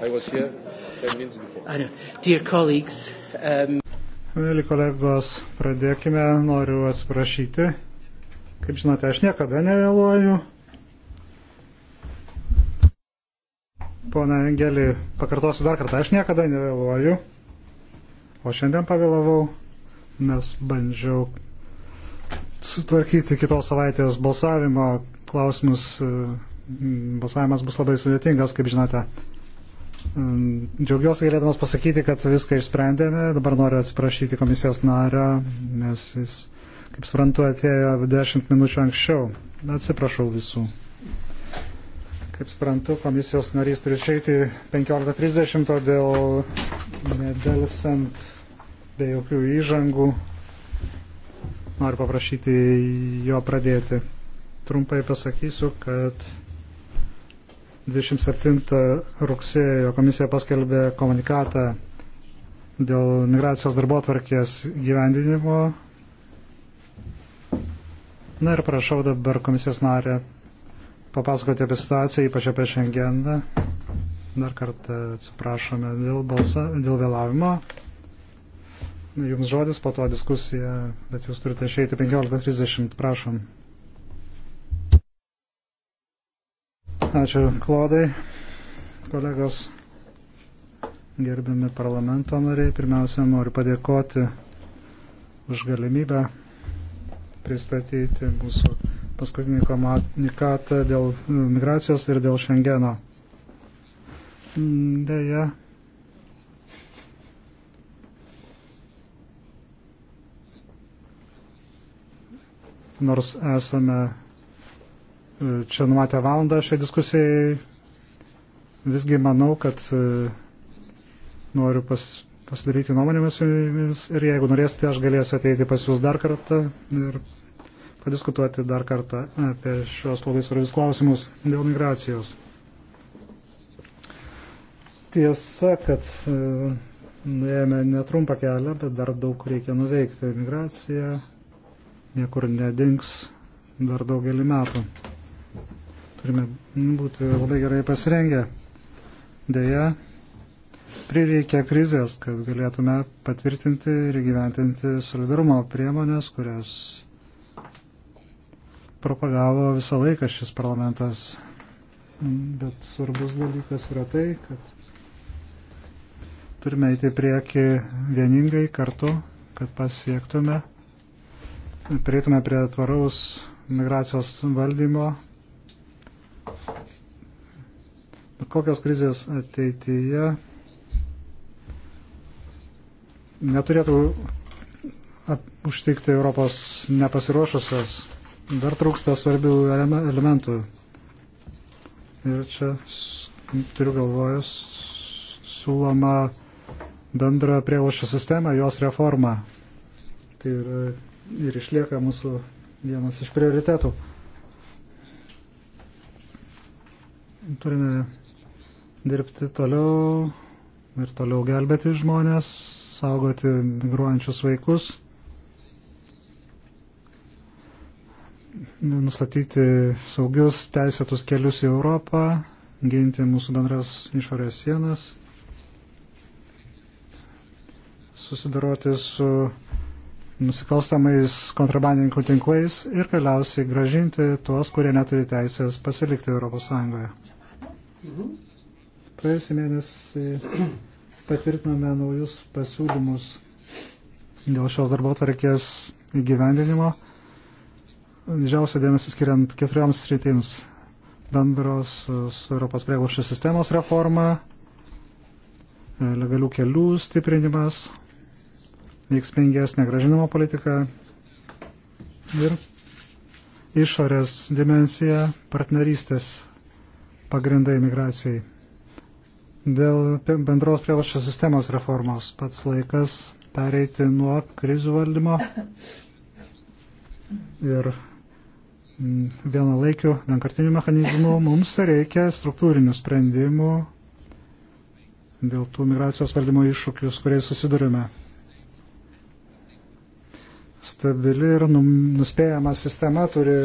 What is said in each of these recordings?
I was here 10 minutes before. I know. Dear colleagues. Um... Mėly kolegos, pradėkime. Noriu atsiprašyti. Kaip žinote, aš niekada nevėluoju. Pone Engelį, pakartosiu dar kartą, aš niekada nevėluoju. O šiandien pavėlavau, nes bandžiau sutvarkyti kitos savaitės balsavimo klausimus. Balsavimas bus labai sudėtingas, kaip žinote. Mm, džiaugiuosi galėdamas pasakyti, kad viską išsprendėme. Dabar noriu atsiprašyti komisijos nario, nes jis, kaip suprantu, atėjo 10 minučių anksčiau. Atsiprašau visų. Kaip suprantu, komisijos narys turi išeiti 15.30, todėl nedelsant be jokių įžangų noriu paprašyti jo pradėti. Trumpai pasakysiu, kad 27 rugsėjo komisija paskelbė komunikatą dėl migracijos darbo tvarkės gyvendinimo. Na ir prašau dabar komisijos narę papasakoti apie situaciją, ypač apie šiandieną. Dar kartą atsiprašome dėl, balsa, dėl vėlavimo. Jums žodis, po to diskusija, bet jūs turite išeiti 15.30, prašom. Ačiū, Klodai, kolegos, gerbiami parlamento nariai. Pirmiausia, noriu padėkoti už galimybę pristatyti mūsų paskutinį komunikatą dėl e, migracijos ir dėl Šengeno. Mm, Deja. Nors esame čia numatę valandą šiai diskusijai. Visgi manau, kad e, noriu pas, pasidaryti nuomonėmis su jumis ir jeigu norėsite, aš galėsiu ateiti pas jūs dar kartą ir padiskutuoti dar kartą apie šios labai svarbius klausimus dėl migracijos. Tiesa, kad e, nuėjome netrumpą kelią, bet dar daug reikia nuveikti. Migracija niekur nedings dar daugelį metų. Turime būti labai gerai pasirengę. Deja, prireikė krizės, kad galėtume patvirtinti ir gyventinti solidarumo priemonės, kurias propagavo visą laiką šis parlamentas. Bet svarbus dalykas yra tai, kad turime eiti prieki vieningai kartu, kad pasiektume, prieitume prie tvaraus migracijos valdymo, Bet kokios krizės ateityje neturėtų užtikti Europos nepasiruošusios. Dar trūksta svarbių elementų. Ir čia turiu galvojus siūloma bendra prielošio sistema, jos reforma. Tai yra ir išlieka mūsų vienas iš prioritetų. turime dirbti toliau ir toliau gelbėti žmonės, saugoti migruojančius vaikus, nustatyti saugius teisėtus kelius į Europą, ginti mūsų bendras išorės sienas, susidaroti su nusikalstamais kontrabandininkų tinklais ir galiausiai gražinti tuos, kurie neturi teisės pasilikti ES. Praėjusį mėnesį patvirtinome naujus pasiūlymus dėl šios darbo tvarkės įgyvendinimo. Didžiausia dėmesį skiriant keturioms sritims bendros su Europos prieglobščio sistemos reforma, legalių kelių stiprinimas, veiksmingesnė gražinimo politika ir išorės dimensija partnerystės pagrindai migracijai. Dėl bendros prievaščios sistemos reformos pats laikas pereiti nuo krizių valdymo ir mm, vienalaikių, vienkartinių mechanizmų. Mums reikia struktūrinių sprendimų dėl tų migracijos valdymo iššūkius, kuriais susidurime. Stabili ir nuspėjama sistema turi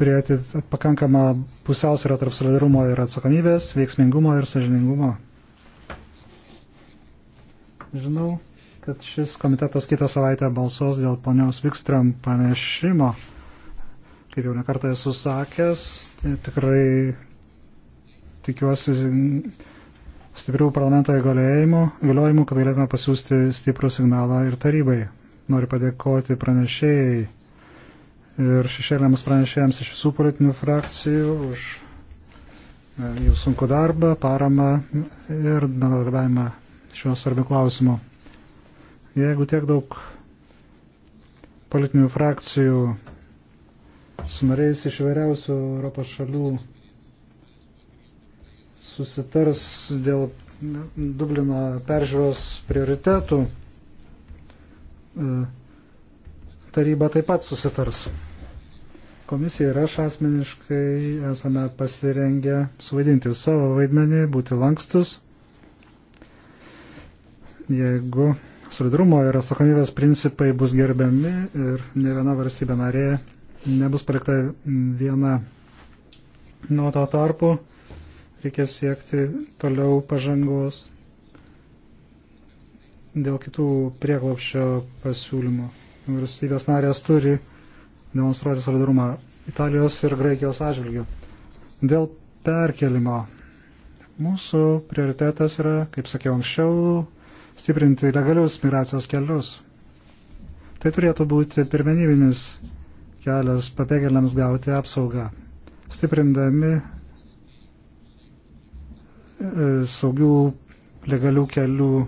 turėti pakankamą pusiausvyrą tarp solidarumo ir atsakomybės, veiksmingumo ir sažiningumo. Žinau, kad šis komitetas kitą savaitę balsuos dėl ponios Vikstram panešimo. Kaip jau nekartą esu sakęs, tai tikrai tikiuosi stiprių parlamento įgaliojimų, kad galėtume pasiūsti stiprų signalą ir tarybai. Noriu padėkoti pranešėjai ir šešėliams pranešėjams iš visų politinių frakcijų už e, jų sunku darbą, paramą ir bendradarbiavimą šiuo svarbiu klausimu. Jeigu tiek daug politinių frakcijų su nariais iš vairiausių Europos šalių susitars dėl Dublino peržiūros prioritetų, e, taryba taip pat susitars. Komisija ir aš asmeniškai esame pasirengę suvaidinti savo vaidmenį, būti lankstus. Jeigu solidarumo ir atsakomybės principai bus gerbiami ir ne viena valstybė narė nebus palikta viena. Nuo to tarpu reikia siekti toliau pažangos dėl kitų prieglopščio pasiūlymų valstybės narės turi demonstruoti solidarumą Italijos ir Graikijos atžvilgių. Dėl perkelimo mūsų prioritetas yra, kaip sakiau anksčiau, stiprinti legalius migracijos kelius. Tai turėtų būti pirmenybinis kelias pabėgėliams gauti apsaugą, stiprindami e, saugių legalių kelių e,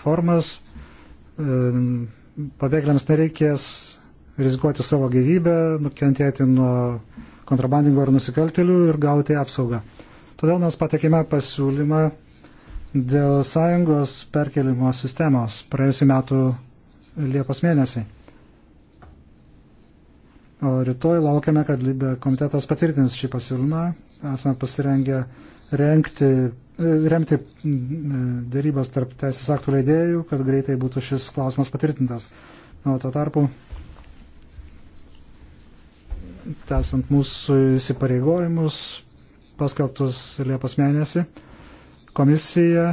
formas. Pabėgėliams nereikės rizikuoti savo gyvybę, nukentėti nuo kontrabandingo ar nusikaltelių ir gauti apsaugą. Todėl mes patekime pasiūlymą dėl sąjungos perkelimo sistemos praėjusiu metu Liepos mėnesį. O rytoj laukiame, kad Libė komitetas patvirtins šį pasiūlymą. Esame pasirengę renkti remti darybas tarp teisės aktų leidėjų, kad greitai būtų šis klausimas patvirtintas. O tuo tarpu, tęsant mūsų įsipareigojimus, paskelbtus Liepos mėnesį, komisija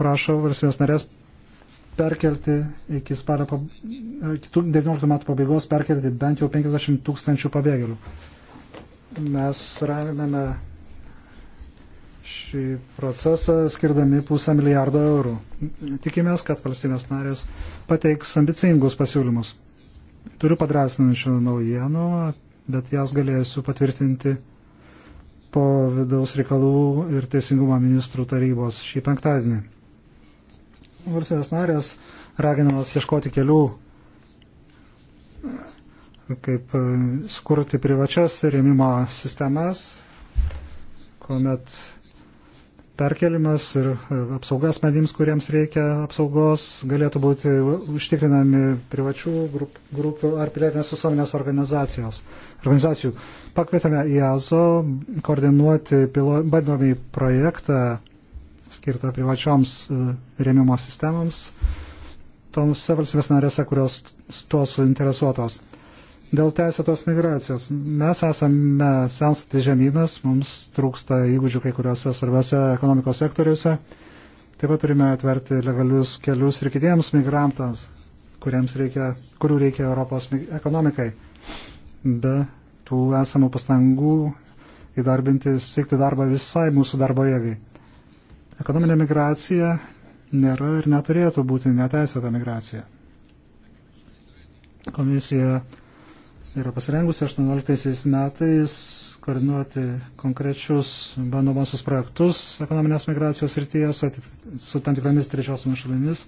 prašo valstybės narės perkelti iki spalio, iki 19 metų pabaigos perkelti bent jau 50 tūkstančių pabėgėlių. Mes remiame šį procesą skirdami pusę milijardo eurų. Tikimės, kad valstybės narės pateiks ambicingus pasiūlymus. Turiu padrasinančių naujienų, bet jas galėsiu patvirtinti po vidaus reikalų ir teisingumo ministrų tarybos šį penktadienį. Valstybės narės raginamas ieškoti kelių, kaip skurti privačias rėmimo sistemas, kuomet perkelimas ir e, apsauga asmenims, kuriems reikia apsaugos, galėtų būti užtikrinami privačių grup, grupių ar pilietinės visuomenės organizacijos. organizacijų. Pakvietėme IAZO koordinuoti pilo, bandomį projektą skirtą privačioms e, rėmimo sistemams, toms valstybės narėse, kurios tuo suinteresuotos. Dėl teisėtos migracijos. Mes esame sensantis žemynas, mums trūksta įgūdžių kai kuriuose svarbiose ekonomikos sektoriuose. Taip pat turime atverti legalius kelius ir kitiems migrantams, reikia, kurių reikia Europos ekonomikai. Be tų esamų pastangų įdarbinti, susiekti darbą visai mūsų darbo jėgai. Ekonominė migracija nėra ir neturėtų būti neteisėta migracija. Komisija yra pasirengusi 18 metais koordinuoti konkrečius bandomosius projektus ekonominės migracijos rytyje su, su tam tikromis trečiosiomis šalimis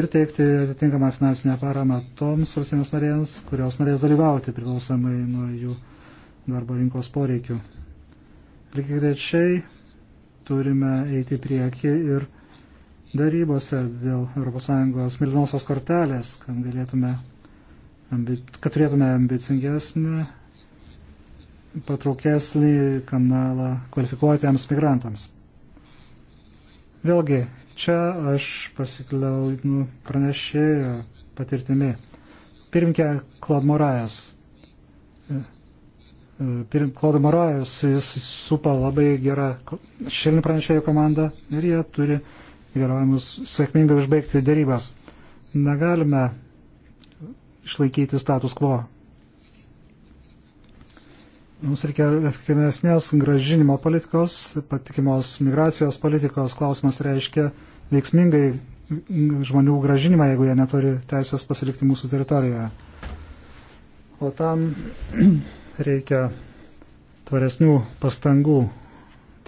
ir teikti atitinkamą finansinę paramą toms valstybės narėms, kurios norės dalyvauti priklausomai nuo jų darbo rinkos poreikių. Lygiai grečiai turime eiti prieki ir darybose dėl ES milinosios kortelės, kad galėtume kad turėtume ambicingesnį, patraukesnį kanalą kvalifikuotiems migrantams. Vėlgi, čia aš pasikliaunu pranešėjo patirtimi. Pirmkė Klod Morajas. Klodo e, e, Morajas, jis supa labai gerą šilnį pranešėjų komandą ir jie turi įgaliojimus sėkmingai užbaigti dėrybas. Negalime išlaikyti status quo. Mums reikia efektyvesnės gražinimo politikos, patikimos migracijos politikos. Klausimas reiškia veiksmingai žmonių gražinimą, jeigu jie neturi teisės pasilikti mūsų teritorijoje. O tam reikia tvaresnių pastangų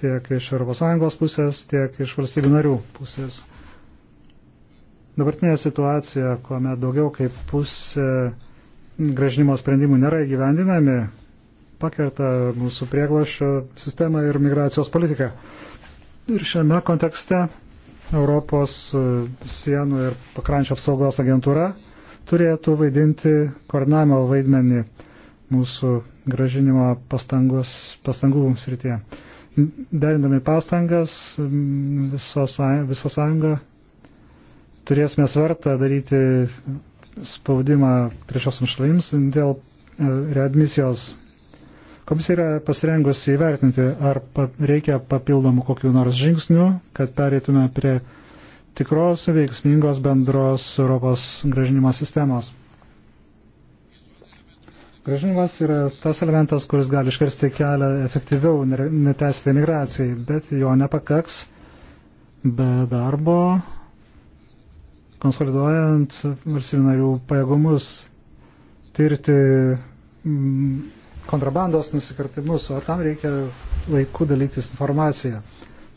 tiek iš ES pusės, tiek iš valstybių narių pusės. Dabartinė situacija, kuomet daugiau kaip pusė gražinimo sprendimų nėra įgyvendinami, pakerta mūsų prieglošio sistemą ir migracijos politiką. Ir šiame kontekste Europos sienų ir pakrančio apsaugos agentūra turėtų vaidinti koordinavimo vaidmenį mūsų gražinimo pastangų srityje. Derindami pastangas visos, visos sąjunga turėsime svertą daryti spaudimą trečiosiams šalims dėl e, readmisijos. Komisija yra pasirengusi įvertinti, ar pa, reikia papildomų kokių nors žingsnių, kad pereitume prie tikros veiksmingos bendros Europos gražinimo sistemos. Gražinimas yra tas elementas, kuris gali iškirsti kelią efektyviau netesti migracijai, bet jo nepakaks be darbo konsoliduojant valstybinarių pajėgumus tirti mm, kontrabandos nusikartimus, o tam reikia laiku dalytis informaciją.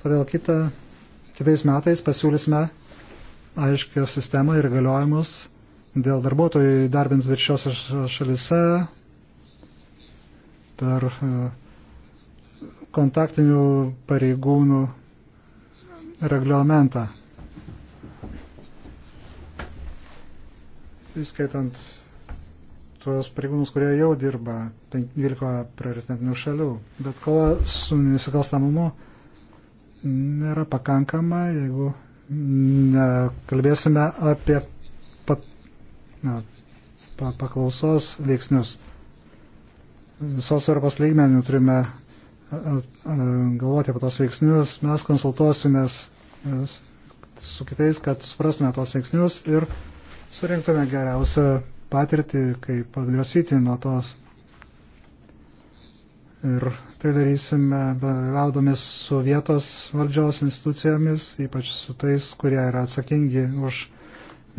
Todėl kitą, kitais metais pasiūlysime aiškę sistemą ir galiojimus dėl darbuotojų įdarbintų viršiose šalise per e, kontaktinių pareigūnų reglamentą. įskaitant tuos pareigūnus, kurie jau dirba 12 prioritetinių šalių. Bet kova su nusikalstamumu nėra pakankama, jeigu kalbėsime apie pat, na, pa, paklausos veiksnius. Visos Europos lygmenių turime galvoti apie tos veiksnius, mes konsultuosimės e, su kitais, kad suprastume tos veiksnius ir uh, surinktume geriausią patirtį, kaip atgrasyti nuo tos. Ir tai darysime bendraudami su vietos valdžios institucijomis, ypač su tais, kurie yra atsakingi už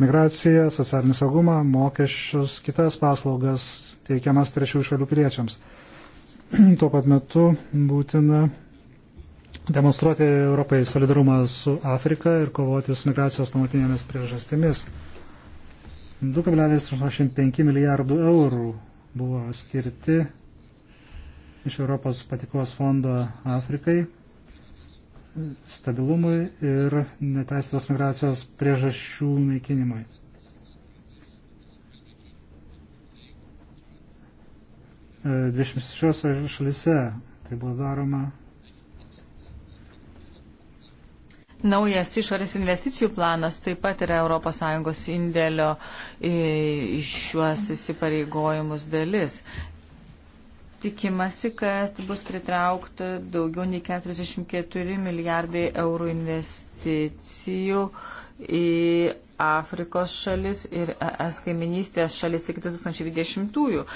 migraciją, socialinį saugumą, mokesčius, kitas paslaugas teikiamas trečiųjų šalių piliečiams. Tuo pat metu būtina demonstruoti Europai solidarumą su Afrika ir kovoti su migracijos pamatinėmis priežastimis. 2,85 milijardų eurų buvo skirti iš Europos patikos fondo Afrikai stabilumui ir neteisėtos migracijos priežasčių naikinimui. E, 26 šalise tai buvo daroma Naujas išorės investicijų planas taip pat yra ES indėlio į šiuos įsipareigojimus dalis. Tikimasi, kad bus pritraukta daugiau nei 44 milijardai eurų investicijų į Afrikos šalis ir es kaiminystės šalis iki 2020-ųjų.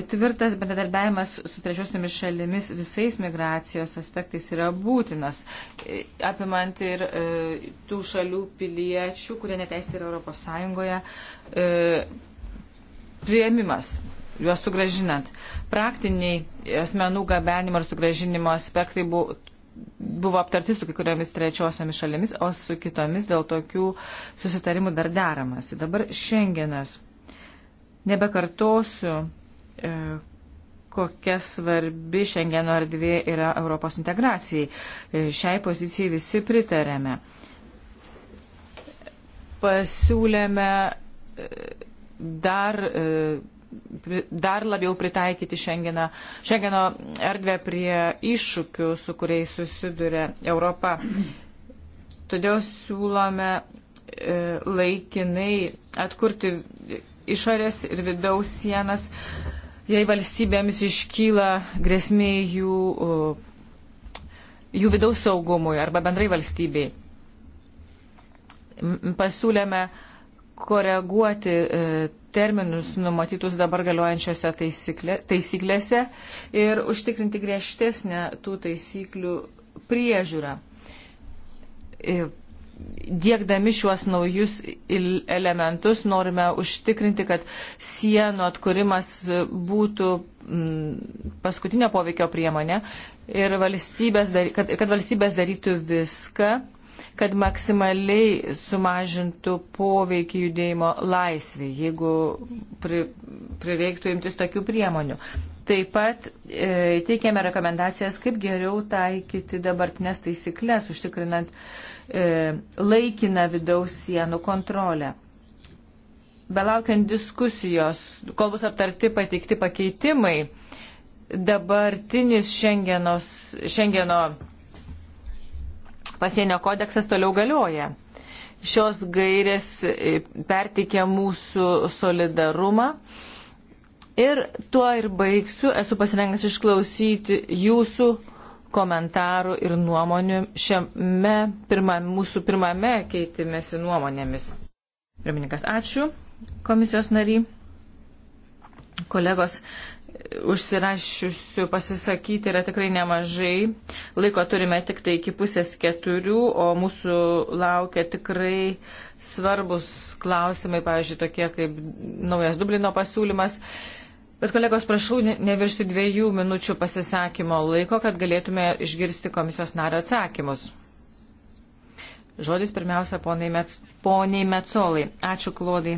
Tvirtas bendradarbiavimas su trečiosiomis šalimis visais migracijos aspektais yra būtinas, e, apimant ir e, tų šalių piliečių, kurie neteisti yra Europos Sąjungoje, e, prieimimas juos sugražinant. Praktiniai asmenų gabenimo ir sugražinimo aspektai buvo, buvo aptarti su kiekvienomis trečiosiomis šalimis, o su kitomis dėl tokių susitarimų dar deramasi. Dabar šiandienas. Nebekartosiu E, kokia svarbi Šengeno erdvė yra Europos integracijai. E, šiai pozicijai visi pritarėme. Pasiūlėme e, dar, dar labiau pritaikyti Šengeno, Šengeno erdvę prie iššūkių, su kuriais susiduria Europa. Todėl siūlome laikinai atkurti išorės ir vidaus sienas jei valstybėms iškyla grėsmė jų, jų vidaus saugumui arba bendrai valstybei. Pasiūlėme koreguoti e, terminus numatytus dabar galiojančiose taisyklė, taisyklėse ir užtikrinti griežtesnę tų taisyklių priežiūrą. Ir e, dėkdami šiuos naujus elementus norime užtikrinti, kad sienų atkūrimas būtų mm, paskutinio poveikio priemonė ir valstybės, kad, kad valstybės darytų viską, kad maksimaliai sumažintų poveikį judėjimo laisvį, jeigu pri, prireiktų imtis tokių priemonių. Taip pat e, teikėme rekomendacijas, kaip geriau taikyti dabartinės taisyklės, užtikrinant e, laikiną vidaus sienų kontrolę. Belaukiant diskusijos, kol bus aptarti pateikti pakeitimai, dabartinis Šengenos, Šengeno pasienio kodeksas toliau galioja. Šios gairės e, pertikė mūsų solidarumą. E, Ir tuo ir baigsiu. Esu pasirengęs išklausyti jūsų komentarų ir nuomonių šiame pirma, mūsų pirmame keitimėsi nuomonėmis. Pirmininkas, ačiū komisijos nariai. Kolegos, užsirašiusių pasisakyti yra tikrai nemažai. Laiko turime tik tai iki pusės keturių, o mūsų laukia tikrai svarbus klausimai, pavyzdžiui, tokie kaip naujas Dublino pasiūlymas. Bet kolegos, prašau neviršti dviejų minučių pasisakymo laiko, kad galėtume išgirsti komisijos nario atsakymus. Žodis pirmiausia poniai, Met, poniai Metsolai. Ačiū, Klodai.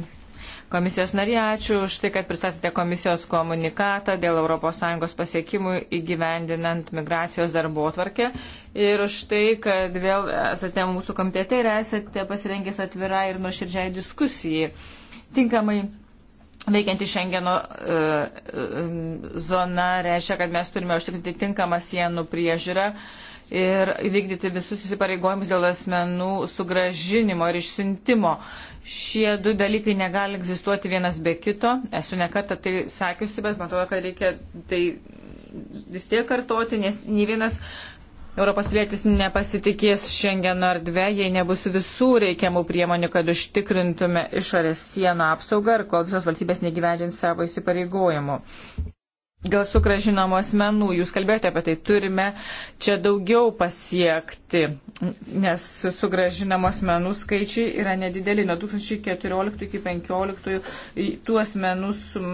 Komisijos narė, ačiū už tai, kad pristatėte komisijos komunikatą dėl ES pasiekimų įgyvendinant migracijos darbo atvarkę ir už tai, kad vėl esate mūsų komitete ir esate pasirengęs atvirai ir nuoširdžiai diskusijai. Tinkamai Veikianti Šengeno e, e, zona reiškia, kad mes turime užtikrinti tinkamą sienų priežiūrą ir įvykdyti visus įsipareigojimus dėl asmenų sugražinimo ir išsiuntimo. Šie du dalykai negali egzistuoti vienas be kito. Esu nekartą tai sakiusi, bet matau, kad reikia tai vis tiek kartoti, nes nei vienas Europos pilietis nepasitikės šiandien erdvė, jei nebus visų reikiamų priemonių, kad užtikrintume išorės sienų apsaugą ir kol visos valstybės negyvendžins savo įsipareigojimų dėl sugražinamų asmenų, jūs kalbėjote apie tai, turime čia daugiau pasiekti, nes sugražinamų asmenų skaičiai yra nedideli. Nuo 2014 iki 2015 tų asmenų sum,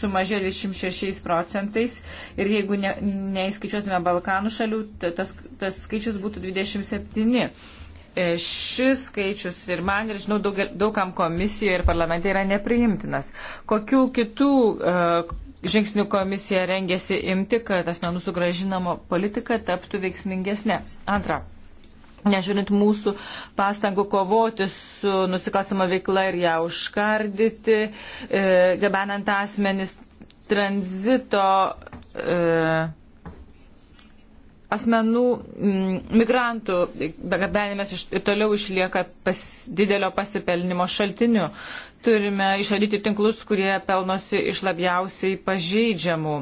sumažė 26 procentais ir jeigu ne, neįskaičiuotume Balkanų šalių, tas, tas skaičius būtų 27 e, šis skaičius ir man, ir žinau, daug, daugam komisijoje ir parlamente yra nepriimtinas. Kokių kitų uh, žingsnių komisija rengėsi imti, kad asmenų sugražinamo politika taptų veiksmingesnė. Antra. Nežiūrint mūsų pastangų kovoti su nusikalstama veikla ir ją užkardyti, e, gabenant asmenis tranzito e, asmenų migrantų begabenimas ir toliau išlieka pas, didelio pasipelnimo šaltiniu. Turime išardyti tinklus, kurie pelnosi iš labiausiai pažeidžiamų.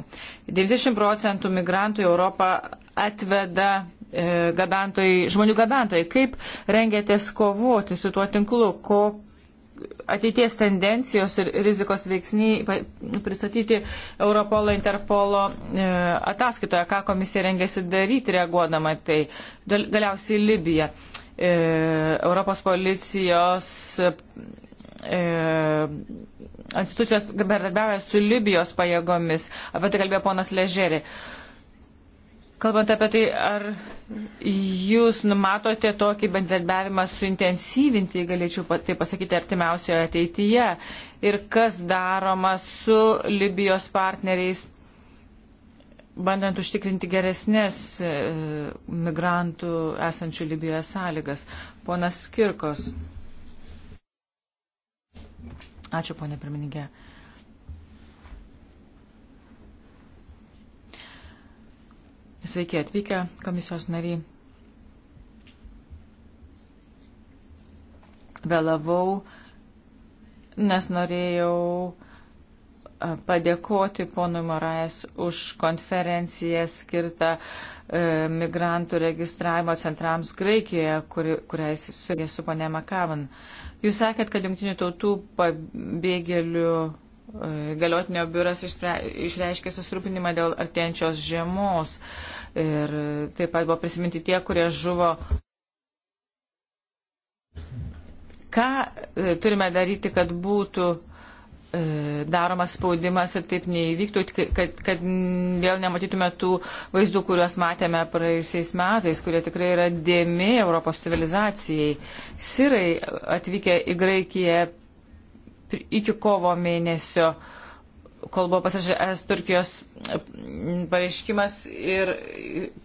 90 procentų migrantų į Europą atveda e, gabentojai, žmonių gabentojai. Kaip rengėtės kovoti su tuo tinklu? Ko ateities tendencijos ir rizikos veiksniai pristatyti Europolo Interpolo e, ataskaitoje, ką komisija rengėsi daryti reaguodama tai galiausiai Libija. E, Europos policijos e, institucijos bendradarbiavę su Libijos pajėgomis. Apie tai kalbėjo ponas Ležerė. Kalbant apie tai, ar jūs numatote tokį bendradarbiavimą suintensyvinti, galėčiau tai pasakyti, artimiausioje ateityje ir kas daroma su Libijos partneriais, bandant užtikrinti geresnės e, migrantų esančių Libijoje sąlygas. Ponas Kirkos. Ačiū, ponė pirmininkė. Sveiki atvykę komisijos nariai. Vėlavau, nes norėjau padėkoti ponui Morais už konferenciją skirtą e, migrantų registravimo centrams Graikijoje, kur, kuriais su, su ponė Makavan. E, Jūs sakėt, kad jungtinių tautų pabėgėlių e, galiotinio biuras išreiškė susirūpinimą dėl artėjančios žiemos ir taip pat buvo prisiminti tie, kurie žuvo. Ką e, turime daryti, kad būtų uh, E, daromas spaudimas ir taip neįvyktų, kad, kad vėl nematytume tų vaizdų, kuriuos matėme praėjusiais metais, kurie tikrai yra dėmi Europos civilizacijai. Sirai atvykę į Graikiją iki kovo mėnesio, kol buvo pasirašęs Turkijos pareiškimas ir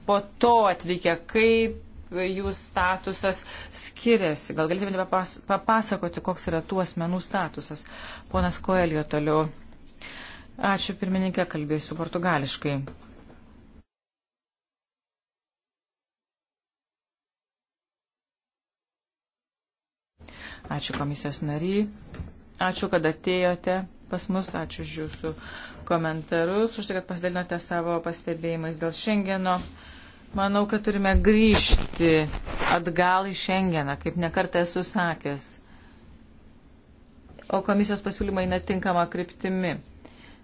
po to atvykę, kaip jų statusas skiriasi. Gal galėtumėte papasakoti, koks yra tų asmenų statusas? Ponas Koelio toliau. Ačiū pirmininkė, kalbėsiu portugališkai. Ačiū komisijos nariai. Ačiū, kad atėjote pas mus. Ačiū už jūsų komentarus, už tai, kad pasidalinote savo pastebėjimais dėl Šengeno. Uh, Manau, kad turime grįžti atgal į Šengeną, kaip nekartą esu sakęs. O komisijos pasiūlymai netinkama kryptimi.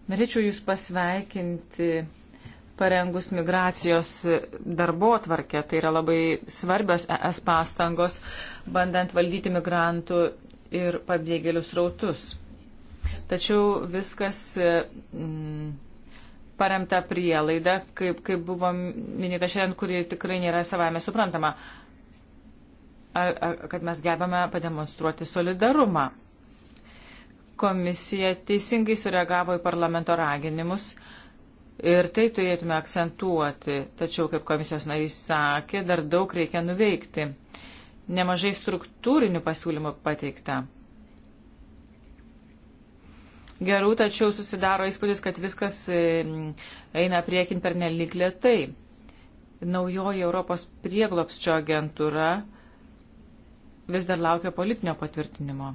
Norėčiau Jūs pasveikinti parengus migracijos darbo atvarkę. Tai yra labai svarbios ES pastangos, bandant valdyti migrantų ir pabėgėlius rautus. Tačiau viskas. Mm, paremta prielaida, kaip, kaip buvo minėta šiandien, kuri tikrai nėra savame suprantama, ar, ar, kad mes gebame pademonstruoti solidarumą. Komisija teisingai sureagavo į parlamento raginimus ir tai turėtume akcentuoti, tačiau, kaip komisijos narys sakė, dar daug reikia nuveikti. Nemažai struktūrinių pasiūlymų pateikta gerų, tačiau susidaro įspūdis, kad viskas e, eina priekin per nelik lietai. Naujoji Europos prieglopsčio agentūra vis dar laukia politinio patvirtinimo.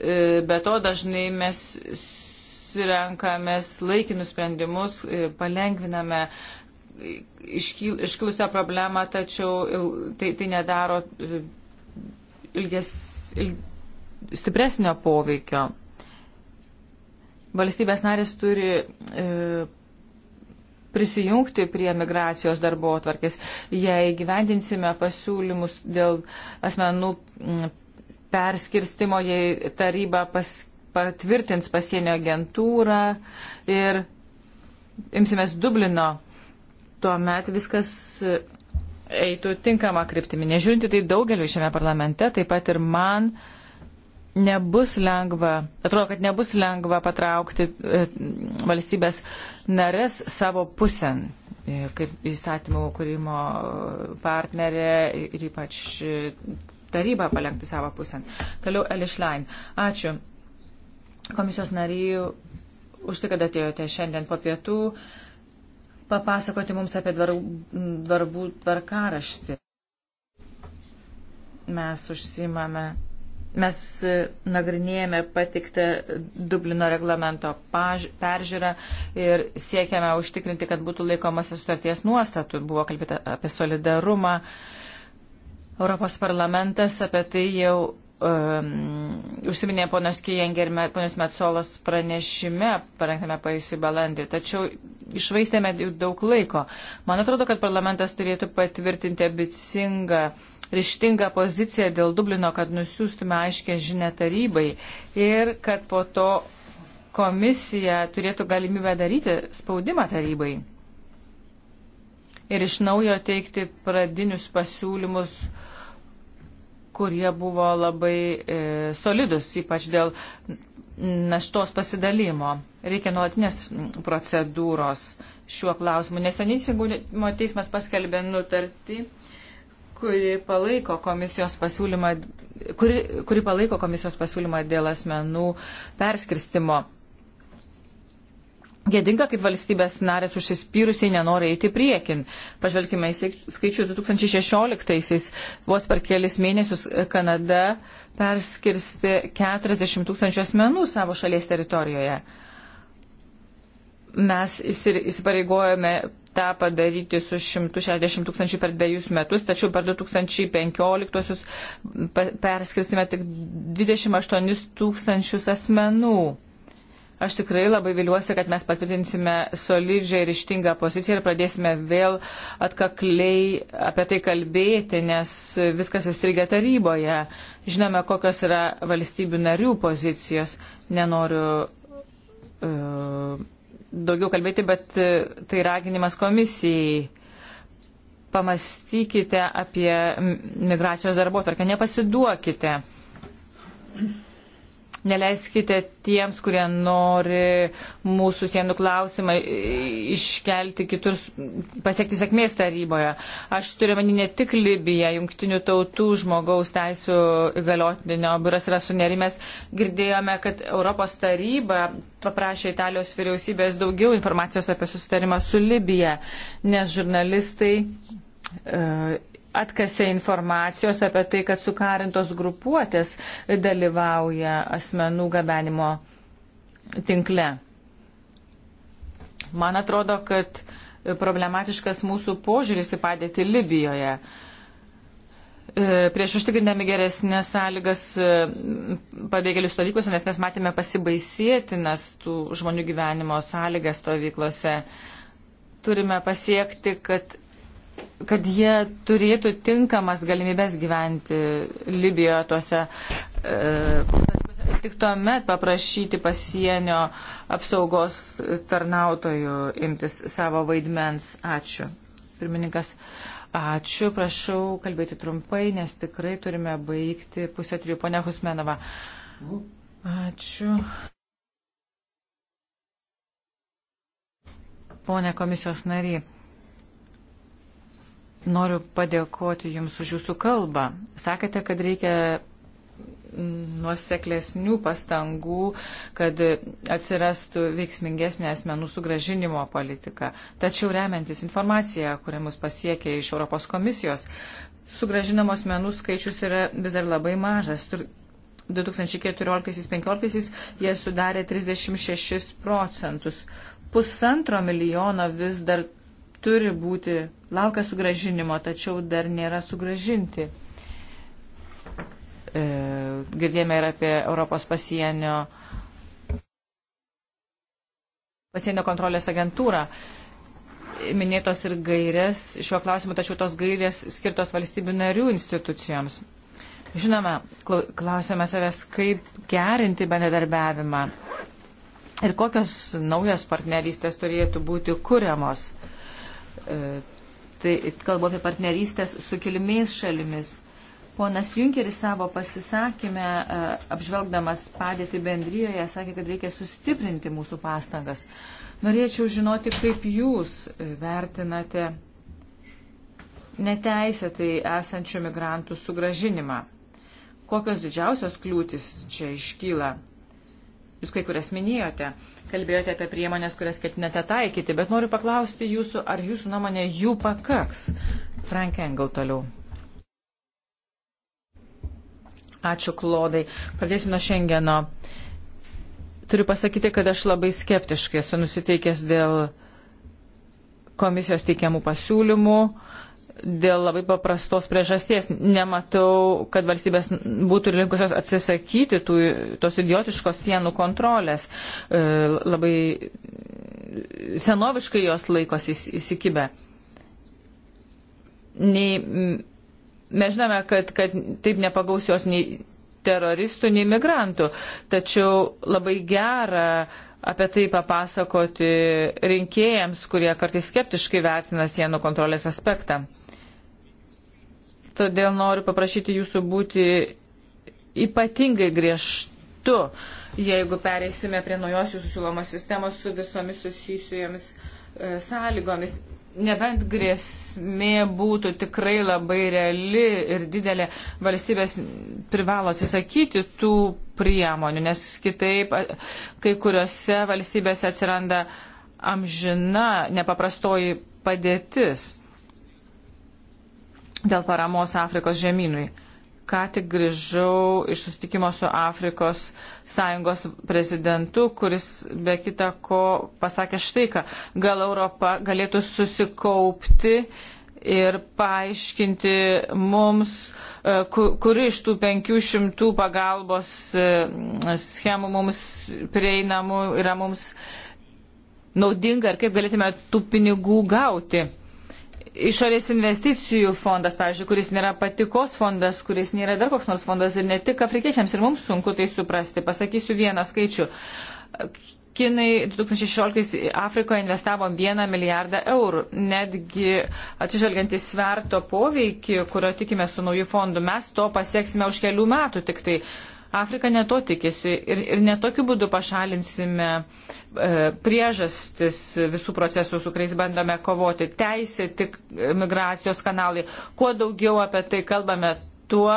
E, be to dažnai mes surenkamės laikinus sprendimus, e, palengviname iškilusią problemą, tačiau tai, tai nedaro ilges, il, stipresnio poveikio. Valstybės narės turi e, prisijungti prie migracijos darbo atvarkės. Jei gyvendinsime pasiūlymus dėl asmenų perskirstimo, jei taryba pas, patvirtins pasienio agentūrą ir imsimės Dublino, tuomet viskas eitų tinkama kryptimi. Nežiūrinti tai daugeliu šiame parlamente, taip pat ir man. Uh, nebus lengva, atrodo, kad nebus lengva patraukti e, valstybės narės savo pusėn, e, kaip įstatymų kūrimo partnerė ir ypač taryba palengti savo pusėn. Toliau Elišlein. Ačiū. Komisijos nariai, už tai, kad atėjote šiandien po pietų papasakoti mums apie darbų, darbų tvarkaraštį. Mes užsimame Mes e, nagrinėjame patiktą Dublino reglamento peržiūrą ir siekiame užtikrinti, kad būtų laikomasi sutarties nuostatų. Buvo kalbėta apie solidarumą. Europos parlamentas apie tai jau um, užsiminė ponas Kijengė ir ponas Metsolos pranešime, parengtame paėjusį balandį. Tačiau išvaistėme daug laiko. Man atrodo, kad parlamentas turėtų patvirtinti ambicingą ryštingą poziciją dėl Dublino, kad nusiųstume aiškę žinę tarybai ir kad po to komisija turėtų galimybę daryti spaudimą tarybai ir iš naujo teikti pradinius pasiūlymus, kurie buvo labai e, solidus, ypač dėl naštos pasidalymo. Reikia nuolatinės procedūros šiuo klausimu. Neseniai Sigumo teismas paskelbė nutartį kuri palaiko komisijos pasiūlymą, kuri, kuri palaiko komisijos pasiūlymą dėl asmenų perskirstimo. Gėdinga, kaip valstybės narės užsispyrusiai nenori eiti priekin. Pažvelkime į skaičius 2016-aisiais. Vos per kelis mėnesius Kanada perskirsti 40 tūkstančių asmenų savo šalies teritorijoje. Mes įsipareigojame tą padaryti su 160 tūkstančių per dviejus metus, tačiau per 2015 perskirstime tik 28 tūkstančius asmenų. Aš tikrai labai viliuosi, kad mes patvirtinsime solidžią ir ištingą poziciją ir pradėsime vėl atkakliai apie tai kalbėti, nes viskas įstrigė taryboje. Žinome, kokios yra valstybių narių pozicijos. Nenoriu. Uh, daugiau kalbėti, bet e, tai raginimas komisijai. Pamastykite apie migracijos darbo tvarkę, nepasiduokite. Neleiskite tiems, kurie nori mūsų sienų klausimą iškelti kitur, pasiekti sėkmės taryboje. Aš turiu manį ne tik Libiją, jungtinių tautų žmogaus teisų įgaliotinio biuras yra sunerimęs. Girdėjome, kad Europos taryba paprašė Italijos vyriausybės daugiau informacijos apie susitarimą su Libija, nes žurnalistai. Uh, atkasė informacijos apie tai, kad sukarintos grupuotės dalyvauja asmenų gabenimo tinkle. Man atrodo, kad problematiškas mūsų požiūris į padėtį Libijoje. E, prieš užtikrindami geresnės sąlygas e, pabėgėlių stovyklose, nes mes matėme pasibaisėtinas tų žmonių gyvenimo sąlygas stovyklose, turime pasiekti, kad kad jie turėtų tinkamas galimybės gyventi Libijoje tuose. E, tik tuomet paprašyti pasienio apsaugos tarnautojų imtis savo vaidmens. Ačiū. Pirmininkas, ačiū. Prašau kalbėti trumpai, nes tikrai turime baigti pusę trijų. Pone Husmenova. Ačiū. Pone komisijos nariai. Noriu padėkoti Jums už Jūsų kalbą. Sakėte, kad reikia nuoseklesnių pastangų, kad atsirastų veiksmingesnė asmenų sugražinimo politika. Tačiau remiantis informaciją, kuri mus pasiekė iš Europos komisijos, sugražinamos menų skaičius yra vis dar labai mažas. 2014-2015 jie sudarė 36 procentus. Pusantro milijono vis dar turi būti, laukia sugražinimo, tačiau dar nėra sugražinti. E, girdėjome ir apie Europos pasienio, pasienio kontrolės agentūrą. Minėtos ir gairės šiuo klausimu, tačiau tos gairės skirtos valstybių narių institucijoms. Žinoma, klausėme savęs, kaip gerinti bendradarbiavimą ir kokios naujos partnerystės turėtų būti kuriamos. E, tai kalbu apie partnerystės su kilmės šalimis. Ponas Junkeris savo pasisakymę, e, apžvelgdamas padėtį bendryjoje, sakė, kad reikia sustiprinti mūsų pastangas. Norėčiau žinoti, kaip jūs vertinate neteisėtai esančių migrantų sugražinimą. Kokios didžiausios kliūtis čia iškyla Jūs kai kurias minėjote, kalbėjote apie priemonės, kurias ketinate taikyti, bet noriu paklausti jūsų, ar jūsų nuomonė jų pakaks. Frank Engel toliau. Ačiū, Klodai. Pradėsiu nuo šiandieno. Turiu pasakyti, kad aš labai skeptiškai esu nusiteikęs dėl komisijos teikiamų pasiūlymų dėl labai paprastos priežasties. Nematau, kad valstybės būtų linkusios atsisakyti tų, tos idiotiškos sienų kontrolės. E, labai senoviškai jos laikosi įsikibę. Nei, mes žinome, kad, kad taip nepagaus jos nei teroristų, nei migrantų. Tačiau labai gera apie tai papasakoti rinkėjams, kurie kartais skeptiškai vertina sienų kontrolės aspektą. Todėl noriu paprašyti jūsų būti ypatingai griežtu, jeigu pereisime prie naujos jūsų siūlomos sistemos su visomis susijusijomis e, sąlygomis nebent grėsmė būtų tikrai labai reali ir didelė, valstybės privalo atsisakyti tų priemonių, nes kitaip kai kuriuose valstybėse atsiranda amžina nepaprastoji padėtis dėl paramos Afrikos žemynui ką tik grįžau iš susitikimo su Afrikos sąjungos prezidentu, kuris be kita ko pasakė štai ką, gal Europa galėtų susikaupti ir paaiškinti mums, e, kuri iš tų 500 pagalbos e, schemų mums prieinamų yra mums naudinga ir kaip galėtume tų pinigų gauti išorės investicijų fondas, pavyzdžiui, kuris nėra patikos fondas, kuris nėra dar koks nors fondas ir ne tik afrikiečiams ir mums sunku tai suprasti. Pasakysiu vieną skaičių. Kinai 2016 Afrikoje investavo 1 milijardą eurų. Netgi atsižvelgiant į sverto poveikį, kurio tikime su naujų fondų, mes to pasieksime už kelių metų tik tai. Afrika neto tikisi ir, ir netokiu būdu pašalinsime e, priežastis visų procesų, su kuriais bandome kovoti. Teisė tik migracijos kanalai. Kuo daugiau apie tai kalbame, tuo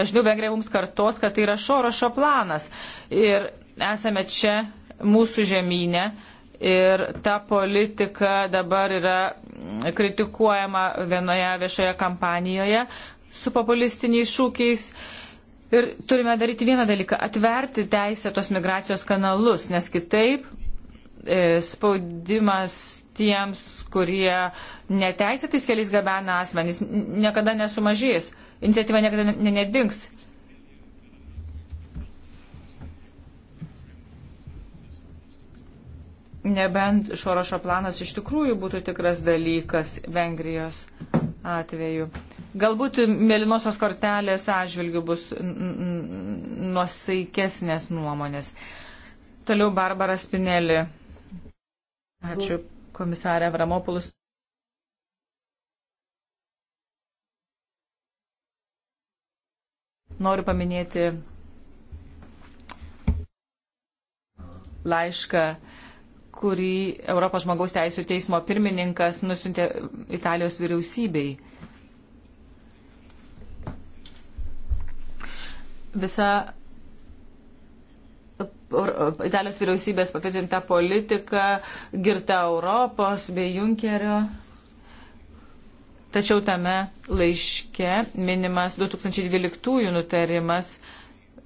dažniau vengrė mums kartos, kad tai yra šorošo planas. Ir esame čia mūsų žemynė. Ir ta politika dabar yra kritikuojama vienoje viešoje kampanijoje su populistiniais šūkiais. E, Ir turime daryti vieną dalyką - atverti teisę tos migracijos kanalus, nes kitaip e, spaudimas tiems, kurie neteisėtais keliais gabena asmenys, niekada nesumažės, iniciatyva niekada nedings. nebent Šorošo planas iš tikrųjų būtų tikras dalykas Vengrijos atveju. Galbūt mėlynosios kortelės atžvilgių bus nuosaikesnės nuomonės. Toliau Barbara Spinelli. Ačiū komisarė Vramopulus. Noriu paminėti laišką kurį Europos žmogaus teisų teismo pirmininkas nusintė Italijos vyriausybei. Visa Italijos vyriausybės patvirtinta politika, girta Europos bei Junkerio. Tačiau tame laiške minimas 2012 nutarimas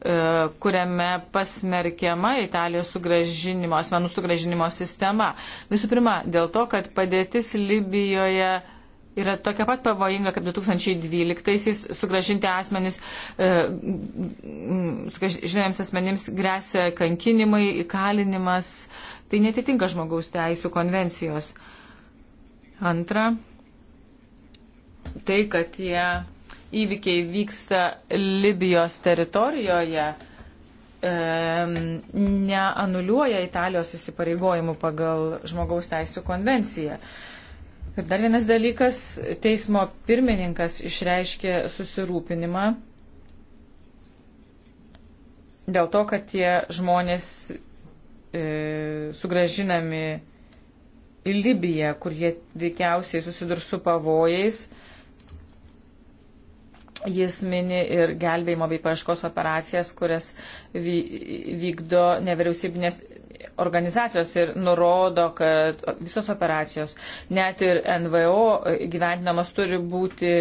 E, kuriame pasmerkiama Italijos sugražinimo, asmenų sugražinimo sistema. Visų pirma, dėl to, kad padėtis Libijoje yra tokia pat pavojinga kaip 2012-aisiais sugražinti asmenys, e, sugražinėms asmenims grėsia kankinimai, įkalinimas. Tai netitinka žmogaus teisų konvencijos. Antra, tai, kad jie įvykiai vyksta Libijos teritorijoje, e, neanuliuoja Italijos įsipareigojimų pagal žmogaus teisų konvenciją. Ir dar vienas dalykas, teismo pirmininkas išreiškė susirūpinimą dėl to, kad tie žmonės e, sugražinami į Libiją, kur jie veikiausiai susidurs su pavojais. E, Jis mini ir gelbėjimo bei paieškos operacijas, kurias vykdo nevyriausybinės organizacijos ir nurodo, kad visos operacijos, net ir NVO gyventinamas, turi būti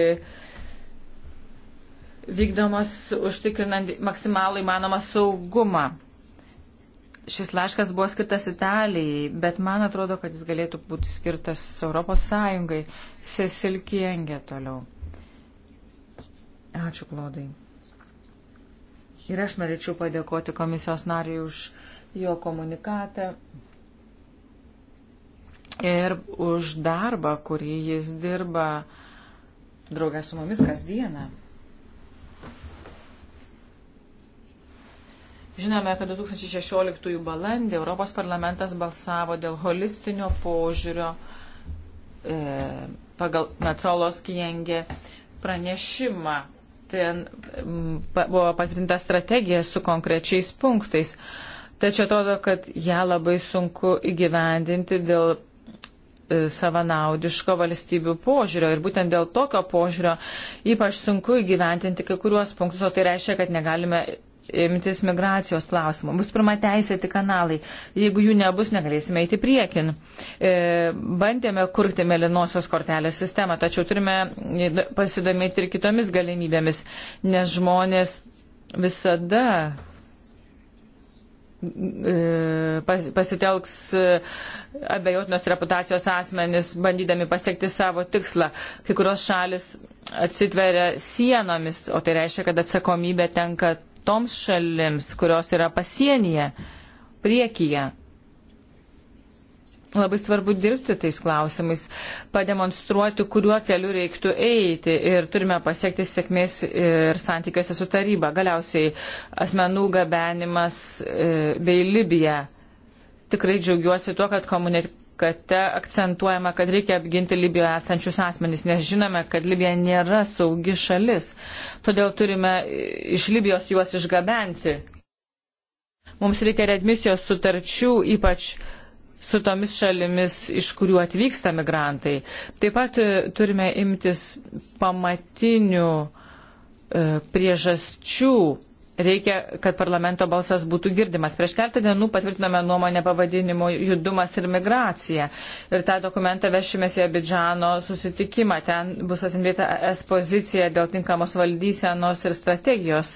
vykdomas užtikrinant maksimalą įmanomą saugumą. Šis laiškas buvo skirtas Italijai, bet man atrodo, kad jis galėtų būti skirtas Europos Sąjungai. Sesilkiengė toliau. Ačiū, Klodai. Ir aš norėčiau padėkoti komisijos nariui už jo komunikatą ir už darbą, kurį jis dirba draugę su mumis kasdieną. Žinome, kad 2016 balandį Europos parlamentas balsavo dėl holistinio požiūrio e, pagal Nacolos Kijengė pranešimą ten buvo patvirtinta strategija su konkrečiais punktais. Tačiau atrodo, kad ją labai sunku įgyvendinti dėl e, savanaudiško valstybių požiūrio. Ir būtent dėl tokio požiūrio ypač sunku įgyventinti kai kuriuos punktus, o tai reiškia, kad negalime imtis migracijos klausimų. Bus pirma teisėti kanalai. Jeigu jų nebus, negalėsime eiti priekin. E, bandėme kurti melinosios kortelės sistemą, tačiau turime pasidomėti ir kitomis galimybėmis, nes žmonės visada e, pasitelks e, abejotinos reputacijos asmenis, bandydami pasiekti savo tikslą. Kai kurios šalis atsitveria sienomis, o tai reiškia, kad atsakomybė tenka toms šalims, kurios yra pasienyje, priekyje. Labai svarbu dirbti tais klausimais, pademonstruoti, kuriuo keliu reiktų eiti ir turime pasiekti sėkmės ir santykiuose su taryba. Galiausiai asmenų gabenimas e, bei Libija. Tikrai džiaugiuosi tuo, kad komunik plakate akcentuojama, kad reikia apginti Libijoje esančius asmenys, nes žinome, kad Libija nėra saugi šalis. Todėl turime iš Libijos juos išgabenti. Mums reikia redmisijos sutarčių, ypač su tomis šalimis, iš kurių atvyksta migrantai. Taip pat e, turime imtis pamatinių e, priežasčių Reikia, kad parlamento balsas būtų girdimas. Prieš keletą dienų patvirtinome nuomonę pavadinimu judumas ir migracija. Ir tą dokumentą vešimės į Abidžano susitikimą. Ten bus atsimdėta es pozicija dėl tinkamos valdysenos ir strategijos.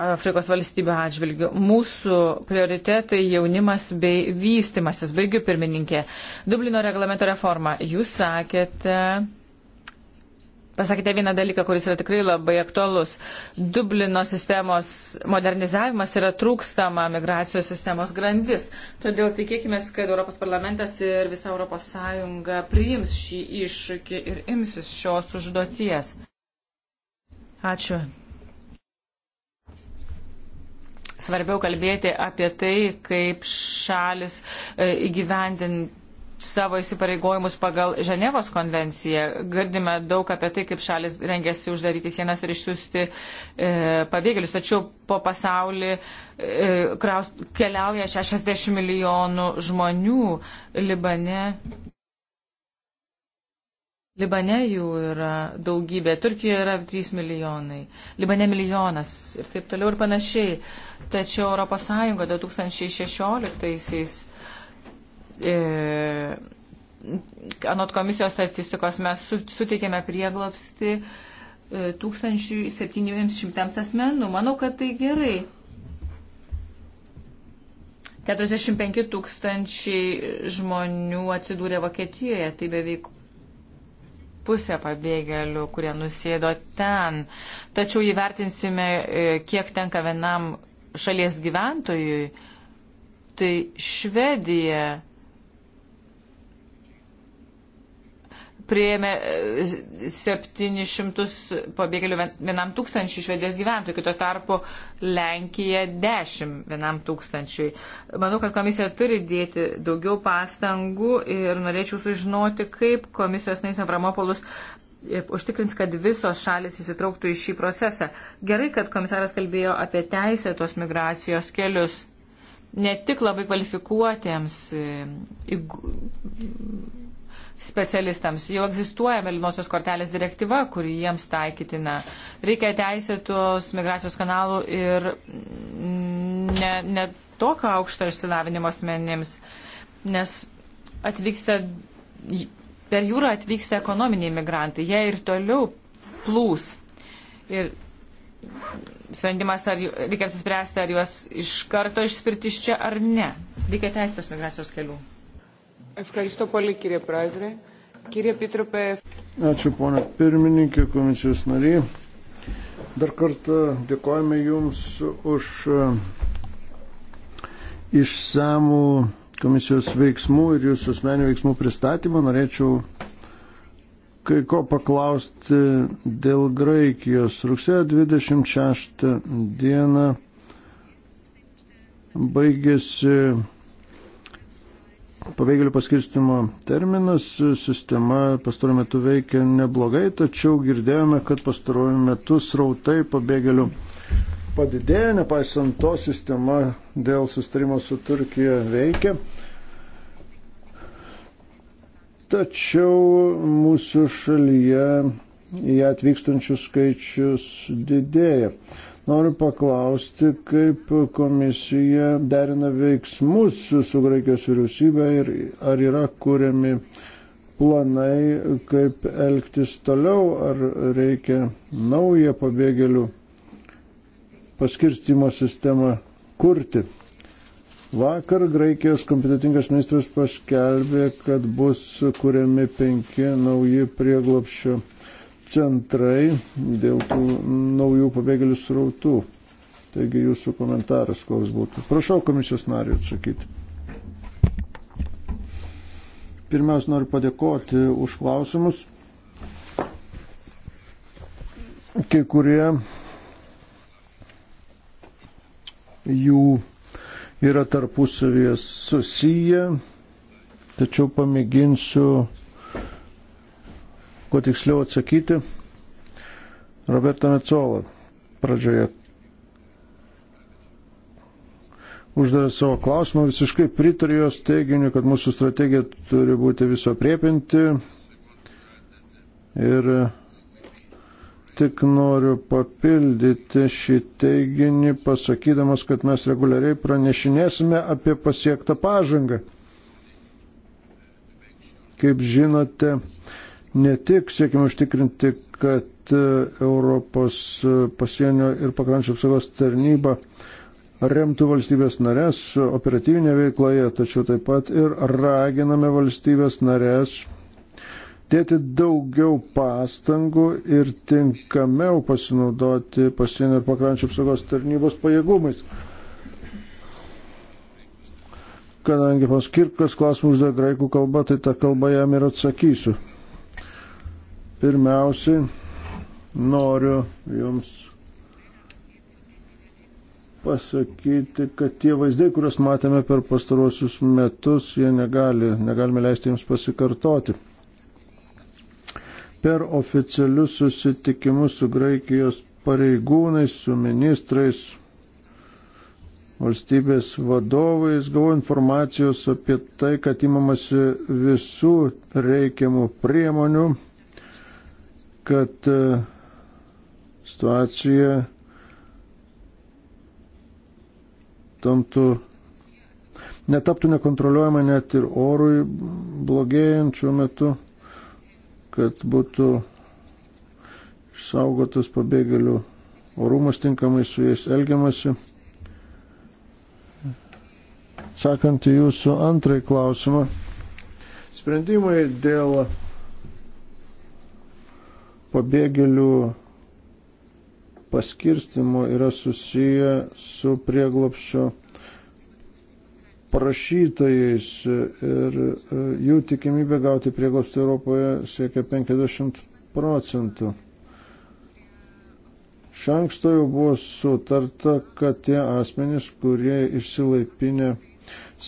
Afrikos valstybių atžvilgių. Mūsų prioritetai jaunimas bei vystimasis. Baigiu pirmininkė. Dublino reglamento reforma. Jūs sakėte pasakėte vieną dalyką, kuris yra tikrai labai aktualus. Dublino sistemos modernizavimas yra trūkstama migracijos sistemos grandis. Todėl tikėkime, kad Europos parlamentas ir visa Europos Sąjunga priims šį iššūkį ir imsis šios užduoties. Ačiū. Svarbiau kalbėti apie tai, kaip šalis e, įgyvendinti savo įsipareigojimus pagal Ženevos konvenciją. Girdime daug apie tai, kaip šalis rengėsi uždaryti sienas ir išsiųsti e, pabėgėlius. Tačiau po pasaulį e, kraus, keliauja 60 milijonų žmonių Libane. Libane jų yra daugybė, Turkijoje yra 3 milijonai, Libane milijonas ir taip toliau ir panašiai. Tačiau ES 2016-aisiais e, anot komisijos statistikos mes su, suteikėme prieglopsti e, 1700 asmenų. Manau, kad tai gerai. 45 tūkstančiai žmonių atsidūrė Vokietijoje, tai beveik pusė pabėgėlių, kurie nusėdo ten. Tačiau įvertinsime, e, kiek tenka vienam šalies gyventojui. Tai Švedija prieėmė 700 e, pabėgėlių vienam tūkstančiui švedijos gyventojų, kito tarpu Lenkija 10 vienam tūkstančiui. Manau, kad komisija turi dėti daugiau pastangų ir norėčiau sužinoti, kaip komisijos nais Avramopolus e, užtikrins, kad visos šalis įsitrauktų į šį procesą. Gerai, kad komisaras kalbėjo apie teisę tos migracijos kelius. Ne tik labai kvalifikuotiems e, specialistams. Jau egzistuoja melinosios kortelės direktyva, kuri jiems taikytina. Reikia teisėtos migracijos kanalų ir ne, ne tokio aukšto išsilavinimo asmenims, nes atvyksta, per jūrą atvyksta ekonominiai migrantai. Jie ir toliau plūs. Ir sprendimas, ar reikia suspręsti, ar juos iš karto išspirti iš čia ar ne. Reikia teisėtos migracijos kelių. Ευχαριστώ πολύ κύριε Πρόεδρε. Κύριε Επίτροπε. Ačiū ponia pirmininkė, komisijos nariai. Dar kartą dėkojame Jums už e, išsamų komisijos veiksmų ir Jūsų asmenių veiksmų pristatymą. Norėčiau kai ko paklausti dėl Graikijos. Rugsėjo 26 dieną baigėsi pabėgėlių paskirstimo terminas, sistema pastaruoju metu veikia neblogai, tačiau girdėjome, kad pastaruoju metu srautai pabėgėlių padidėjo, nepaisant to sistema dėl sustarimo su Turkija veikia. Tačiau mūsų šalyje į atvykstančių skaičius didėja. Noriu paklausti, kaip komisija derina veiksmus su, su Graikijos vyriausybė ir ar yra kūriami planai, kaip elgtis toliau, ar reikia naują pabėgėlių paskirstimo sistemą kurti. Vakar Graikijos kompetitingas ministras paskelbė, kad bus kuriami penki nauji prieglopščio centrai dėl tų naujų pabėgėlių srautų. Taigi jūsų komentaras koks būtų. Prašau komisijos narių atsakyti. Pirmiausia, noriu padėkoti už klausimus. Kai kurie jų yra tarpusavyje susiję, tačiau pamėginsiu kuo tiksliau atsakyti. Roberta Mecola pradžioje uždavė savo klausimą, visiškai pritariu jos teiginiu, kad mūsų strategija turi būti viso priepinti. Ir tik noriu papildyti šį teiginį, pasakydamas, kad mes reguliariai pranešinėsime apie pasiektą pažangą. Kaip žinote, ne tik siekime užtikrinti, kad e, Europos e, pasienio ir pakrančio apsaugos tarnyba remtų valstybės narės operatyvinė veikloje, tačiau taip pat ir raginame valstybės narės dėti daugiau pastangų ir tinkamiau pasinaudoti pasienio ir pakrančio apsaugos tarnybos pajėgumais kadangi paskirkas klausimus dėl graikų kalba, tai tą kalbą jam ir atsakysiu. Pirmiausiai noriu Jums pasakyti, kad tie vaizdai, kuriuos matėme per pastaruosius metus, jie negali, negalime leisti jiems pasikartoti. Per oficialius susitikimus su Graikijos pareigūnais, su ministrais, valstybės vadovais gavau informacijos apie tai, kad imamasi visų reikiamų priemonių kad e, situacija tamtų, netaptų nekontroliuojama net ir orui blogėjant šiuo metu, kad būtų išsaugotas pabėgėlių orumas tinkamai su jais elgiamasi. Sakant į jūsų antrąjį klausimą, sprendimai dėl pabėgėlių paskirstimu yra susiję su prieglopščio prašytojais ir e, jų tikimybė gauti prieglopstį Europoje siekia 50 procentų. Šanksto jau buvo sutarta, kad tie asmenys, kurie išsilaipinę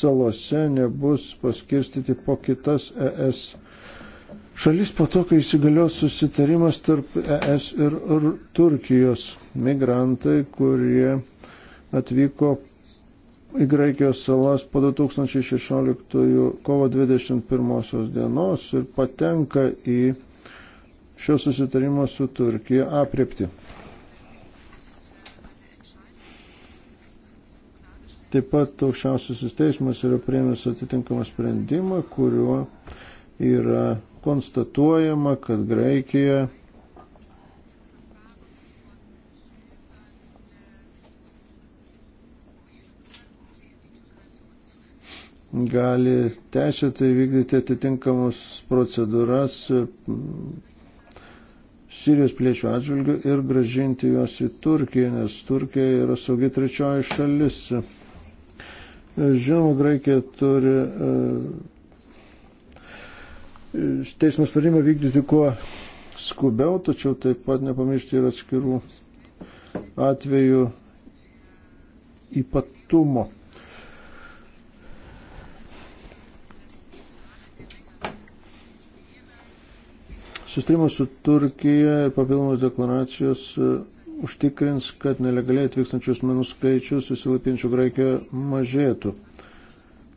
salose, nebus paskirstyti po kitas ES šalis po to, kai įsigalios susitarimas tarp ES ir Turkijos migrantai, kurie atvyko į Graikijos salas po 2016 kovo 21 dienos ir patenka į šio susitarimo su Turkija apriepti. Taip pat aukščiausiasis teismas yra priėmęs atitinkamą sprendimą, kuriuo yra konstatuojama, kad Graikija gali teisėtai vykdyti atitinkamus procedūras mm, Sirijos piliečių atžvilgių ir gražinti juos į Turkiją, nes Turkija yra saugi trečioji šalis. Žinoma, Graikija turi e, teismo sprendimą vykdyti kuo skubiau, tačiau taip pat nepamiršti ir atskirų atvejų ypatumo. Sustrimas su Turkija ir papildomos deklaracijos e, užtikrins, kad nelegaliai atvykstančių asmenų skaičius susilapinčių Graikijoje mažėtų.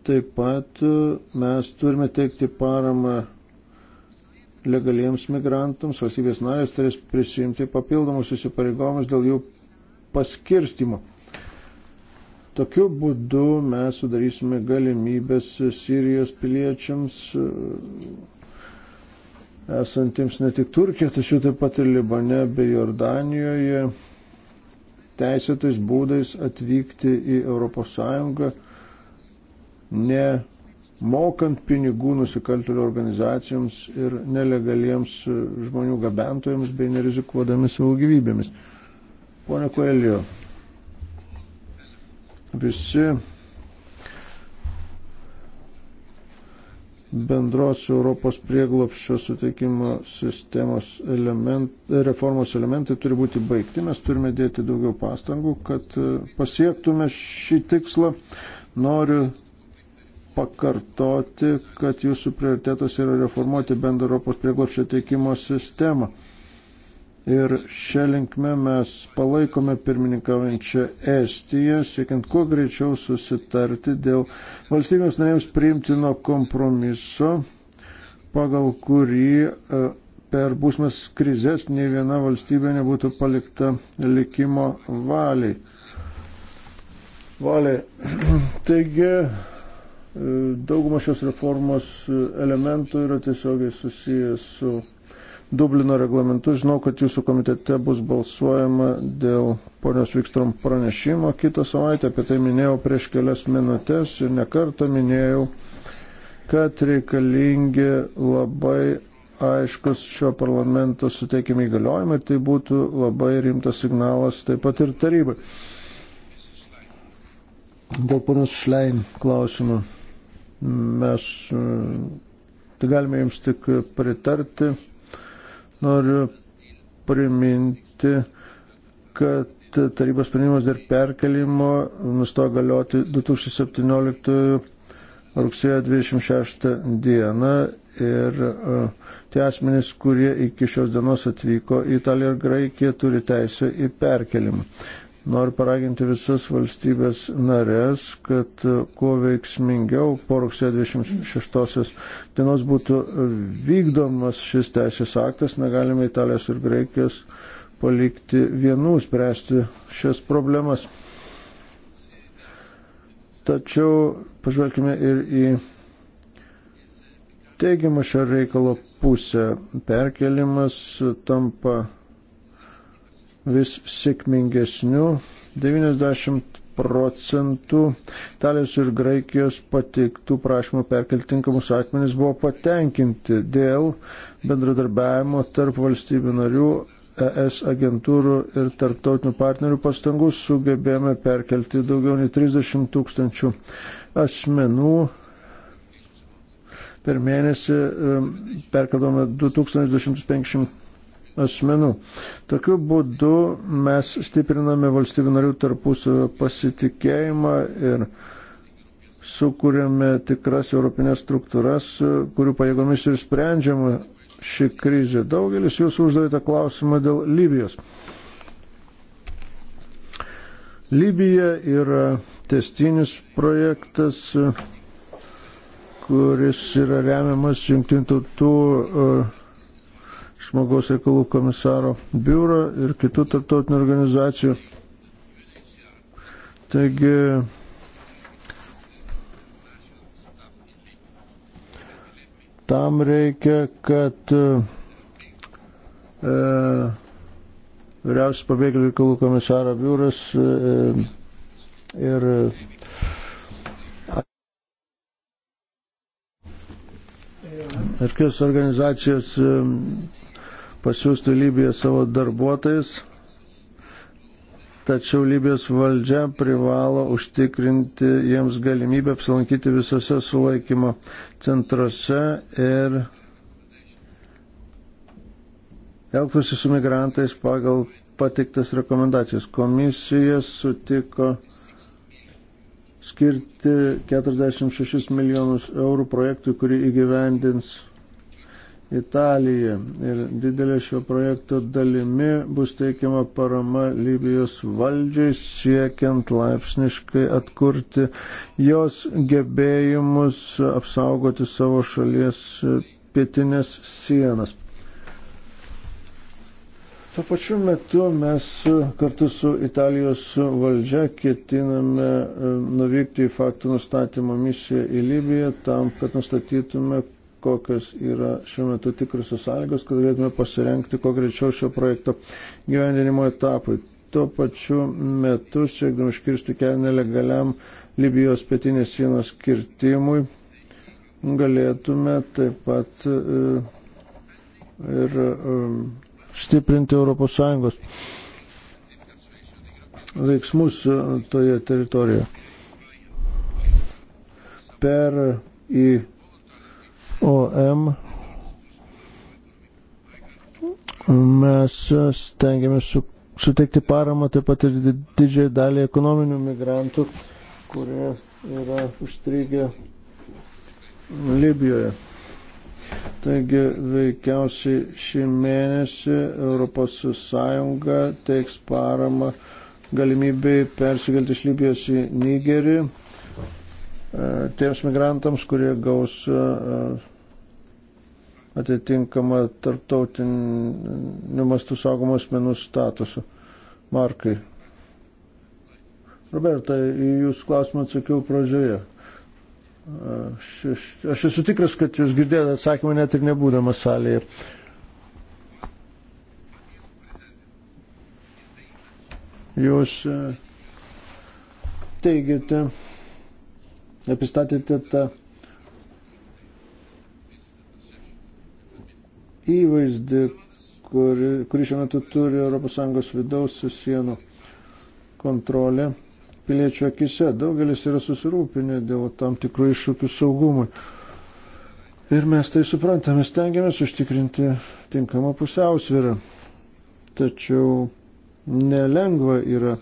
Taip pat e, mes turime teikti paramą legaliems migrantams, valstybės narės turės prisimti papildomus įsipareigomus dėl jų paskirstimo. Tokiu būdu mes sudarysime galimybės Sirijos piliečiams e, esantiems ne tik Turkijoje, tačiau taip pat ir Libane bei Jordanijoje teisėtais būdais atvykti į ES ne mokant pinigų nusikaltėlių organizacijoms ir nelegaliems e, žmonių gabentojams bei nerizikuodami savo gyvybėmis. Pone Koelio, visi bendros Europos prieglopščio suteikimo sistemos element, reformos elementai turi būti baigti. Mes turime dėti daugiau pastangų, kad e, pasiektume šį tikslą. Noriu pakartoti, kad jūsų prioritetas yra reformuoti bendrą Europos prieglopščio teikimo sistemą. Ir šią linkmę mes palaikome pirmininkaujančią Estiją, siekiant kuo greičiau susitarti dėl valstybės narėms priimtino kompromiso, pagal kurį e, per būsmas krizės nei viena valstybė nebūtų palikta likimo valiai. Valiai. Taigi, Dauguma šios reformos e, elementų yra tiesiogiai susijęs su Dublino reglamentu. Žinau, kad jūsų komitete bus balsuojama dėl ponios Vikstrom pranešimo kitą savaitę. Apie tai minėjau prieš kelias minutės ir nekartą minėjau, kad reikalingi labai aiškus šio parlamento suteikimi įgaliojimai. Tai būtų labai rimtas signalas taip pat ir tarybai. Dėl ponios Šlein klausimo. Mes tai galime jums tik pritarti. Noriu priminti, kad tarybos sprendimas dėl perkelimo nustojo galioti 2017 rugsėjo 26 dieną ir e, tie asmenys, kurie iki šios dienos atvyko į Italiją ir Graikiją, turi teisę į perkelimą. Noriu paraginti visas valstybės narės, kad e, kuo veiksmingiau po rugsėjo 26 dienos būtų vykdomas šis teisės aktas. Negalime Italijos ir Graikijos palikti vienų spręsti šias problemas. Tačiau pažvelkime ir į teigiamą šio reikalo pusę. Perkelimas tampa vis sėkmingesniu. 90 procentų Italijos ir Graikijos pateiktų prašymų perkelti tinkamus akmenis buvo patenkinti dėl bendradarbiavimo tarp valstybių narių, ES agentūrų ir tarptautinių partnerių pastangų sugebėjome perkelti daugiau nei 30 tūkstančių asmenų. Per mėnesį perkeldome 2250 asmenų. Tokiu būdu mes stipriname valstybių narių tarpusavio pasitikėjimą ir sukūrėme tikras europinės struktūras, kurių pajėgomis ir sprendžiama ši krizė. Daugelis jūsų uždavėte klausimą dėl Libijos. Libija yra testinis projektas, kuris yra remiamas jungtinių tautų uh, žmogaus reikalų komisaro biuro ir kitų tarptautinių organizacijų. Taigi, tam reikia, kad e, vyriausias pabėgėlių reikalų komisaro biuras e, ir e, ir kios organizacijos e, pasiūstų Libiją savo darbuotojus, tačiau Libijos valdžia privalo užtikrinti jiems galimybę apsilankyti visose sulaikymo centruose ir elgtųsi su migrantais pagal pateiktas rekomendacijas. Komisija sutiko skirti 46 milijonus eurų projektui, kurį įgyvendins Italija ir didelė šio projekto dalimi bus teikiama parama Libijos valdžiai siekiant laipsniškai atkurti jos gebėjimus apsaugoti savo šalies pietinės sienas. Tuo pačiu metu mes kartu su Italijos valdžia ketiname e, nuvykti į faktų nustatymo misiją į Libiją tam, kad nustatytume, kokios yra šiuo metu tikrusios sąlygos, kad galėtume pasirengti kuo greičiau šio projekto gyvendinimo etapui. Tuo pačiu metu, siekdami iškirsti kelią nelegaliam Libijos pietinės sienos kirtimui, galėtume taip pat e, ir e, stiprinti ES veiksmus e, toje teritorijoje. Per į OM mes stengiamės su, suteikti paramą taip pat ir didžiai daliai ekonominių migrantų, kurie yra užstrigę Libijoje. Taigi veikiausiai šį mėnesį ES teiks paramą galimybėj persikelti iš Libijos į Nigerį e, tiems migrantams, kurie gaus e, atitinkamą tarptautiniu mastu saugomų asmenų statusu. Markai. Roberta, į jūsų klausimą atsakiau pradžioje. Aš, aš, aš esu tikras, kad jūs girdėjote atsakymą net ir nebūdamas salėje. Jūs e, teigiate, apistatėte tą įvaizdį, kurį, kurį šiuo metu turi ES vidaus sienų kontrolė piliečių akise. Daugelis yra susirūpinę dėl tam tikrų iššūkių saugumui. Ir mes tai suprantame, stengiamės užtikrinti tinkamą pusiausvyrą. Tačiau nelengva yra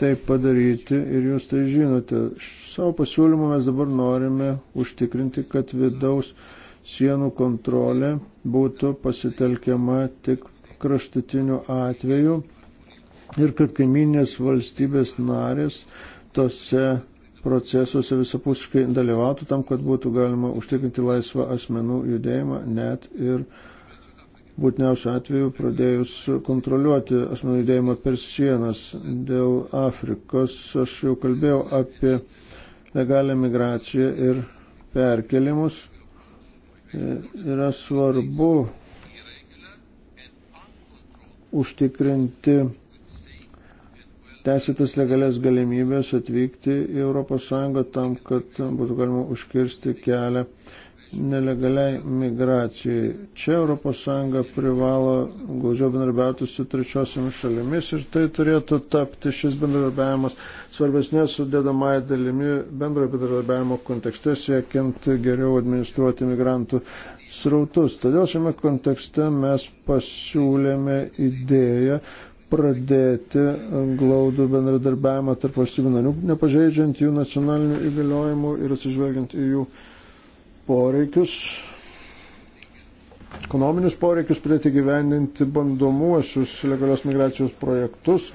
tai padaryti ir jūs tai žinote. Savo pasiūlymu mes dabar norime užtikrinti, kad vidaus sienų kontrolė būtų pasitelkiama tik kraštutiniu atveju ir kad kaiminės valstybės narės tose procesuose visapusiškai dalyvautų tam, kad būtų galima užtikrinti laisvą asmenų judėjimą net ir būtiniausiu atveju pradėjus kontroliuoti asmenų judėjimą per sienas. Dėl Afrikos aš jau kalbėjau apie legalią migraciją ir perkelimus yra svarbu užtikrinti teisėtas legalias galimybės atvykti į ES tam, kad būtų galima užkirsti kelią nelegaliai migracijai. Čia ES privalo glaudžiau bendradarbiauti su trečiosiamis šalimis ir tai turėtų tapti šis bendradarbiavimas svarbesnė sudėdamąją dalimi bendrojo bendradarbiavimo kontekste siekiant geriau administruoti migrantų srautus. Todėl šiame kontekste mes pasiūlėme idėją pradėti glaudų bendradarbiavimą tarp valstybių narių, nepažeidžiant jų nacionalinių įgaliojimų ir atsižvelgiant į jų poreikius, ekonominius poreikius, pradėti gyveninti bandomuosius legalios migracijos projektus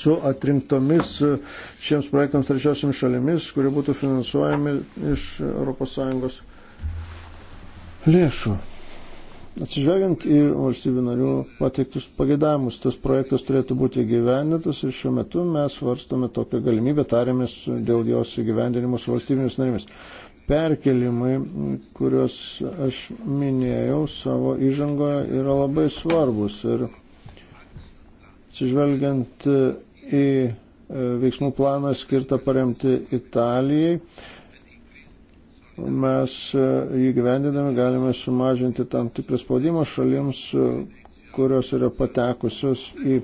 su atrinktomis šiems projektams trečiosiams šalimis, kurie būtų finansuojami iš ES lėšų. Atsižvelgiant į valstybių narių pateiktus pageidavimus, tas projektas turėtų būti gyvendintas ir šiuo metu mes svarstame tokią galimybę, tarėmės dėl jos įgyvendinimo su valstybėmis narėmis perkelimai, kuriuos aš minėjau savo įžangoje, yra labai svarbus. Ir atsižvelgiant į e, veiksmų planą skirtą paremti Italijai, mes e, jį gyvendinami galime sumažinti tam tikrą spaudimą šalims, e, kurios yra patekusios į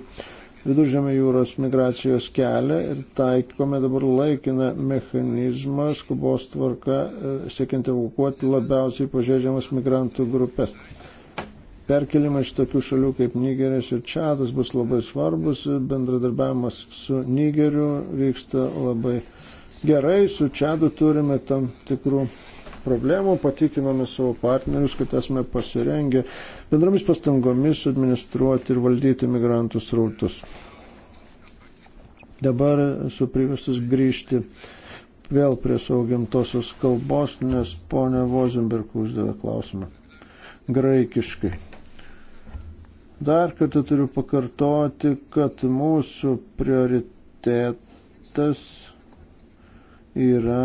viduržėmio jūros migracijos kelią ir taikome dabar laikiną mechanizmą skubos tvarka e, siekiant evakuoti labiausiai pažeidžiamas migrantų grupės. Perkelimas iš tokių šalių kaip Nigeris ir Čadas bus labai svarbus, e, bendradarbiavimas su Nigeriu vyksta labai gerai, su Čadu turime tam tikrų problemų, patikinome savo partnerius, kad esame pasirengę bendromis pastangomis administruoti ir valdyti migrantų srautus. Dabar esu priverstas grįžti vėl prie savo gimtosios kalbos, nes ponia Vozenberg uždavė klausimą. Graikiškai. Dar kartą turiu pakartoti, kad mūsų prioritetas yra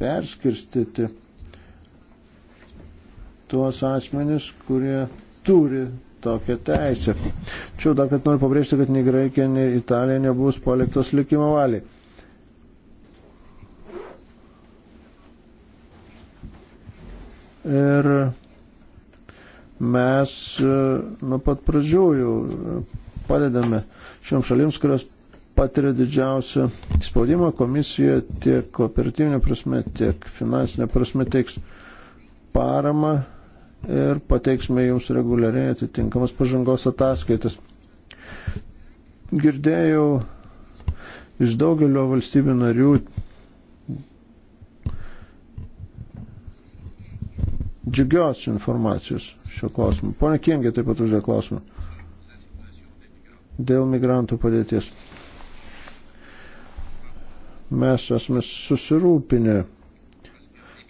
perskirstyti tuos asmenis, kurie turi tokią teisę. Čia dar kad noriu pabrėžti, kad nei Graikija, nei Italija nebus paliktos likimo valiai. Ir mes e, nuo pat pradžių jau e, padedame šioms šalims, kurios patiria didžiausią spaudimą komisijoje tiek kooperatyvinė prasme, tiek finansinė prasme teiks paramą ir pateiksime jums reguliariai atitinkamas pažangos ataskaitas. Girdėjau iš daugelio valstybių narių džiugios informacijos šio klausimu. Pone Kengė taip pat uždė klausimą. Dėl migrantų padėties. Mes esame susirūpinę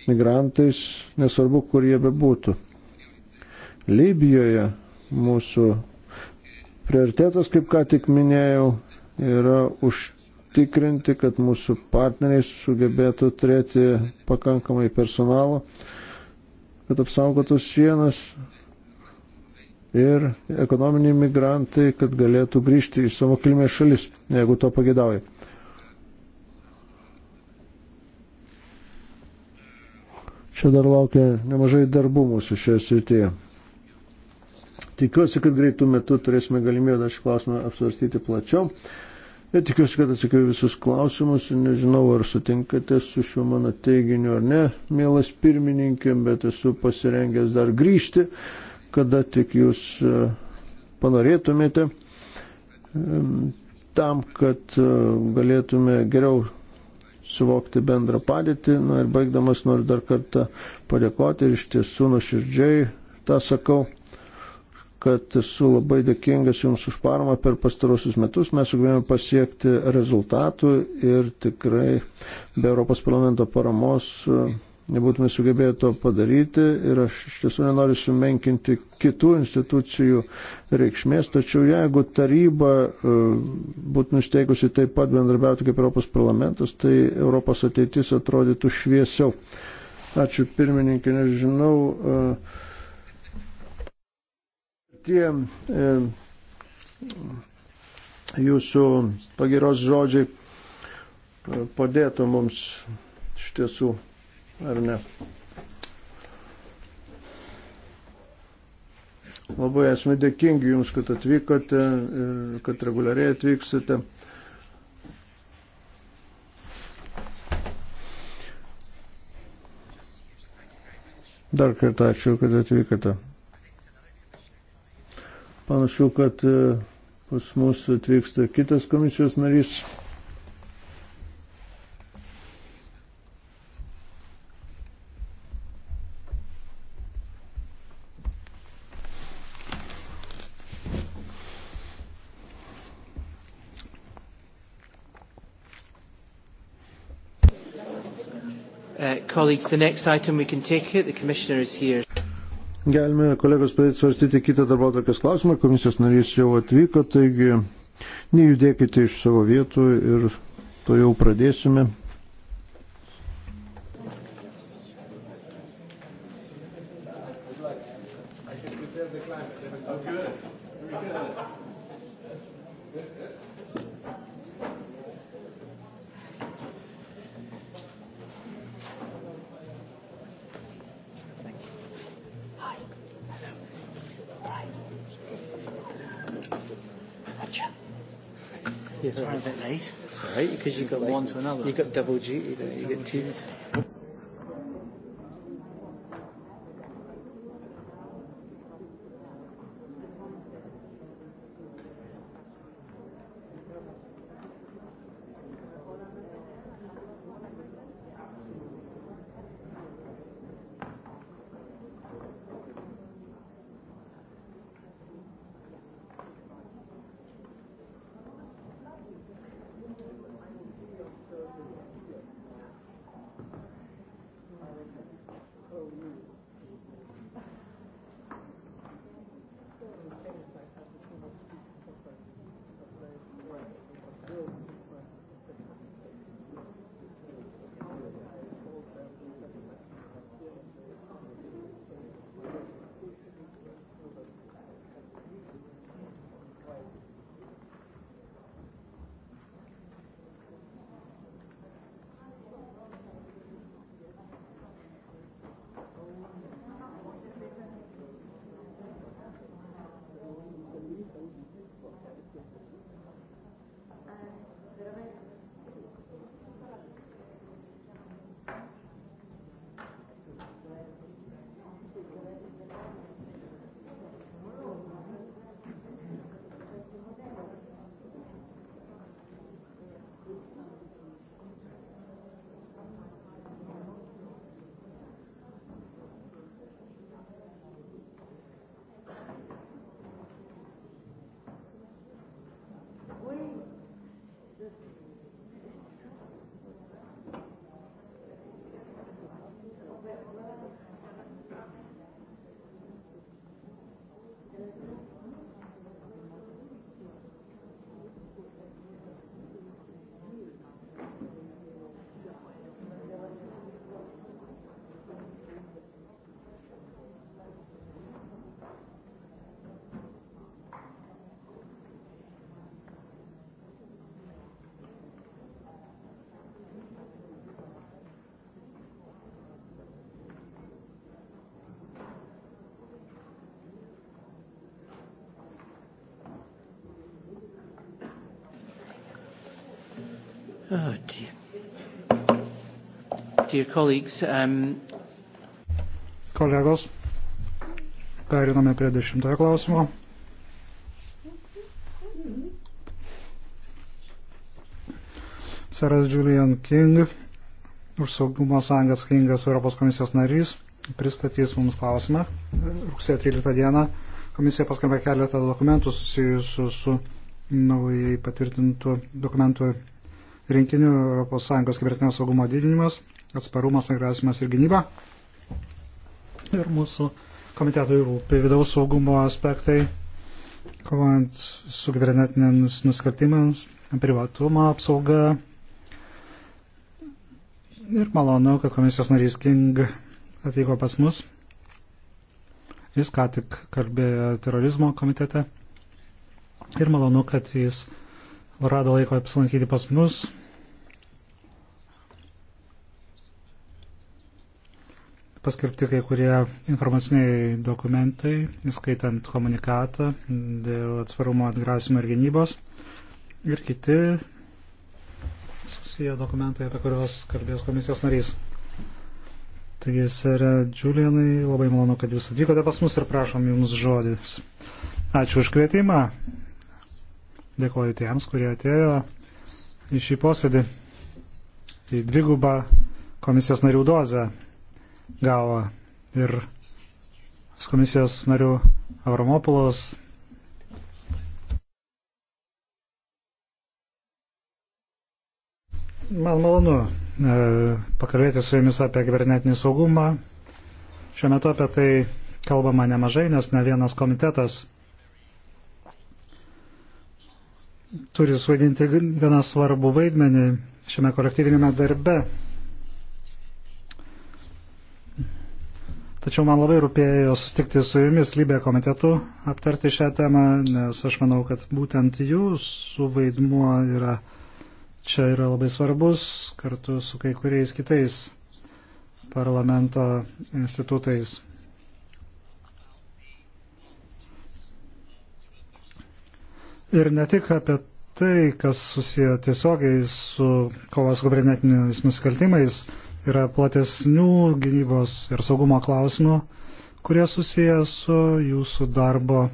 migrantais, nesvarbu, kur jie bebūtų. Libijoje mūsų prioritetas, kaip ką tik minėjau, yra užtikrinti, kad mūsų partneriai sugebėtų turėti pakankamai personalo, kad apsaugotų sienas ir ekonominiai migrantai, kad galėtų grįžti į savo kilmės šalis, jeigu to pagėdauja. Čia dar laukia nemažai darbų mūsų šioje srityje. Tikiuosi, kad greitų metų turėsime galimybę dar šį klausimą apsvarstyti plačiau. Ir tikiuosi, kad atsakiau visus klausimus. Nežinau, ar sutinkate su šiuo mano teiginiu ar ne, mielas pirmininkė, bet esu pasirengęs dar grįžti, kada tik jūs e, panorėtumėte, tam, kad e, galėtume geriau suvokti bendrą padėtį. Na ir baigdamas noriu dar kartą padėkoti ir iš tiesų nuoširdžiai tą sakau kad esu labai dėkingas Jums už paramą per pastarosius metus. Mes sugebėjome pasiekti rezultatų ir tikrai be Europos parlamento paramos e, nebūtume sugebėję to padaryti ir aš iš tiesų nenoriu sumenkinti kitų institucijų reikšmės, tačiau jeigu taryba e, būtų nusteigusi taip pat bendrabiauti kaip Europos parlamentas, tai Europos ateitis atrodytų šviesiau. Ačiū pirmininkė, nežinau. Uh, tie e, jūsų pagiros žodžiai e, padėtų mums iš tiesų, ar ne? Labai esame dėkingi Jums, kad atvykote ir kad reguliariai atvyksite. Dar kartą ačiū, kad atvykote. Panašu, kad e, pas mus atvyksta kitas komisijos narys. Uh, colleagues, the next item we can take it. The Commissioner is here. Galime, kolegos, pradėti svarstyti kitą darbo tokias klausimą. Komisijos narys jau atvyko, taigi nejudėkite iš savo vietų ir to jau pradėsime. you got like, one to another. You got double duty there. You get two. dear colleagues. Um... Kolegos, periname prie dešimtojo klausimo. Seras Julian King, už saugumo sąjungas Kingas Europos komisijos narys, pristatys mums klausimą. Rugsėjo 13 dieną komisija paskelbė keletą dokumentų susijusių su naujai patvirtintų dokumentų rinkinių ES kibernetinio saugumo didinimas, atsparumas, agresimas ir gynyba. Ir mūsų komitetui rūpi vidaus saugumo aspektai, kovant su kibernetinėms nusikaltimams, privatumo apsauga. Ir malonu, kad komisijos narys King atvyko pas mus. Jis ką tik kalbėjo terorizmo komitete. Ir malonu, kad jis rado laiko apsilankyti pas mus paskelbti kai kurie informaciniai dokumentai, įskaitant komunikatą dėl atsvarumo atgrasimo ir gynybos ir kiti susiję dokumentai, apie kuriuos kalbės komisijos narys. Taigi, serė Džiulianai, labai malonu, kad jūs atvykote pas mus ir prašom jums žodis. Ačiū už kvietimą. Dėkoju tiems, kurie atėjo į šį posėdį. Į dvigubą komisijos narių dozę galą ir komisijos narių Avramopulos. Man malonu e, pakalbėti su jumis apie kibernetinį saugumą. Šiuo metu apie tai kalbama nemažai, nes ne vienas komitetas turi suvaidinti gana svarbu vaidmenį šiame kolektyvinėme darbe Tačiau man labai rūpėjo sustikti su jumis, Lybė komitetu, aptarti šią temą, nes aš manau, kad būtent jūsų vaidmuo yra, čia yra labai svarbus kartu su kai kuriais kitais parlamento institutais. Ir ne tik apie tai, kas susiję tiesiogiai su kovas kubernetiniais nusikaltimais, yra platesnių gynybos ir saugumo klausimų, kurie susiję su jūsų darbo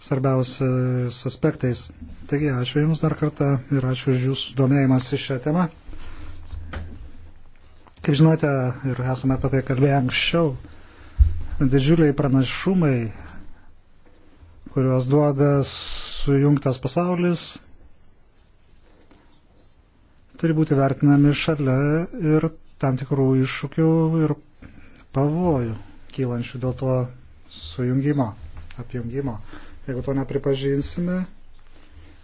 svarbiausiais aspektais. Taigi, ačiū Jums dar kartą ir ačiū už Jūsų domėjimas į šią temą. Kaip žinote, ir esame apie tai kalbėję anksčiau, didžiuliai pranašumai, kuriuos duoda sujungtas pasaulis, turi būti vertinami šalia ir tam tikrų iššūkių ir pavojų kylančių dėl to sujungimo, apjungimo. Jeigu to nepripažinsime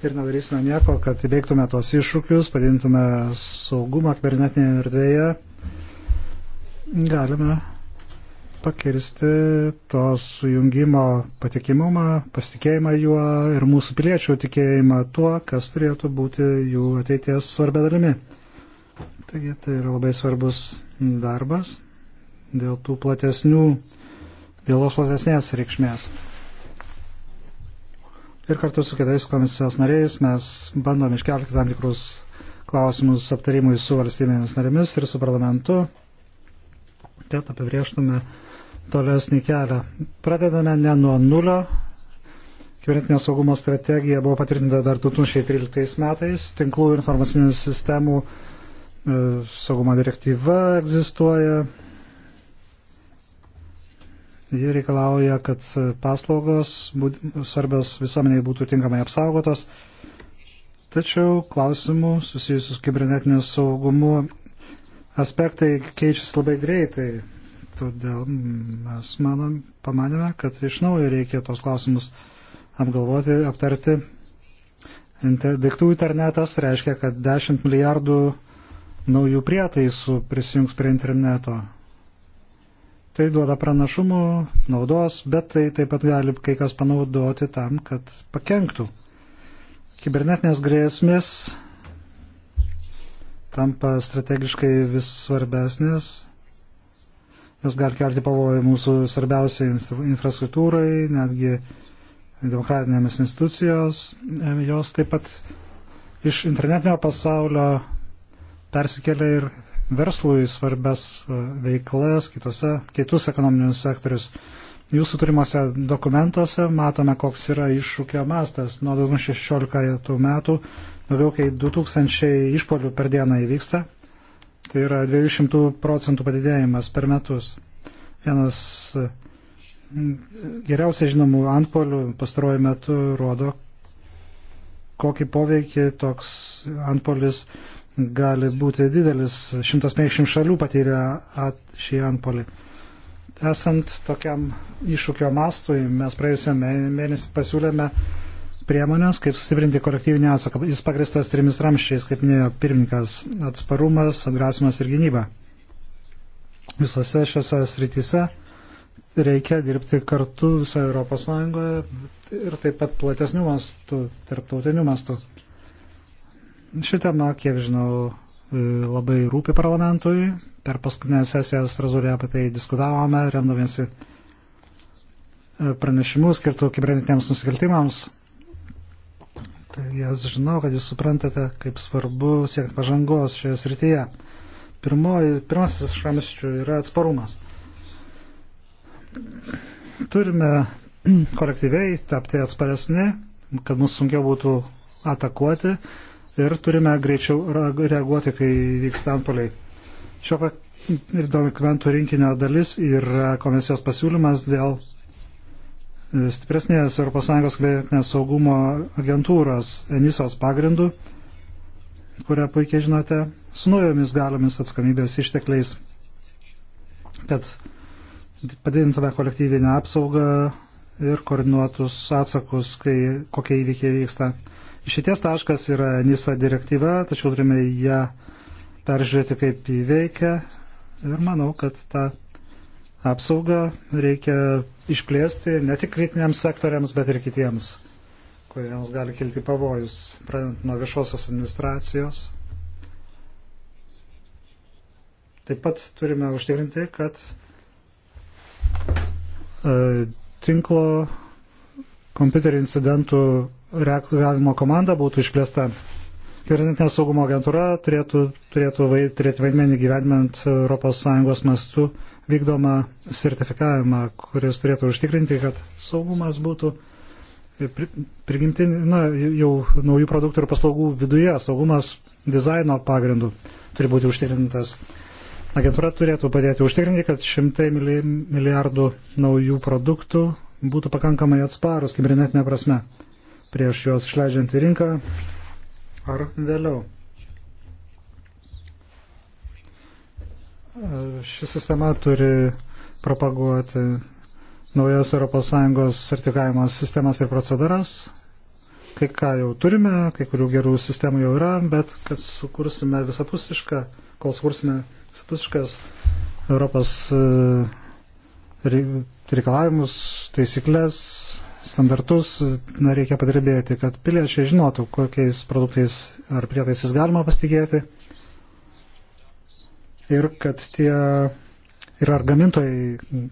ir nedarysime nieko, kad įveiktume tos iššūkius, padintume saugumą kibernetinėje erdvėje, galime pakirsti to sujungimo patikimumą, pasitikėjimą juo ir mūsų piliečių tikėjimą tuo, kas turėtų būti jų ateities svarbia dalimi. Taigi tai yra labai svarbus darbas dėl tų platesnių, dėl tos platesnės reikšmės. Ir kartu su kitais komisijos nariais mes bandom iškelti tam tikrus klausimus aptarimui su valstybėmis narėmis ir su parlamentu, kad apibrieštume tolesnį kelią. Pradedame ne nuo nulio. Kibernetinio saugumo strategija buvo patvirtinta dar 2013 metais. Tinklų informacinių sistemų E, saugumo direktyva egzistuoja. Ji reikalauja, kad paslaugos svarbios visuomeniai būtų tinkamai apsaugotos. Tačiau klausimų susijusius kibernetiniu saugumu aspektai keičiasi labai greitai. Todėl mes manom, pamanėme, kad iš naujo reikia tos klausimus apgalvoti, aptarti. Daiktų internetas reiškia, kad 10 milijardų naujų prietaisų prisijungs prie interneto. Tai duoda pranašumų, naudos, bet tai taip pat gali kai kas panaudoti tam, kad pakenktų. Kibernetinės grėsmės tampa strategiškai vis svarbesnės. Jos gali kelti pavojų mūsų svarbiausiai infrastruktūrai, netgi demokratinėmis institucijos. Jos taip pat iš internetinio pasaulio persikelia ir verslui svarbes e, veiklas, kitose, kitus ekonominius sektorius. Jūsų turimuose dokumentuose matome, koks yra iššūkio mastas. Nuo 2016 metų daugiau kaip 2000 išpolių per dieną įvyksta. Tai yra 200 procentų padidėjimas per metus. Vienas e, geriausiai žinomų antpolių pastaruoju metu rodo, kokį poveikį toks antpolis gali būti didelis. 150 šalių patyrė šį antpolį. Esant tokiam iššūkio mastui, mes praėjusią mėnesį pasiūlėme priemonės, kaip sustiprinti kolektyvinį atsaką. Jis pagristas trimis ramščiais, kaip minėjo pirmininkas - atsparumas, atgrasimas ir gynyba. Visose šiose srityse reikia dirbti kartu visoje Europos Sąjungoje ir taip pat platesnių mastų, tarptautinių mastų. Ši tema, kiek žinau, e, labai rūpi parlamentui. Per paskutinę sesiją Strasbūrė apie tai diskutavome, remdamiesi e, pranešimų skirtų kibernetiniams nusikaltimams. Tai jas žinau, kad jūs suprantate, kaip svarbu siekti pažangos šioje srityje. Pirmoji, pirmasis šramščių yra atsparumas. Turime kolektyviai tapti atsparesni, kad mus sunkiau būtų atakuoti ir turime greičiau reaguoti, kai vyksta antpoliai. Šio ir dokumentų rinkinio dalis yra komisijos pasiūlymas dėl e, stipresnės ES klėtinės saugumo agentūros ENISOS pagrindų, kurią puikiai žinote, su naujomis galiomis atskamybės ištekliais, kad padidintume kolektyvinę apsaugą ir koordinuotus atsakus, kai kokie įvykiai vyksta. Šities taškas yra NISA direktyva, tačiau turime ją peržiūrėti, kaip jį veikia. Ir manau, kad tą apsaugą reikia išplėsti ne tik kritiniams sektoriams, bet ir kitiems, kuriems gali kilti pavojus, pradant nuo viešosios administracijos. Taip pat turime užtikrinti, kad e, tinklo kompiuterio incidentų reagavimo komanda būtų išplėsta. Kibernetinė saugumo agentūra turėtų, turėtų vai, turėti vaidmenį gyvenant ES mastu vykdomą sertifikavimą, kuris turėtų užtikrinti, kad saugumas būtų prigimtini, na, jau naujų produktų ir paslaugų viduje, saugumas dizaino pagrindų turi būti užtikrintas. Agentūra turėtų padėti užtikrinti, kad šimtai milijardų naujų produktų būtų pakankamai atsparus kibernetinė prasme prieš juos išleidžiant į rinką ar vėliau. Ši sistema turi propaguoti naujas ES sertifikavimo sistemas ir procedūras. Kai ką jau turime, kai kurių gerų sistemų jau yra, bet kad sukursime visapusišką, kol sukursime visapusiškas Europos e, reikalavimus, taisyklės, standartus, na, reikia padirbėti, kad piliečiai žinotų, kokiais produktais ar prietaisais galima pasitikėti ir kad tie ir ar gamintojai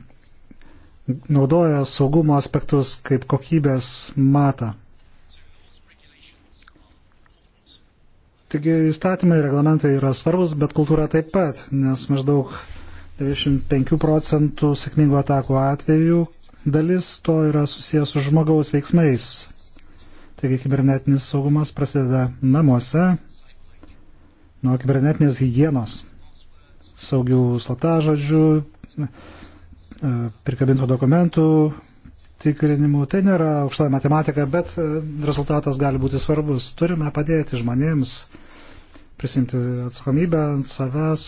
naudoja saugumo aspektus kaip kokybės matą. Taigi įstatymai ir reglamentai yra svarbus, bet kultūra taip pat, nes maždaug 95 procentų sėkmingų atakų atveju Dalis to yra susijęs su žmogaus veiksmais. Taigi kibernetinis saugumas prasideda namuose nuo kibernetinės hygienos, saugių slaptažodžių, e, prikabintų dokumentų tikrinimų. Tai nėra aukšta matematika, bet e, rezultatas gali būti svarbus. Turime padėti žmonėms prisimti atsakomybę ant savęs,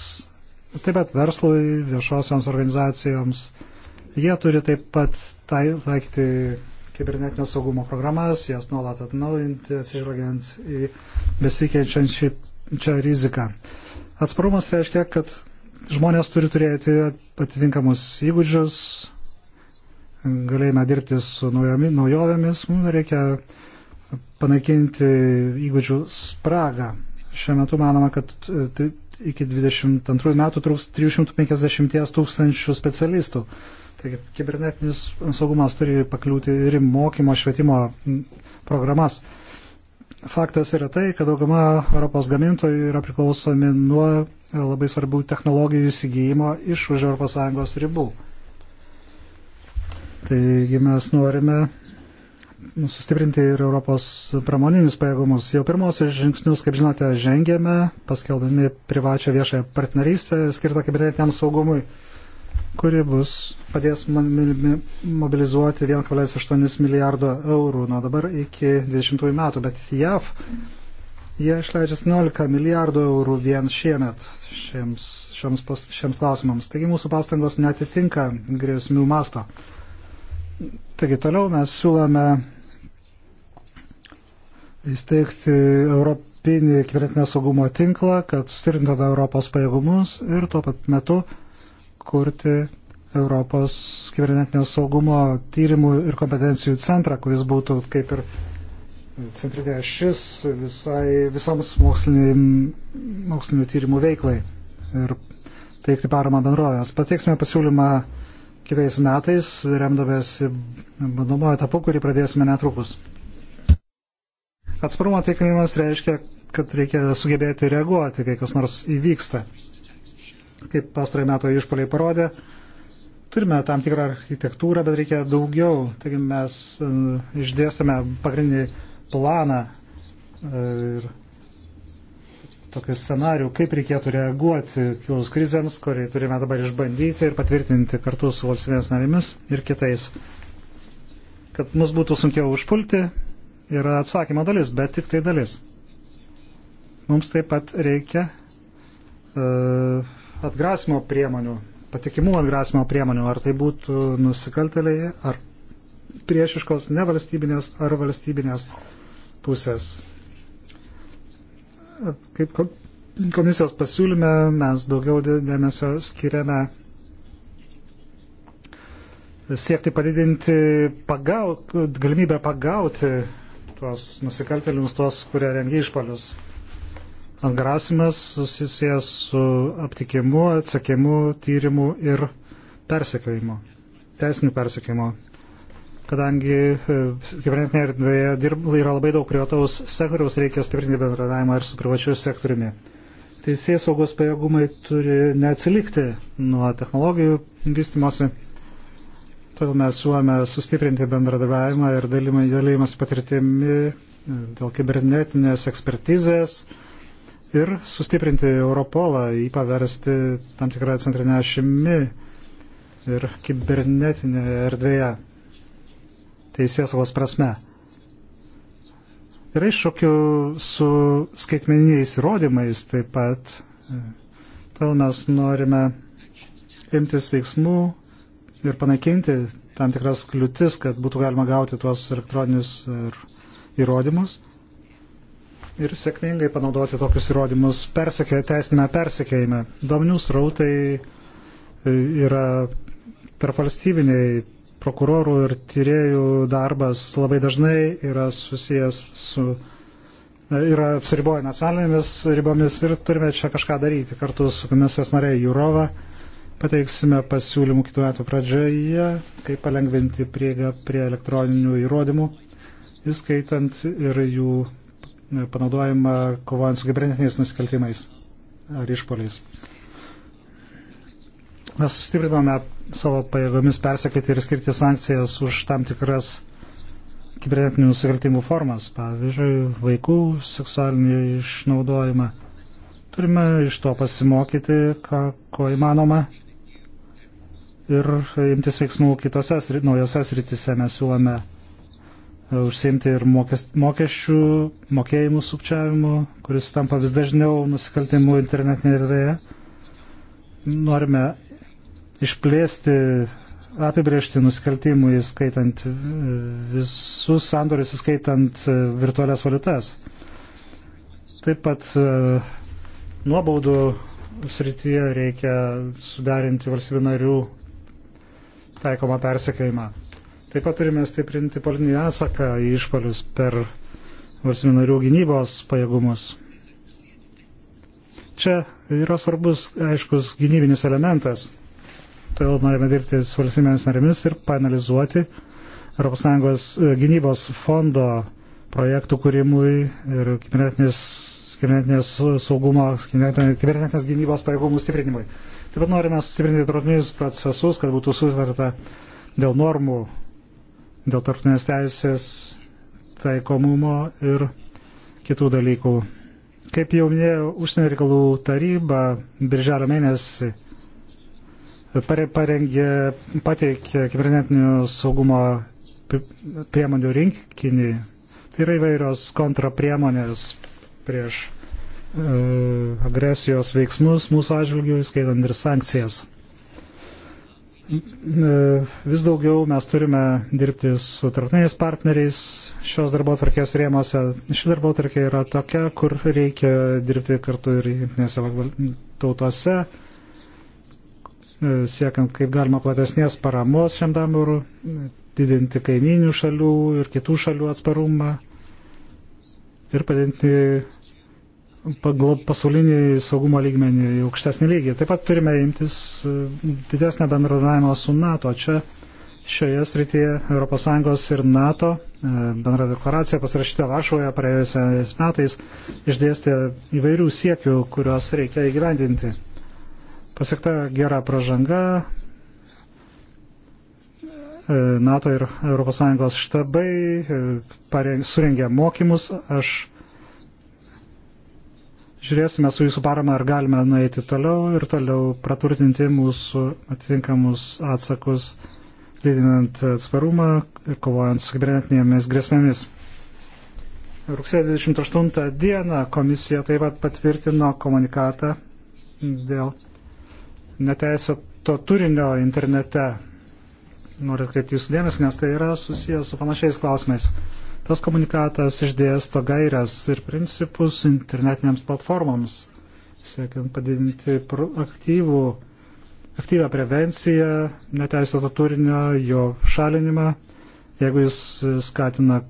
taip pat verslui, viešosioms organizacijoms Jie turi taip pat tai, taikyti kibernetinio saugumo programas, jas nuolat atnaujinti, atsižvelgiant į besikeičiančią riziką. Atsparumas reiškia, kad žmonės turi turėti atitinkamus įgūdžius, galėjime dirbti su naujomis, naujovėmis, mums reikia panaikinti įgūdžių spragą. Šiuo metu manoma, kad iki 22 metų trūks 350 tūkstančių specialistų. Taigi kibernetinis saugumas turi pakliūti ir mokymo, švietimo programas. Faktas yra tai, kad dauguma Europos gamintojų yra priklausomi nuo labai svarbių technologijų įsigijimo iš už ES ribų. Taigi mes norime sustiprinti ir Europos pramoninius pajėgumus. Jau pirmosius žingsnius, kaip žinote, žengėme, paskeldami privačią viešąją partnerystę skirtą kibernetiniam saugumui, kuri bus padės mobilizuoti 1,8 milijardo eurų nuo dabar iki 20 metų, bet JAV jie išleidžia 11 milijardų eurų vien šiemet šiems, šiems, šiems klausimams. Taigi mūsų pastangos netitinka grėsmių masto. Taigi toliau mes siūlome įsteigti Europinį kibernetinio saugumo tinklą, kad sustiprintume Europos pajėgumus ir tuo pat metu kurti Europos kibernetinio saugumo tyrimų ir kompetencijų centrą, kuris būtų kaip ir centrinė šis visai, visoms mokslinių tyrimų veiklai ir teikti paramą bendrovės. Pateiksime pasiūlymą kitais metais, remdavęs bandomojo etapu, kurį pradėsime netrukus. Atsparumo tikrinimas reiškia, kad reikia sugebėti reaguoti, kai kas nors įvyksta. Kaip pastarai metų išpoliai parodė, turime tam tikrą architektūrą, bet reikia daugiau. Taigi mes išdėstame pagrindinį planą e, ir tokį scenarių, kaip reikėtų reaguoti kilus krizėms, kurį turime dabar išbandyti ir patvirtinti kartu su valstybės narėmis ir kitais. Kad mus būtų sunkiau užpulti yra atsakymo dalis, bet tik tai dalis. Mums taip pat reikia uh, atgrasimo priemonių, patikimų atgrasimo priemonių, ar tai būtų nusikalteliai, ar priešiškos nevalstybinės ar valstybinės pusės. Kaip komisijos pasiūlyme mes daugiau dėmesio skiriame siekti padidinti pagaut, galimybę pagauti tuos nusikaltėlius, tuos, kurie rengia išpalius. Atgrasimas susijęs su aptikimu, atsakimu, tyrimu ir persekiojimu, teisiniu persekiojimu. Kadangi e, kibernetinėje erdvėje yra labai daug privataus sektoriaus, reikia stiprinti bendradavimą ir su privačiu sektoriumi. Teisės saugos pajėgumai turi neatsilikti nuo technologijų vystimosi Todėl mes suome sustiprinti bendradarbiavimą ir dalymas patirtimi e, dėl kibernetinės ekspertizės ir sustiprinti Europolą, jį paversti tam tikrą centrinę šimi ir kibernetinė erdvėje teisėsaugos prasme. Yra iššūkių su skaitmeniniais įrodymais taip pat. Todėl mes norime imtis veiksmų ir panaikinti tam tikras kliūtis, kad būtų galima gauti tuos elektroninius įrodymus ir sėkmingai panaudoti tokius įrodymus persekė, teisinėme persekėjime. Dominių srautai e, yra tarpvalstybiniai prokurorų ir tyriejų darbas labai dažnai yra susijęs su, e, yra apsiriboję nacionalinėmis ribomis ir turime čia kažką daryti kartu su komisijos narė Jurova Pateiksime pasiūlymų kitų metų pradžioje, kaip palengventi prieigą prie elektroninių įrodymų, įskaitant ir jų panaudojimą kovojant su kibernetiniais nusikaltimais ar išpoliais. Mes sustiprinome savo pajėgomis persekyti ir skirti sankcijas už tam tikras kibernetinių nusikaltimų formas, pavyzdžiui, vaikų seksualinį išnaudojimą. Turime iš to pasimokyti, ką, ko įmanoma ir imtis veiksmų kitose naujose sritise mes siūlome e, užsiimti ir mokes, mokesčių mokėjimų sukčiavimu, kuris tampa vis dažniau nusikaltimų internetinėje erdvėje. Norime išplėsti apibriežti nusikaltimų, įskaitant e, visus sandorius, įskaitant e, virtualias valiutas. Taip pat nuobaudų srityje reikia sudarinti valstybių narių taikoma persekėjimą. Taip pat turime stiprinti politinį atsaką į išpalius per valstybių narių gynybos pajėgumus. Čia yra svarbus, aiškus, gynybinis elementas. Todėl norime dirbti su valstybėmis narėmis ir panalizuoti ES e, gynybos fondo projektų kūrimui ir kibernetinės saugumo, kibernetinės gynybos pajėgumų stiprinimui. Taip pat norime sustiprinti tarptautinius procesus, kad būtų sutarta dėl normų, dėl tarptautinės teisės taikomumo ir kitų dalykų. Kaip jau minėjau, užsienio reikalų taryba birželio mėnesį parengė, pateikė kibernetinio saugumo priemonių rinkinį. Tai yra įvairios kontrapriemonės prieš E, agresijos veiksmus mūsų atžvilgių, įskaitant ir sankcijas. E, vis daugiau mes turime dirbti su tarptautiniais partneriais šios darbo tvarkės rėmose. Ši darbo tvarkė yra tokia, kur reikia dirbti kartu ir jungtinėse tautose, e, siekiant kaip galima platesnės paramos šiam damurų, didinti kaiminių šalių ir kitų šalių atsparumą ir padinti pasaulinį saugumo lygmenį į aukštesnį lygį. Taip pat turime imtis e, didesnę bendradarbiavimą su NATO. Čia šioje srityje ES ir NATO e, bendra deklaracija pasirašyta Varšuvoje praėjusiais metais išdėstė įvairių siekių, kuriuos reikia įgyvendinti. Pasiekta gera pažanga. E, NATO ir ES štabai surengė mokymus. Aš žiūrėsime su jūsų parama, ar galime nueiti toliau ir toliau praturtinti mūsų atitinkamus atsakus, didinant atsparumą ir kovojant su kibernetinėmis grėsmėmis. Rugsėjo 28 dieną komisija taip pat patvirtino komunikatą dėl neteisėto turinio internete. Noriu atkreipti jūsų dėmesį, nes tai yra susijęs su panašiais klausimais. Tas komunikatas išdėsto gairias ir principus internetinėms platformoms, siekiant padidinti aktyvų, aktyvę prevenciją neteisėto turinio, jo šalinimą, jeigu jis skatina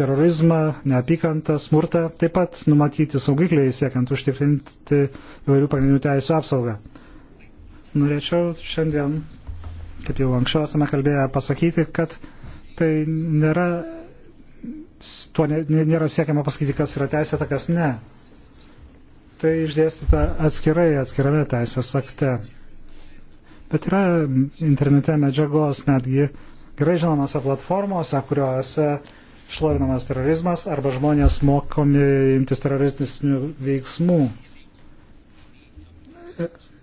terorizmą, neapykantą, smurtą, taip pat numatyti saugikliai siekiant užtikrinti įvairių pagrindinių teisų apsaugą. Norėčiau šiandien, kaip jau anksčiau esame kalbėję, pasakyti, kad tai nėra tuo nėra siekiama pasakyti, kas yra teisėta, kas ne. Tai išdėstyta atskirai, atskirame teisės akte. Bet yra internete medžiagos netgi gerai žinomose platformose, kuriuose šlovinamas terorizmas arba žmonės mokomi imtis teroristinių veiksmų.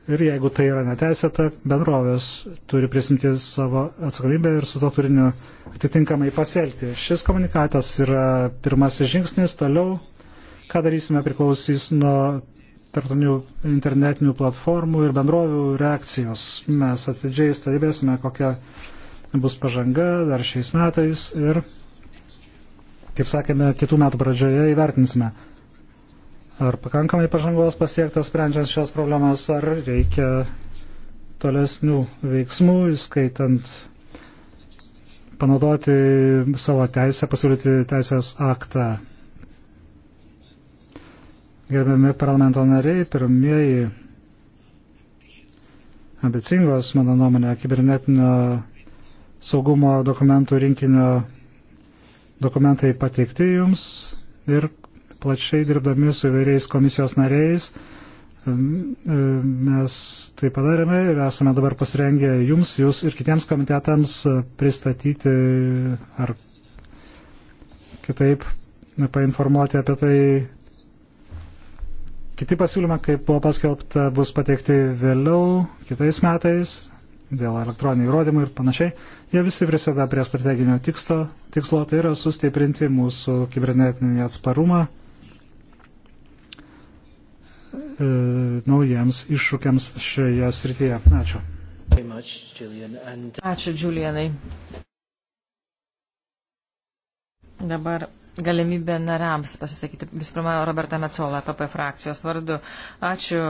Ir jeigu tai yra neteisėta, bendrovės turi prisimti savo atsakomybę ir su to turiniu atitinkamai pasielgti. Šis komunikatas yra pirmasis žingsnis, toliau, ką darysime, priklausys nuo tarptautinių internetinių platformų ir bendrovių reakcijos. Mes atsidžiai stebėsime, kokia bus pažanga dar šiais metais ir, kaip sakėme, kitų metų pradžioje įvertinsime. Ar pakankamai pažangos pasiektas sprendžiant šias problemas, ar reikia tolesnių veiksmų, įskaitant panaudoti savo teisę, pasiūlyti teisės aktą. Gerbiami parlamento nariai, pirmieji ambicingos, mano nuomonė, kibernetinio saugumo dokumentų rinkinio dokumentai pateikti jums ir plačiai dirbdami su įvairiais komisijos nariais. E, mes tai padarėme ir esame dabar pasirengę jums, jūs ir kitiems komitetams pristatyti ar kitaip painformuoti apie tai. Kiti pasiūlymai, kaip buvo paskelbta, bus pateikti vėliau, kitais metais, dėl elektroninių įrodymų ir panašiai. Jie visi prisideda prie strateginio tikslo, tikslo tai yra sustiprinti mūsų kibernetinį atsparumą e, naujiems iššūkiams šioje srityje. Ačiū. Ačiū, Julianai. Dabar galimybė nariams pasisakyti. Visų pirma, Roberta Metzola, PP frakcijos vardu. Ačiū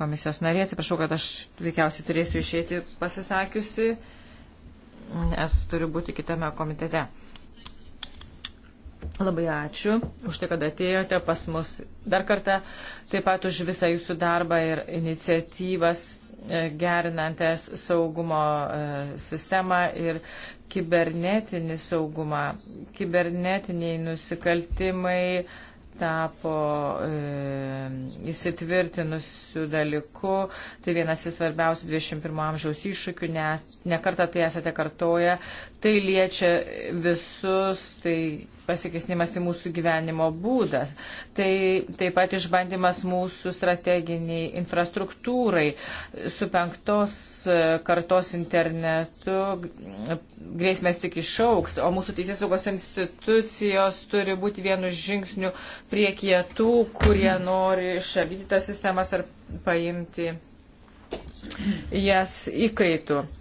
komisijos narė, atsiprašau, kad aš veikiausiai turėsiu išėti pasisakiusi, nes turiu būti kitame komitete. Labai ačiū už tai, kad atėjote pas mus dar kartą, taip pat už visą jūsų darbą ir iniciatyvas e, gerinantės saugumo e, sistemą ir kibernetinį saugumą. Kibernetiniai nusikaltimai tapo e, įsitvirtinusių dalykų. Tai vienas iš svarbiausių 21 amžiaus iššūkių, nes nekartą tai esate kartoję, Tai liečia visus, tai pasikesnimas į mūsų gyvenimo būdą. Tai taip pat išbandymas mūsų strateginiai infrastruktūrai. Su penktos kartos internetu grėsmės tik išauks, o mūsų teisės saugos institucijos turi būti vienu žingsniu prie kietų, kurie nori išardyti tas sistemas ar paimti jas įkaitų. Yes,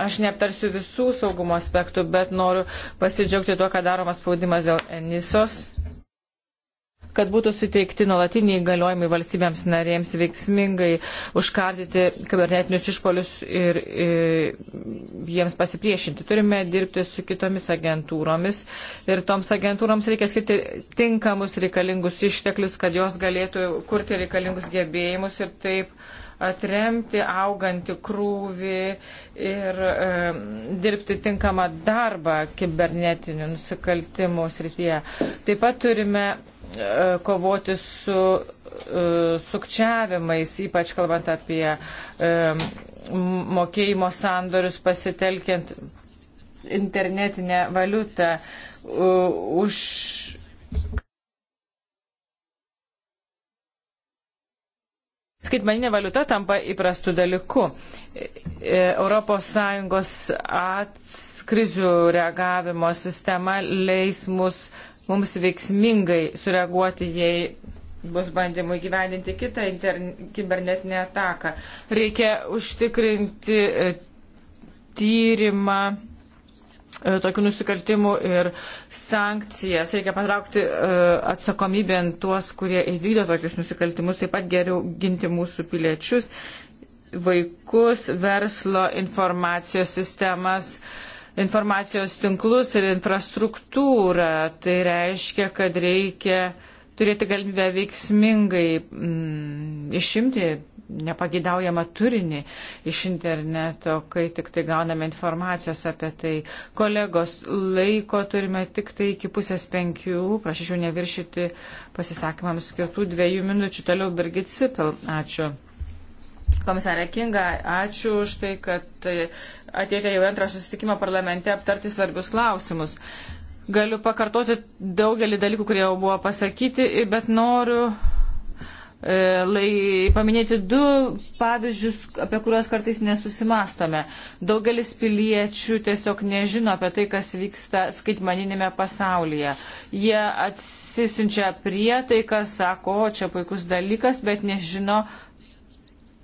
Aš neaptarsiu visų saugumo aspektų, bet noriu pasidžiaugti tuo, kad daromas spaudimas dėl Enisos kad būtų suteikti nuolatiniai įgaliojimai valstybėms narėms veiksmingai užkardyti kibernetinius išpolius ir, ir e, jiems pasipriešinti. Turime dirbti su kitomis agentūromis ir toms agentūroms reikia skirti tinkamus reikalingus išteklius, kad jos galėtų kurti reikalingus gebėjimus ir taip atremti augantį krūvį ir e, dirbti tinkamą darbą kibernetinių nusikaltimų srityje. Taip pat turime e, kovoti su e, sukčiavimais, ypač kalbant apie e, mokėjimo sandorius pasitelkiant internetinę valiutą. Už Skaitmaninė valiuta tampa įprastų dalykų. ES krizių reagavimo sistema leis mus, mums veiksmingai sureaguoti, jei bus bandymų įgyvendinti kitą kibernetinę ataką. Reikia užtikrinti e, tyrimą E, tokių nusikaltimų ir sankcijas. Reikia patraukti e, atsakomybę ant tuos, kurie įvykdo tokius nusikaltimus, taip pat geriau ginti mūsų piliečius, vaikus, verslo informacijos sistemas informacijos tinklus ir infrastruktūrą. Tai reiškia, kad reikia turėti galimybę veiksmingai mm, išimti nepagidaujamą turinį iš interneto, kai tik tai gauname informacijos apie tai. Kolegos, laiko turime tik tai iki pusės penkių, prašyčiau neviršyti pasisakymams skirtų dviejų minučių. Toliau Birgit Sipil, ačiū. Komisarė Kinga, ačiū už tai, kad e, atėjote jau antrą susitikimą parlamente aptarti svarbius klausimus. Galiu pakartoti daugelį dalykų, kurie jau buvo pasakyti, bet noriu E, lai, paminėti du pavyzdžius, apie kuriuos kartais nesusimastome. Daugelis piliečių tiesiog nežino apie tai, kas vyksta skaitmaninėme pasaulyje. Jie atsisinčia prietaiką, sako, o čia puikus dalykas, bet nežino,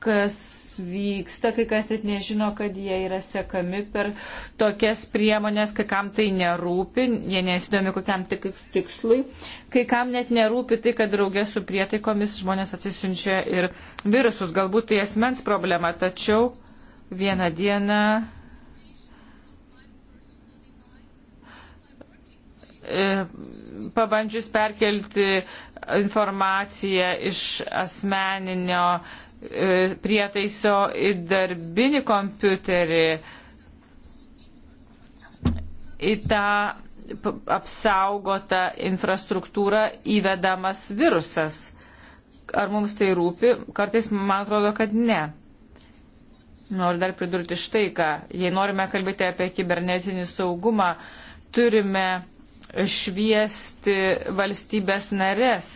kas vyksta, kai kas net nežino, kad jie yra sekami per tokias priemonės, kai kam tai nerūpi, jie nesidomi kokiam tik, tikslui, kai kam net nerūpi tai, kad draugė su prietaikomis žmonės atsisiunčia ir virusus. Galbūt tai esmens problema, tačiau vieną dieną. E, pabandžius perkelti informaciją iš asmeninio uh, E, prietaiso į darbinį kompiuterį, į tą apsaugotą infrastruktūrą įvedamas virusas. Ar mums tai rūpi? Kartais man atrodo, kad ne. Noriu dar pridurti štai ką. Jei norime kalbėti apie kibernetinį saugumą, turime šviesti valstybės narės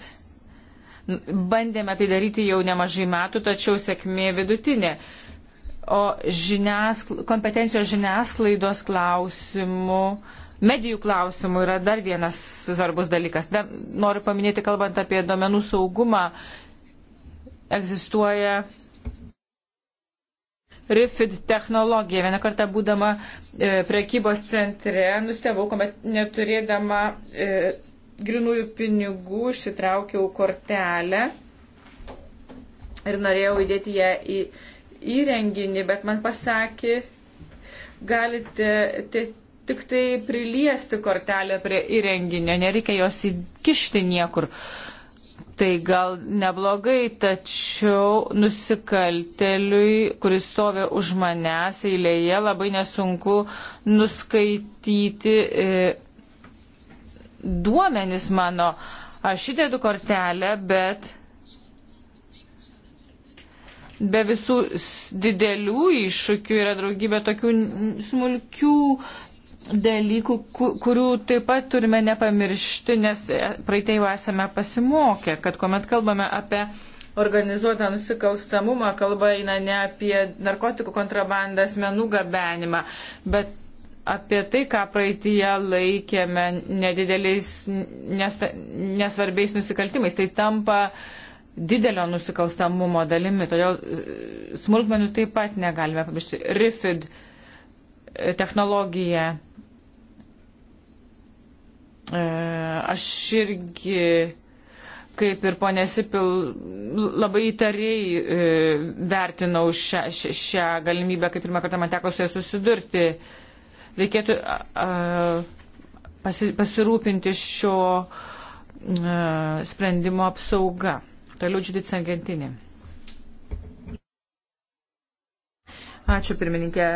Bandėme tai daryti jau nemažai metų, tačiau sėkmė vidutinė. O žiniaskla, kompetencijos žiniasklaidos klausimų, medijų klausimų yra dar vienas svarbus dalykas. Dar noriu paminėti, kalbant apie domenų saugumą, egzistuoja RIFID technologija. Vieną kartą būdama e, prekybos centre nustebau, kuomet neturėdama e, grinųjų pinigų išsitraukiau kortelę ir norėjau įdėti ją į įrenginį, bet man pasakė, galite te, tik tai priliesti kortelę prie įrenginio, nereikia jos įkišti niekur. Tai gal neblogai, tačiau nusikalteliui, kuris stovi už manęs eilėje, labai nesunku nuskaityti. E, duomenis mano. Aš įdedu kortelę, bet be visų didelių iššūkių yra draugybė tokių smulkių dalykų, kurių taip pat turime nepamiršti, nes e, praeitai jau esame pasimokę, kad kuomet kalbame apie organizuotą nusikalstamumą, kalba eina ne apie narkotikų kontrabandą, asmenų gabenimą, bet apie tai, ką praeitie laikėme nedideliais, nesta, nesvarbiais nusikaltimais. Tai tampa didelio nusikalstamumo dalimi. Todėl e, smulkmenų taip pat negalime pamiršti. RIFID e, technologija. E, aš irgi kaip ir ponė Sipil, labai įtariai vertinau šią, šią galimybę, kaip pirmą kartą man teko su ja susidurti. E, reikėtų pasirūpinti šio sprendimo apsauga. Toliau Džudit Sangentinė. Ačiū pirmininkė.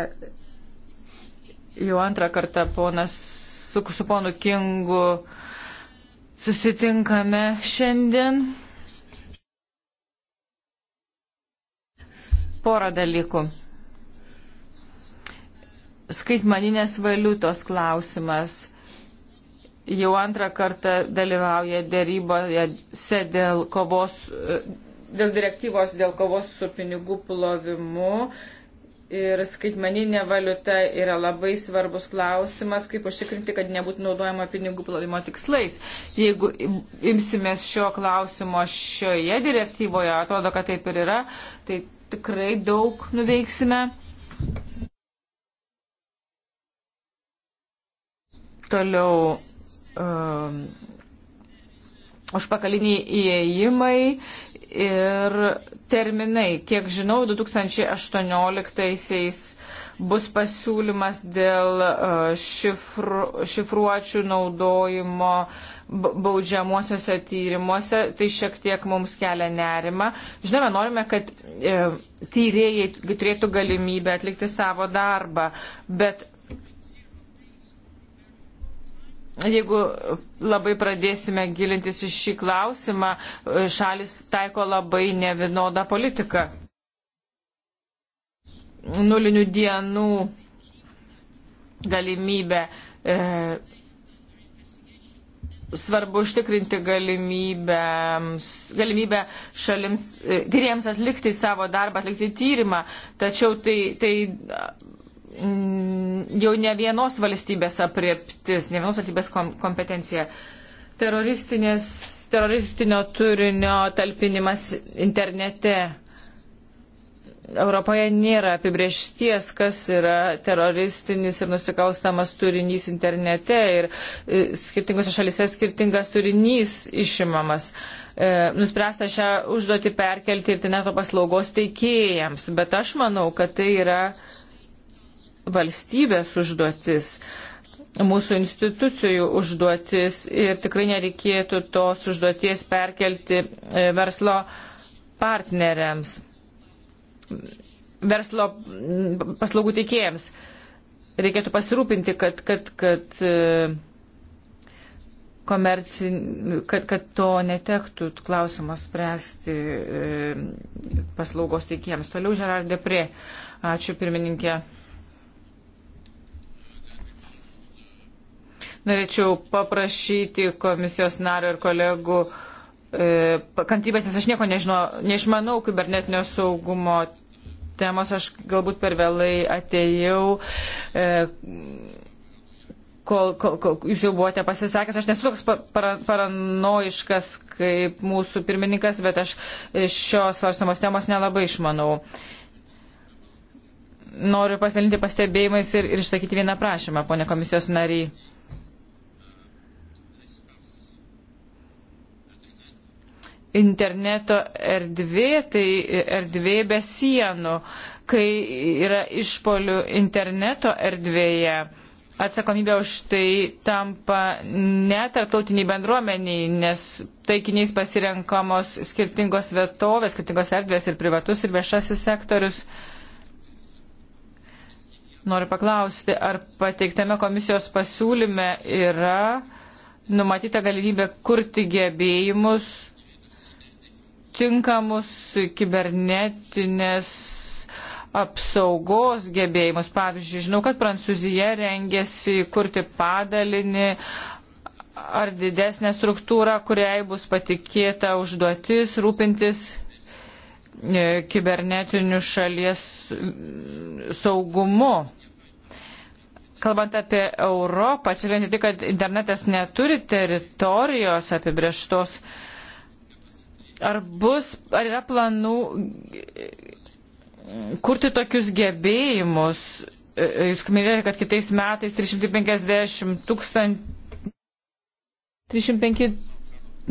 Jau antrą kartą ponas su, su ponu Kingu susitinkame šiandien. Porą dalykų skaitmaninės valiutos klausimas. Jau antrą kartą dalyvauja dėryboje dėl kovos, e, dėl direktyvos dėl kovos su pinigų plovimu. Ir skaitmaninė valiuta yra labai svarbus klausimas, kaip užtikrinti, kad nebūtų naudojama pinigų plovimo tikslais. Jeigu imsimės šio klausimo šioje direktyvoje, atrodo, kad taip ir yra, tai tikrai daug nuveiksime. Toliau um, užpakaliniai įėjimai ir terminai. Kiek žinau, 2018-aisiais bus pasiūlymas dėl uh, šifru, šifruočių naudojimo baudžiamuosiuose tyrimuose, tai šiek tiek mums kelia nerima. Žinoma, norime, kad e, tyrėjai turėtų galimybę atlikti savo darbą, bet Jeigu labai pradėsime gilintis į šį klausimą, e, šalis taiko labai nevienodą politiką. Nulinių dienų galimybę. E, svarbu užtikrinti galimybę, galimybę šalims, tyriems e, atlikti savo darbą, atlikti tyrimą, tačiau tai, tai Mm, jau ne vienos valstybės aprieptis, ne vienos valstybės kom kompetencija. Teroristinės, teroristinio turinio talpinimas internete. Europoje nėra apibriešties, kas yra teroristinis ir nusikalstamas turinys internete ir e, skirtingose šalise skirtingas turinys išimamas. E, nuspręsta šią užduotį perkelti interneto paslaugos teikėjams, bet aš manau, kad tai yra valstybės užduotis, mūsų institucijų užduotis ir tikrai nereikėtų tos užduoties perkelti e, verslo partneriams, verslo paslaugų teikėjams. Reikėtų pasirūpinti, kad, kad, kad, e, komercin, kad, kad to netektų klausimo spręsti e, paslaugos teikėjams. Toliau Žerardė prie. Ačiū pirmininkė. norėčiau paprašyti komisijos nario ir kolegų e, kantrybės, nes aš nieko nežinau, neišmanau kibernetinio saugumo temos, aš galbūt per vėlai atėjau. E, Kol, kol, kol jūs jau buvote pasisakęs, aš nesu toks para, paranoiškas kaip mūsų pirmininkas, bet aš šios svarstamos temos nelabai išmanau. Noriu pasidalinti pastebėjimais ir, ir išsakyti vieną prašymą, ponė komisijos nariai interneto erdvė, tai erdvė be sienų, kai yra išpolių interneto erdvėje. Atsakomybė už tai tampa netartautiniai bendruomeniai, nes taikiniais pasirenkamos skirtingos vietovės, skirtingos erdvės ir privatus ir viešasis sektorius. Noriu paklausti, ar pateiktame komisijos pasiūlyme yra numatyta galimybė kurti gebėjimus tinkamus kibernetinės apsaugos gebėjimus. Pavyzdžiui, žinau, kad Prancūzija rengėsi kurti padalinį ar didesnę struktūrą, kuriai bus patikėta užduotis rūpintis e, kibernetiniu šalies saugumu kalbant apie Europą, atsižvelgiant į tai, kad internetas neturi teritorijos apibrieštos, uh, Ar bus, ar yra planų kurti tokius gebėjimus? Jūs minėjote, kad kitais metais 350 tūkstančių. 305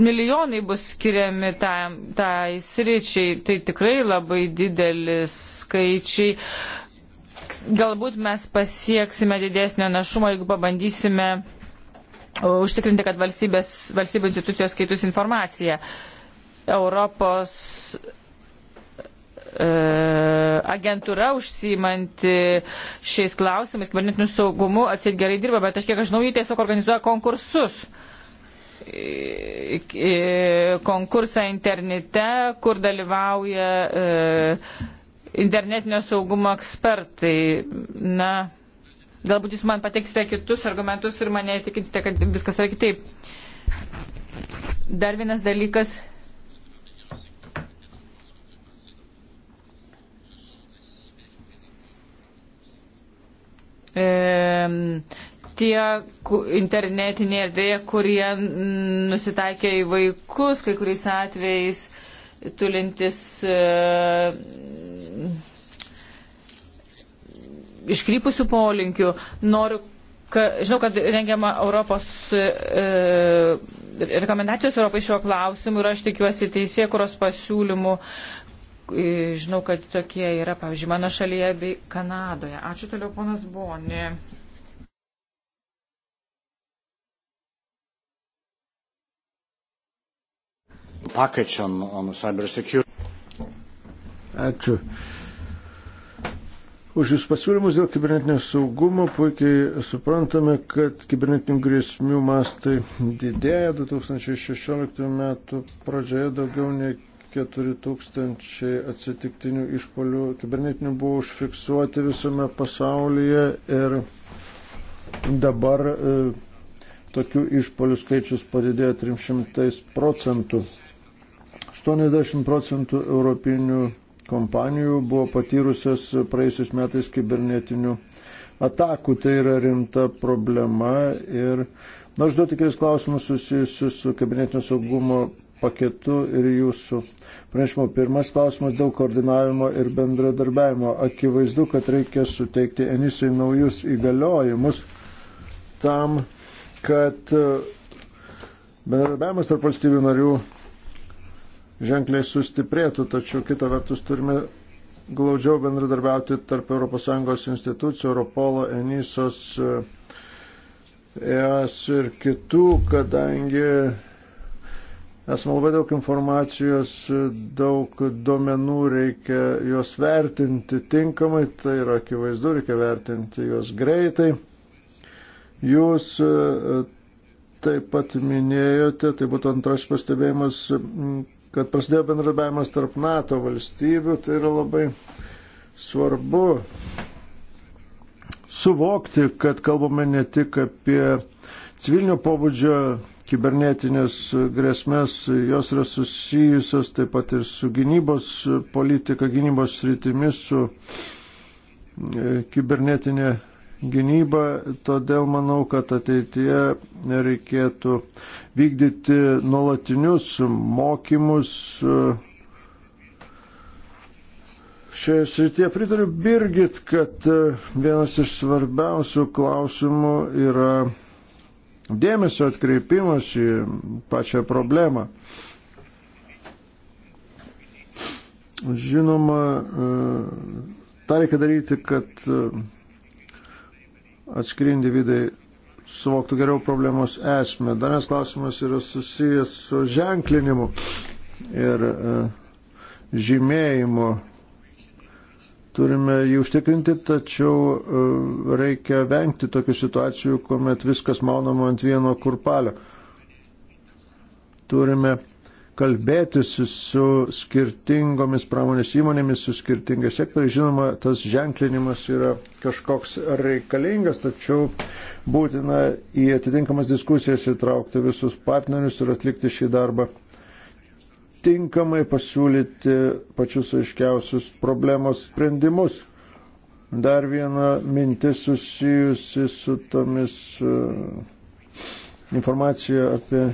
milijonai bus skiriami tam, tai sričiai. Tai tikrai labai didelis skaičiai. Galbūt mes pasieksime didesnio našumo, jeigu pabandysime užtikrinti, kad valstybės, valstybės institucijos skaitus informaciją. Uh, Europos e, agentūra užsimanti šiais klausimais, kibernetiniu saugumu, atsit gerai dirba, bet aš kiek aš žinau, jie tiesiog organizuoja konkursus. E, e, konkursą internete, kur dalyvauja internetinio saugumo ekspertai. Na, galbūt jūs man pateiksite kitus argumentus ir mane įtikinsite, kad viskas yra kitaip. Dar vienas dalykas e, tie internetinėje erdvėje, kurie mm, nusitaikė į vaikus, kai kuriais atvejais tulintis e, iškrypusių polinkių. Noriu, ka, žinau, kad rengiama Europos e, rekomendacijos Europai šiuo klausimu ir aš tikiuosi teisė, kurios pasiūlymų E, žinau, kad tokie yra, pavyzdžiui, mano šalyje bei Kanadoje. Ačiū toliau, ponas Boni. package on, on cyber security. Ačiū. Už Jūsų pasiūlymus dėl kibernetinio saugumo puikiai suprantame, kad kibernetinių grėsmių mastai didėja. 2016 metų pradžioje daugiau nei 4000 atsitiktinių išpolių kibernetinių buvo užfiksuoti visame pasaulyje ir dabar e, tokių išpolių skaičius padidėjo 300 procentų. 80 procentų europinių kompanijų buvo patyrusios praėjusiais metais kibernetinių atakų. Tai yra rimta problema ir nors nu, duoti kelias klausimus susijusius su kibernetinio saugumo paketu ir jūsų pranešimu. Pirmas klausimas dėl koordinavimo ir bendradarbiavimo. Akivaizdu, kad reikia suteikti Enisai naujus įgaliojimus tam, kad e, bendradarbiavimas tarp valstybių narių ženkliai sustiprėtų, tačiau kita vertus turime glaudžiau bendradarbiauti tarp ES institucijų, Europolo, Enisos, ES ir kitų, kadangi Esame labai daug informacijos, daug duomenų, reikia juos vertinti tinkamai, tai yra akivaizdu, reikia vertinti juos greitai. Jūs e, taip pat minėjote, tai būtų antras pastebėjimas, kad prasidėjo bendradarbiavimas tarp NATO valstybių, tai yra labai svarbu suvokti, kad kalbame ne tik apie civilinio pobūdžio kibernetinės grėsmės, jos yra susijusios taip pat ir su gynybos politika, gynybos sritimis, su e, kibernetinė gynyba. Todėl manau, kad ateityje reikėtų vykdyti nuolatinius mokymus. E, Šioje srityje pritariu Birgit, kad e, vienas iš svarbiausių klausimų yra dėmesio atkreipimas į pačią problemą. Žinoma, e, tą reikia daryti, kad e, atskiri individai suvoktų geriau problemos esmę. Dar vienas klausimas yra susijęs su ženklinimu ir e, žymėjimu turime jį užtikrinti, tačiau e, reikia vengti tokių situacijų, kuomet viskas maunama ant vieno kurpalio. Turime kalbėtis su skirtingomis pramonės įmonėmis, su skirtingais sektoriais. Žinoma, tas ženklinimas yra kažkoks reikalingas, tačiau būtina į atitinkamas diskusijas įtraukti visus partnerius ir atlikti šį darbą tinkamai pasiūlyti pačius aiškiausius problemos sprendimus. Dar viena mintis susijusi su tomis e, informacija apie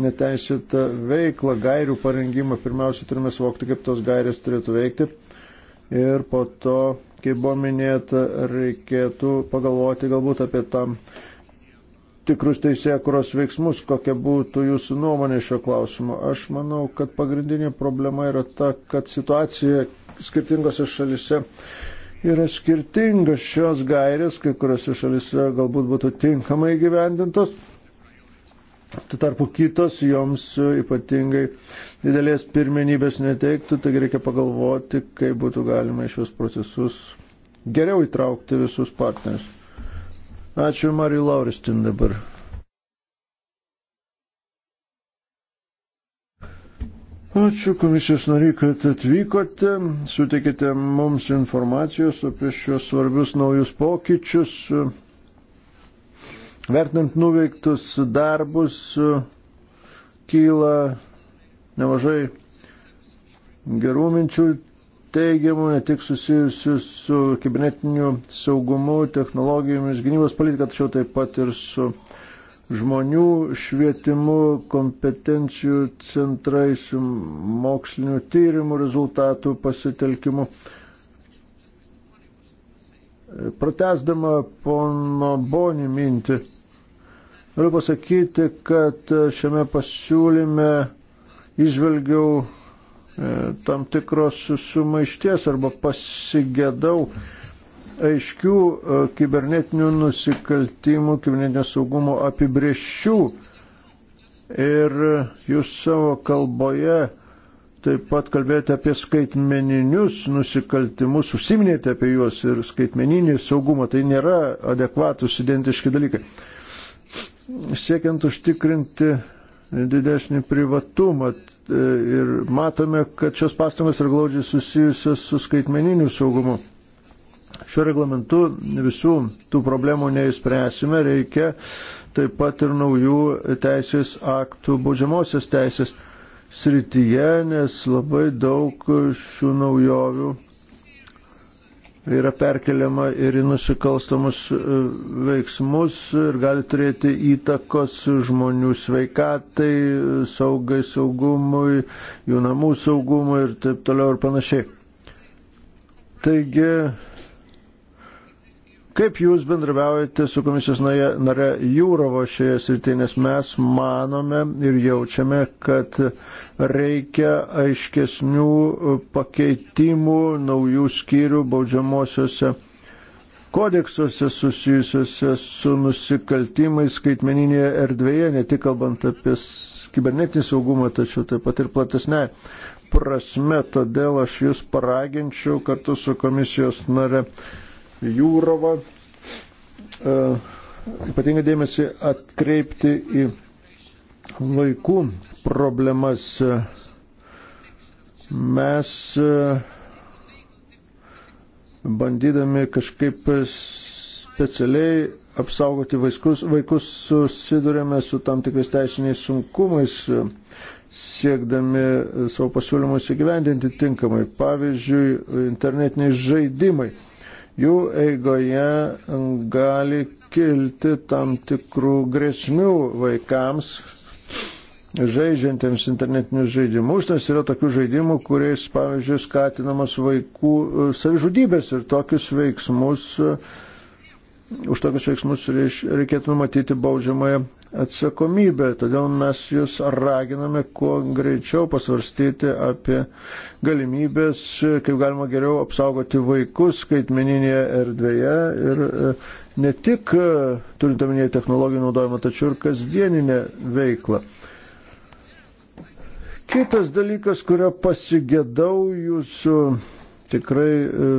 neteisėtą veiklą, gairių parengimą. Pirmiausia, turime suvokti, kaip tos gairės turėtų veikti. Ir po to, kaip buvo minėta, reikėtų pagalvoti galbūt apie tam tikrus teisėkuros veiksmus, kokia būtų jūsų nuomonė šio klausimu. Aš manau, kad pagrindinė problema yra ta, kad situacija skirtingose šalise yra skirtinga. Šios gairės kai kuriuose šalise galbūt būtų tinkamai gyvendintos. Tuo tarpu kitos joms ypatingai didelės pirmenybės neteiktų, taigi reikia pagalvoti, kaip būtų galima į šios procesus geriau įtraukti visus partnerius. Ačiū Mariju Lauristin dabar. Ačiū komisijos nariai, kad atvykote, suteikite mums informacijos apie šios svarbius naujus pokyčius, vertinant nuveiktus darbus, kyla nemažai gerų minčių teigiamų, ne tik susijusių su kibernetiniu saugumu, technologijomis, gynybos politika, tačiau taip pat ir su žmonių švietimu, kompetencijų centrais, mokslinių tyrimų rezultatų pasitelkimu. Pratesdama pono Boni mintį, noriu pasakyti, kad šiame pasiūlyme išvelgiau E, tam tikros sumaišties arba pasigėdau aiškių e, kibernetinių nusikaltimų, kibernetinio saugumo apibrieščių. Ir jūs savo kalboje taip pat kalbėjote apie skaitmeninius nusikaltimus, užsiminėte apie juos ir skaitmeninį saugumą, tai nėra adekvatus identiški dalykai. Siekiant užtikrinti didesnį privatumą. E, ir matome, kad šios pastangos yra glaudžiai susijusios su skaitmeniniu saugumu. Šiuo reglamentu visų tų problemų neįspręsime, reikia taip pat ir naujų teisės aktų baudžiamosios teisės srityje, nes labai daug šių naujovių yra perkeliama ir į nusikalstamus e, veiksmus ir gali turėti įtakos žmonių sveikatai, saugai, saugumui, jų namų saugumui ir taip toliau ir panašiai. Taigi Kaip jūs bendrabiaujate su komisijos nare Jūrovo šioje srityje, nes mes manome ir jaučiame, kad reikia aiškesnių pakeitimų, naujų skyrių baudžiamosiose kodeksuose susijusiuose su nusikaltimais skaitmeninėje erdvėje, ne tik kalbant apie kibernetinį saugumą, tačiau taip pat ir platesnė prasme. Todėl aš jūs paraginčiau kartu su komisijos nare Jūrova e, ypatingą dėmesį atkreipti į vaikų problemas. Mes e, bandydami kažkaip specialiai apsaugoti vaikus, vaikus susidurėme su tam tikrais teisiniais sunkumais, siekdami e, savo pasiūlymus įgyvendinti tinkamai. Pavyzdžiui, internetiniai žaidimai jų eigoje gali kilti tam tikrų grėsmių vaikams žaidžiantiems internetinius žaidimus, nes yra tokių žaidimų, kuriais, pavyzdžiui, skatinamas vaikų e, savižudybės ir tokius veiksmus, e, už tokius veiksmus reikėtų numatyti baudžiamąją atsakomybę. Todėl mes jūs raginame kuo greičiau pasvarstyti apie galimybės, kaip galima geriau apsaugoti vaikus skaitmeninėje erdvėje ir e, ne tik e, turint omenyje technologijų naudojimą, tačiau ir kasdieninę veiklą. Kitas dalykas, kurio pasigėdau jūsų tikrai e,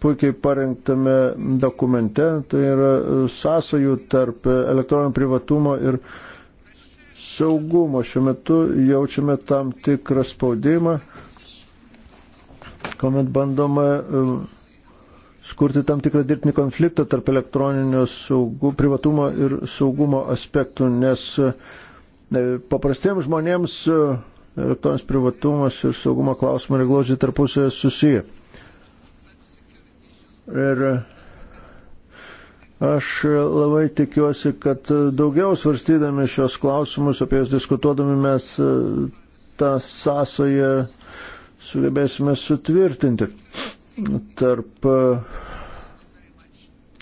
puikiai parengtame dokumente, tai yra sąsajų tarp elektroninio privatumo ir saugumo. Šiuo metu jaučiame tam tikrą spaudimą, kuomet bandoma e, skurti tam tikrą dirbtinį konfliktą tarp elektroninio saugų, privatumo ir saugumo aspektų, nes e, paprastiems žmonėms e, elektroninis privatumas ir saugumo klausimai yra glaudžiai tarpusėje susiję. Ir e, aš labai tikiuosi, kad daugiau svarstydami šios klausimus, apie jas diskutuodami mes e, tą sąsąją sugebėsime sutvirtinti tarp e,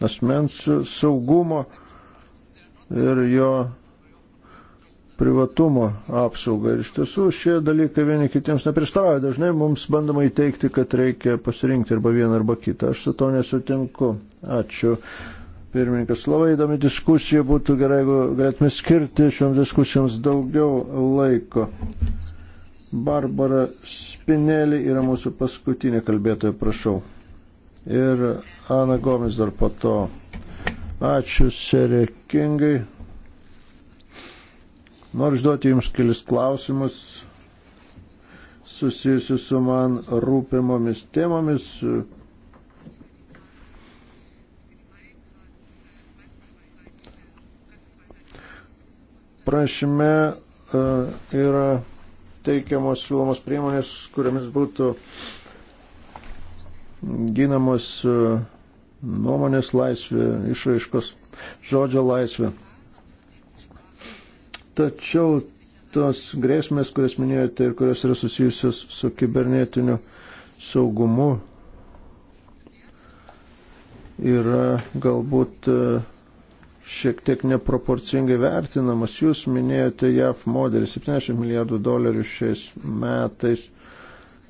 asmens saugumo ir jo privatumo apsaugą. Ir iš tiesų šie dalykai vieni kitiems neprieštarauja. Dažnai mums bandoma įteikti, kad reikia pasirinkti arba vieną arba kitą. Aš su to nesutinku. Ačiū. Pirmininkas, labai įdomi diskusija būtų gerai, jeigu galėtume skirti šioms diskusijoms daugiau laiko. Barbara Spinelį yra mūsų paskutinė kalbėtoja, prašau. Ir Ana Gomis dar po to. Ačiū, Serė Kingai. Noriu užduoti Jums kelis klausimus susijusius su man rūpimomis temomis. Prašyme e, yra teikiamos siūlomos priemonės, kuriamis būtų ginamos e, nuomonės laisvė, išraiškos, žodžio laisvė. Tačiau tos grėsmės, kurias minėjote ir kurios yra susijusios su kibernetiniu saugumu, yra galbūt e, šiek tiek neproporcingai vertinamas. Jūs minėjote JAF modelį 70 milijardų dolerių šiais metais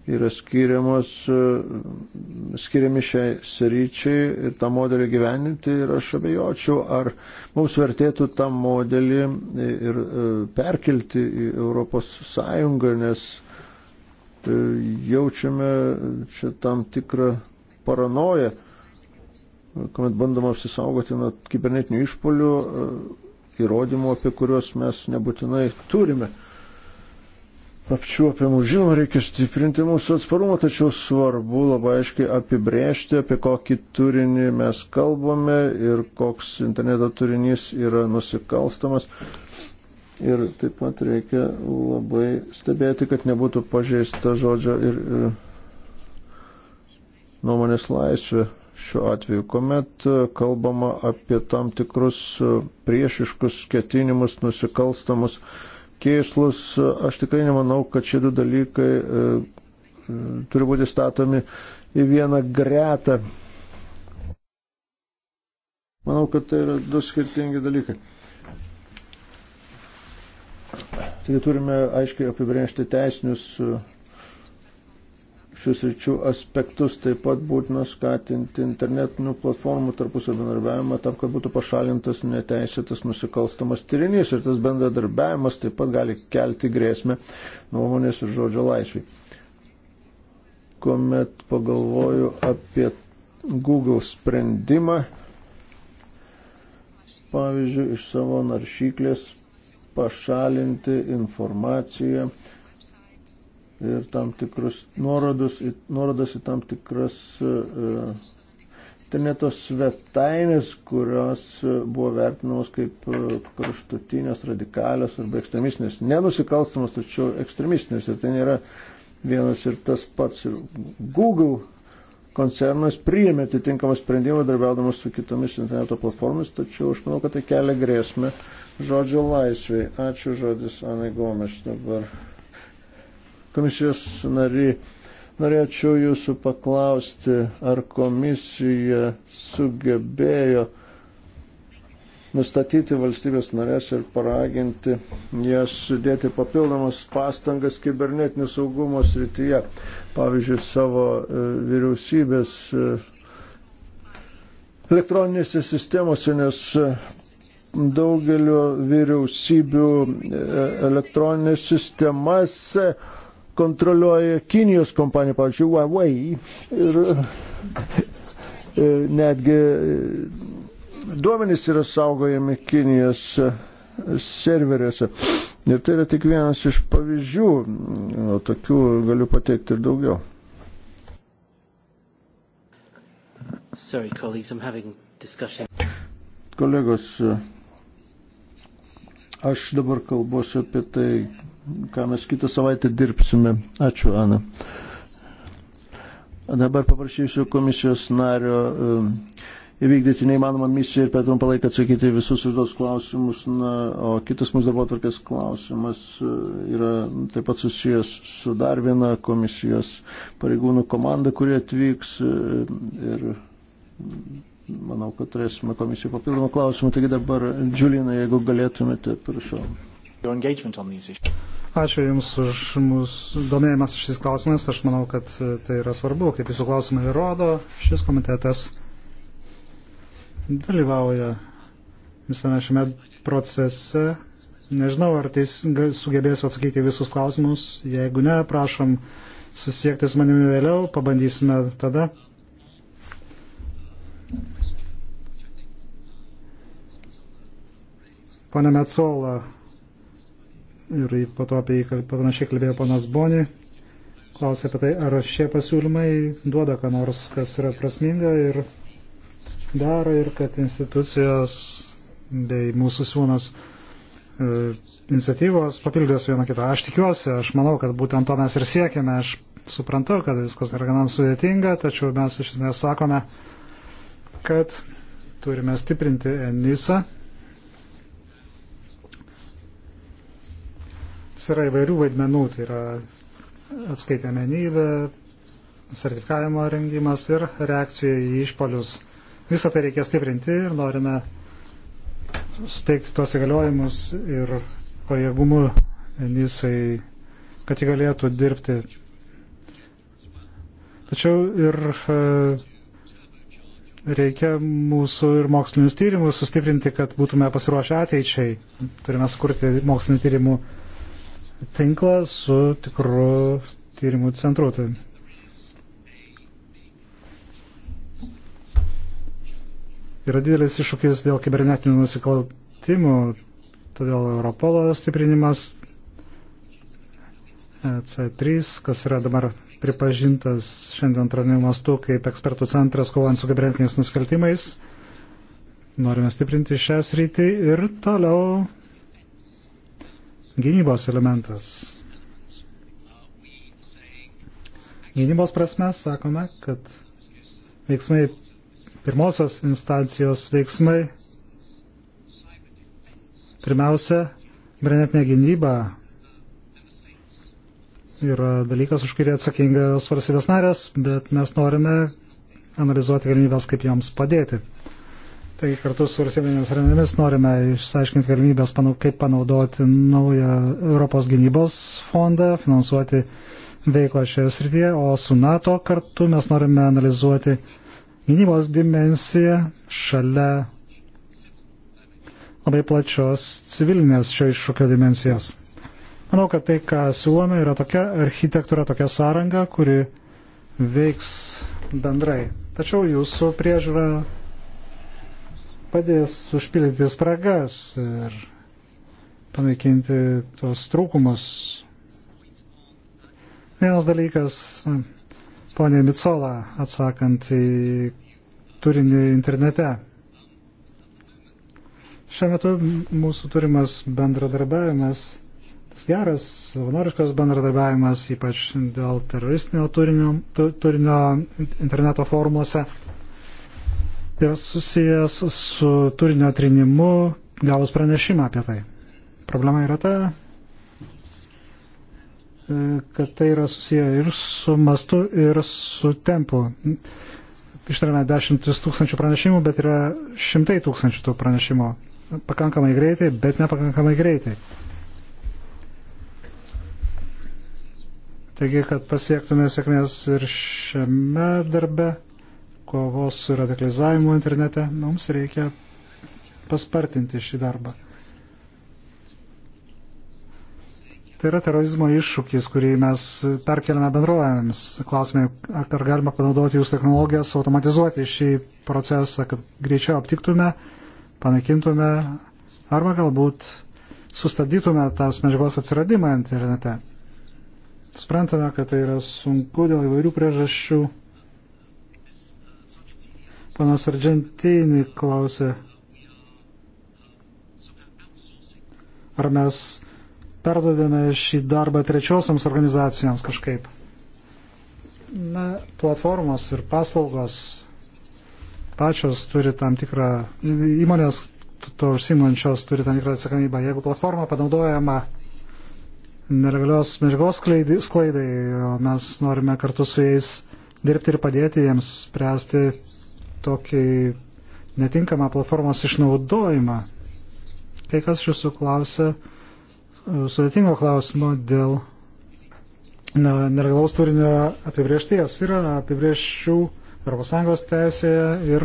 yra skiriamos, e, skiriami šiai sryčiai ir tą modelį gyveninti ir aš abejočiau, ar mums vertėtų tą modelį ir e, perkelti į Europos Sąjungą, nes e, jaučiame čia tam tikrą paranoją, kuomet bandoma apsisaugoti nuo kibernetinių išpolių, įrodymų, apie kuriuos mes nebūtinai turime apčiuopiamų žinoma, reikia stiprinti mūsų atsparumą, tačiau svarbu labai aiškiai apibrėžti, apie kokį turinį mes kalbame ir koks interneto turinys yra nusikalstamas. Ir taip pat reikia labai stebėti, kad nebūtų pažeista žodžio ir, ir nuomonės laisvė šiuo atveju, kuomet kalbama apie tam tikrus priešiškus ketinimus, nusikalstamus uh, kėslus. Aš tikrai nemanau, kad šie du dalykai e, turi būti statomi į vieną gretą. Manau, kad tai yra du skirtingi dalykai. Taigi turime aiškiai apibrėžti teisinius šių sričių aspektus. Taip pat būtina skatinti internetinių platformų tarpusio bendarbiavimą tam, kad būtų pašalintas neteisėtas nusikalstamas tyrinys ir tas bendradarbiavimas taip pat gali kelti grėsmę nuomonės ir žodžio laisvį. Komet pagalvoju apie Google sprendimą, pavyzdžiui, iš savo naršyklės pašalinti informaciją ir tam tikrus nuorodus, nuorodas į tam tikras e, e, interneto svetainės, kurios e, buvo vertinamos kaip kraštutinės, radikalios arba ekstremistinės. Nenusikalstamos, tačiau ekstremistinės. Ir tai nėra vienas ir tas pats. Ir Google koncernas priėmė atitinkamą sprendimą darbiaudamas su kitomis interneto platformomis, tačiau aš manau, kad tai kelia grėsmę žodžio laisvėj. Ačiū žodis Anai Gomes dabar komisijos nariai. Norėčiau jūsų paklausti, ar komisija sugebėjo nustatyti valstybės narės ir paraginti jas sudėti papildomas pastangas kibernetinio saugumo srityje. Pavyzdžiui, savo e, vyriausybės e, elektroninėse sistemose, nes e, daugelio vyriausybių elektroninės sistemas kontroliuoja Kinijos kompanija, pavyzdžiui, Huawei. Ir e, netgi e, duomenys yra saugojami Kinijos e, serveriuose. Ir tai yra tik vienas iš pavyzdžių, o tokių galiu pateikti ir daugiau. Sorry, colleagues, I'm having discussion. Kolegos, aš dabar kalbuosiu apie tai, ką mes kitą savaitę dirbsime. Ačiū, Ana. Dabar paprašysiu komisijos nario um, įvykdyti neįmanomą misiją ir per trumpą laiką atsakyti visus užduos klausimus. Na, o kitas mūsų darbo tvarkės klausimas uh, yra taip pat susijęs su dar viena komisijos pareigūnų komanda, kurie atvyks. Uh, ir mm, manau, kad turėsime komisijų papildomą klausimą. Taigi dabar, Džiulina, jeigu galėtumėte, prašau. Ačiū Jums už mūsų domėjimas šis klausimas. Aš manau, kad e, tai yra svarbu. Kaip Jūsų klausimai rodo, šis komitetas dalyvauja visame šiame procese. Nežinau, ar tai sugebėsiu atsakyti visus klausimus. Jeigu ne, prašom susiekti su manimi vėliau, pabandysime tada. Pone Metsola, ir po to apie jį panašiai kalbėjo ponas Boni, klausė apie tai, ar šie pasiūlymai duoda ką nors, kas yra prasminga ir daro ir kad institucijos bei mūsų siūnas e, iniciatyvos papildės vieną kitą. Aš tikiuosi, aš manau, kad būtent to mes ir siekiame. Aš suprantu, kad viskas yra gana sudėtinga, tačiau mes iš esmės sakome, kad turime stiprinti ENISA Jiems yra įvairių vaidmenų, tai yra atskaitėmenybė, sertifikavimo rengimas ir reakcija į išpolius. Visą tai reikia stiprinti ir norime suteikti tuos įgaliojimus ir pajėgumų jisai, kad jį galėtų dirbti. Tačiau ir e, reikia mūsų ir mokslinius tyrimus sustiprinti, kad būtume pasiruošę ateičiai. Turime skurti mokslinių tyrimų tinklą su tikru tyrimų centru. Tai yra didelis iššūkis dėl kibernetinių nusikaltimų, todėl Europolo stiprinimas C3, kas yra dabar pripažintas šiandien antrame mastu kaip ekspertų centras kovant su kibernetiniais nusikaltimais. Norime stiprinti šią sritį ir toliau gynybos elementas. Gynybos prasme sakome, kad veiksmai, pirmosios instancijos veiksmai, pirmiausia, kibernetinė gynyba yra dalykas, už kurį atsakingas valstybės narės, bet mes norime analizuoti galimybės, kaip joms padėti. Taigi kartu su valstybinėmis remimis norime išsiaiškinti galimybės, kaip panaudoti naują Europos gynybos fondą, finansuoti veiklą šioje srityje, o su NATO kartu mes norime analizuoti gynybos dimensiją šalia labai plačios civilinės šio iššūkio dimensijos. Manau, kad tai, ką siūlome, yra tokia architektūra, tokia sąranga, kuri veiks bendrai. Tačiau jūsų priežiūra padės užpildyti spragas ir panaikinti tuos trūkumus. Vienas dalykas, ponė Micola, atsakant į turinį internete. Šiuo metu mūsų turimas bendradarbiavimas, tas geras, savanoriškas bendradarbiavimas, ypač dėl teroristinio turinio, turinio interneto formuose Tai yra susijęs su turinio trinimu gavus pranešimą apie tai. Problema yra ta, e, kad tai yra susiję ir su mastu, ir su tempu. Ištarėme dešimtis tūkstančių pranešimų, bet yra šimtai tūkstančių tų pranešimų. Pakankamai greitai, bet nepakankamai greitai. Taigi, kad pasiektume sėkmės ir šiame darbe, kovos su radikalizavimu internete, mums reikia paspartinti šį darbą. Tai yra terorizmo iššūkis, kurį mes perkeliame bendrovėms. Klausime, ar galima panaudoti jūsų technologijas, automatizuoti šį procesą, kad greičiau aptiktume, panaikintume arba galbūt sustabdytume tos medžiagos atsiradimą internete. Suprantame, kad tai yra sunku dėl įvairių priežasčių. Panas Argentinį klausė, ar mes perdodėme šį darbą trečiosiams organizacijoms kažkaip. Na, platformos ir paslaugos pačios turi tam tikrą, įmonės to užsimančios turi tam tikrą atsakomybę. Jeigu platforma panaudojama nelegalios medžiagos sklaidai, o mes norime kartu su jais dirbti ir padėti jiems spręsti tokį netinkamą platformos išnaudojimą. Kai kas jūsų klausė e, sudėtingo klausimo dėl nelegalaus turinio apibriešties. Yra apibrieščių ES teisėje ir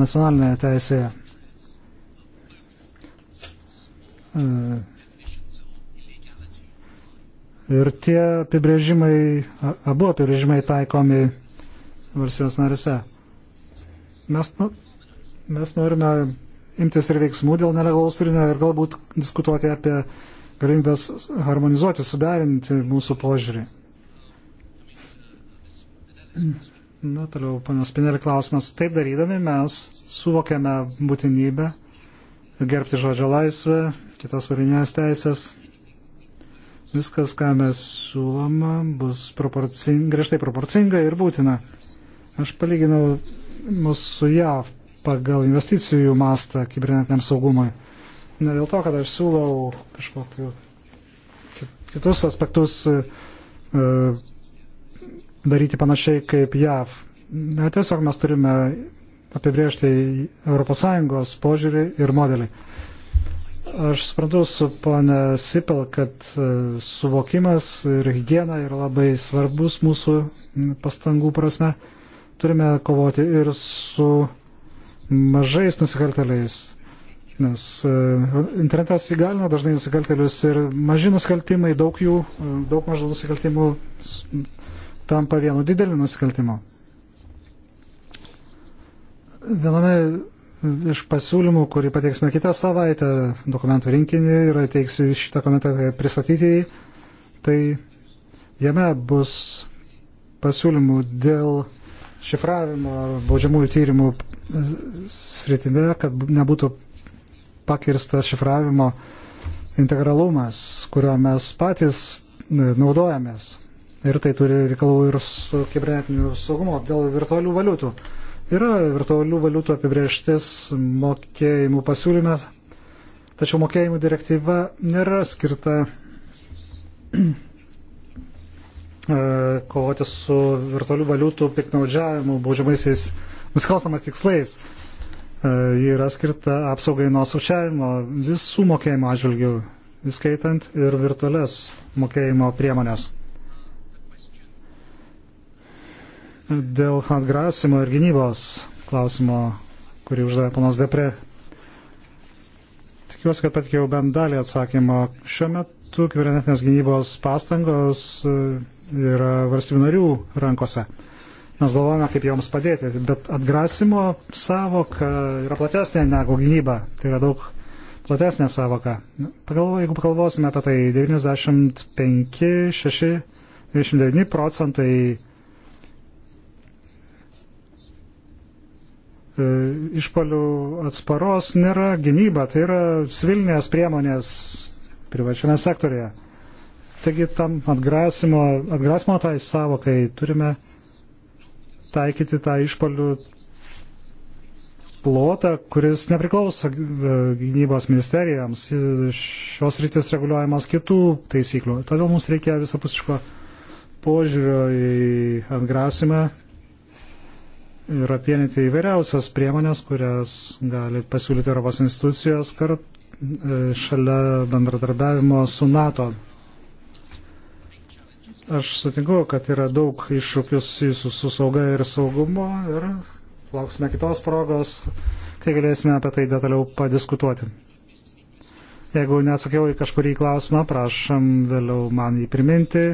nacionalinėje teisėje. E, ir tie apibrėžimai, abu apibrėžimai taikomi valstybės narise. Mes, nu, mes norime imtis ir veiksmų dėl nelegalaus turinio ir galbūt diskutuoti apie galimybės harmonizuoti, suderinti mūsų požiūrį. Na, toliau, panas Pinelė klausimas. Taip darydami mes suvokiame būtinybę gerbti žodžio laisvę, kitas varinės teisės. Viskas, ką mes siūloma, bus proporcing, griežtai proporcinga ir būtina. Aš palyginau mus su JAV pagal investicijų mastą kibernetiniam saugumui. Ne dėl to, kad aš siūlau kažkokiu kitus aspektus e, daryti panašiai kaip JAV. Na, tiesiog mes turime apibriežti ES požiūrį ir modelį. Aš suprantu su pana Sipel, kad e, suvokimas ir hygiena yra labai svarbus mūsų pastangų prasme turime kovoti ir su mažais nusikalteliais, nes e, internetas įgalina dažnai nusikaltelius ir maži nusikaltimai, daug jų, e, daug mažų nusikaltimų tampa vienu dideliu nusikaltimu. Viename iš pasiūlymų, kurį pateiksime kitą savaitę, dokumentų rinkinį ir teiksiu šitą komentarą pristatyti, tai jame bus pasiūlymų dėl šifravimo ar baudžiamųjų tyrimų sritime, kad nebūtų pakirstas šifravimo integralumas, kurio mes patys e, naudojamės. Ir tai turi reikalų ir su kibernetiniu saugumu dėl virtualių valiutų. Yra virtualių valiutų apibrieštis mokėjimų pasiūlyme, tačiau mokėjimų direktyva nėra skirta E, kovoti su virtualių valiutų piknaudžiavimu baudžiamaisiais nusikalstamas tikslais. E, ji yra skirta apsaugai nuo sučiavimo visų mokėjimo atžvilgių, įskaitant ir virtualias mokėjimo priemonės. Dėl atgrasimo ir gynybos klausimo, kurį uždavė panas Depre, tikiuosi, kad patikėjau bent dalį atsakymo. Šiuo metu mastu kibernetinės gynybos pastangos e, yra valstybių narių rankose. Mes galvojame, kaip joms padėti, bet atgrasimo savoka yra platesnė negu gynyba. Tai yra daug platesnė savoka. Pagalvo, jeigu pagalvosime apie tai, 95, 6, 29 procentai e, išpalių atsparos nėra gynyba, tai yra civilinės priemonės privačiame sektorėje. Taigi tam atgrasimo, atgrasimo tai savokai turime taikyti tą išpolių plotą, kuris nepriklauso e, gynybos ministerijoms. Šios rytis reguliuojamos kitų taisyklių. Todėl mums reikia visapusiško požiūrio į atgrasimą ir apienyti įvairiausias priemonės, kurias gali pasiūlyti Europos institucijos kartu E, šalia bendradarbiavimo su NATO. Aš sutinku, kad yra daug iššūkių susijusių su sauga ir saugumo ir lauksime kitos progos, kai galėsime apie tai detaliau padiskutuoti. Jeigu neatsakiau į kažkurį klausimą, prašom vėliau man jį priminti.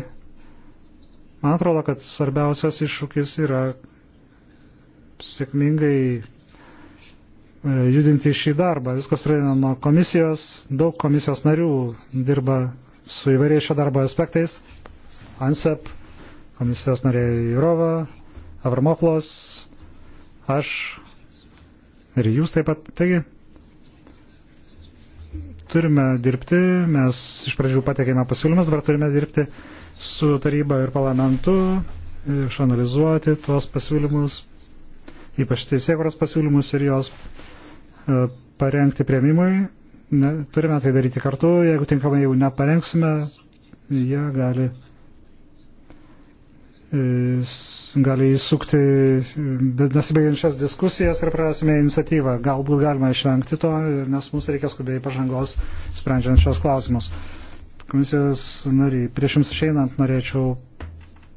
Man atrodo, kad svarbiausias iššūkis yra sėkmingai E, judinti šį darbą. Viskas praeina nuo komisijos, daug komisijos narių dirba su įvairiais šio darbo aspektais. ANSEP, komisijos narė Jurova, Avramoplos, aš ir jūs taip pat. Taigi, turime dirbti, mes iš pradžių patekėme pasiūlymas, dabar turime dirbti su taryba ir parlamentu, išanalizuoti tuos pasiūlymus, ypač teisėkuros pasiūlymus ir jos E, parengti prieimimui. Ne, turime tai daryti kartu. Jeigu tinkamai jau neparengsime, jie gali, e, gali įsukti e, nesibaigiančias diskusijas ir prarasime iniciatyvą. Galbūt galima išvengti to, nes mums reikia skubiai pažangos sprendžiant šios klausimus. Komisijos nariai, prieš jums išeinant norėčiau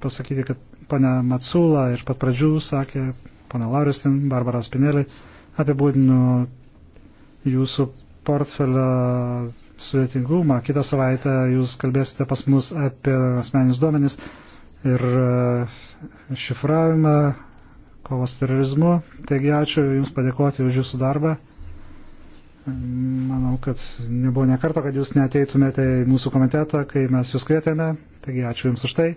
pasakyti, kad ponia Matsula iš pat pradžių sakė, ponia Lauristin, Barbara Spinelį, apibūdinu jūsų portfelio sudėtingumą. Kitą savaitę jūs kalbėsite pas mus apie asmeninius duomenys ir e, šifravimą, kovos terorizmu. Taigi ačiū Jums padėkoti už Jūsų darbą. Manau, kad nebuvo nekarto, kad Jūs neteitumėte į mūsų komitetą, kai mes Jūs kvietėme. Taigi ačiū Jums už tai.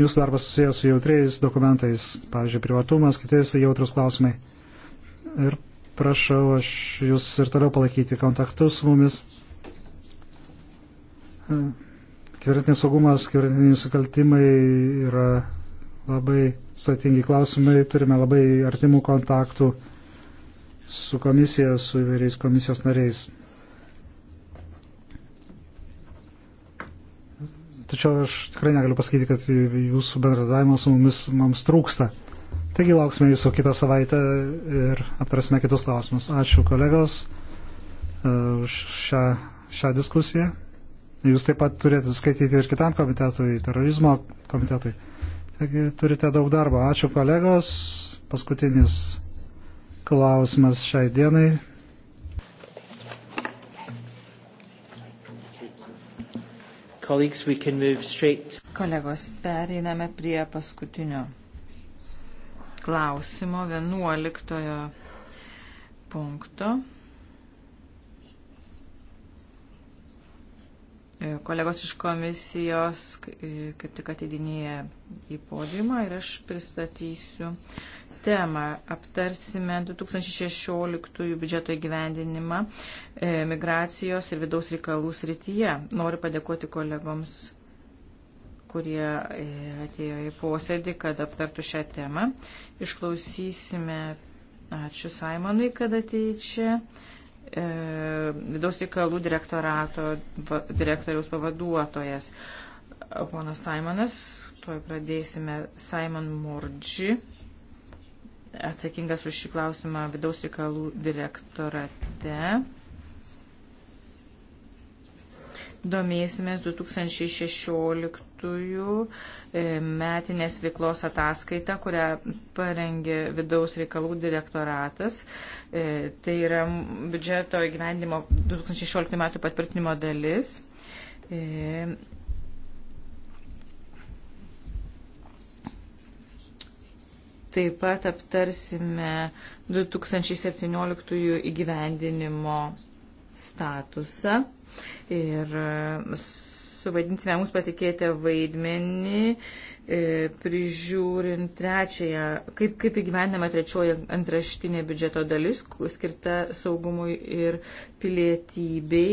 Jūsų darbas susijęs su jautriais dokumentais, pavyzdžiui, privatumas, kitais jautrus klausimai. Ir prašau aš jūs ir toliau palaikyti kontaktus su mumis. Kibernetinės saugumas, kibernetiniai nusikaltimai yra labai sudėtingi klausimai, turime labai artimų kontaktų su komisija, su įvairiais komisijos nariais. Tačiau aš tikrai negaliu pasakyti, kad jūsų bendradavimo su mumis mums trūksta. Taigi lauksime jūsų kitą savaitę ir aptarsime kitus klausimus. Ačiū kolegos e, už šią, šią diskusiją. Jūs taip pat turite skaityti ir kitam komitetui, terorizmo komitetui. Taigi turite daug darbo. Ačiū kolegos. Paskutinis klausimas šiai dienai. Kolegos, pereiname prie paskutinio klausimo 11 punkto. E, kolegos iš komisijos e, kaip tik ateidinėja į podiumą ir aš pristatysiu temą. Aptarsime 2016 biudžeto įgyvendinimą e, migracijos ir vidaus reikalų srityje. Noriu padėkoti kolegoms kurie e, atėjo į posėdį, kad aptartų šią temą. Išklausysime, ačiū Saimonai, kad atėjai čia, e, vidaus reikalų direktorato va, direktoriaus pavaduotojas. Ponas Saimonas, tuoj pradėsime Saimon Mordži, atsakingas už šį klausimą vidaus reikalų direktorate domėsimės 2016 E, metinės veiklos ataskaitą, kurią parengė vidaus reikalų direktoratas. E, tai yra biudžeto įgyvendimo 2016 metų patvirtinimo dalis. E, taip pat aptarsime 2017 įgyvendinimo statusą ir suvaidinsime mums patikėtę vaidmenį, e, prižiūrint trečiąją, kaip, kaip įgyvendama trečioji antraštinė biudžeto dalis, skirta saugumui ir pilietybei.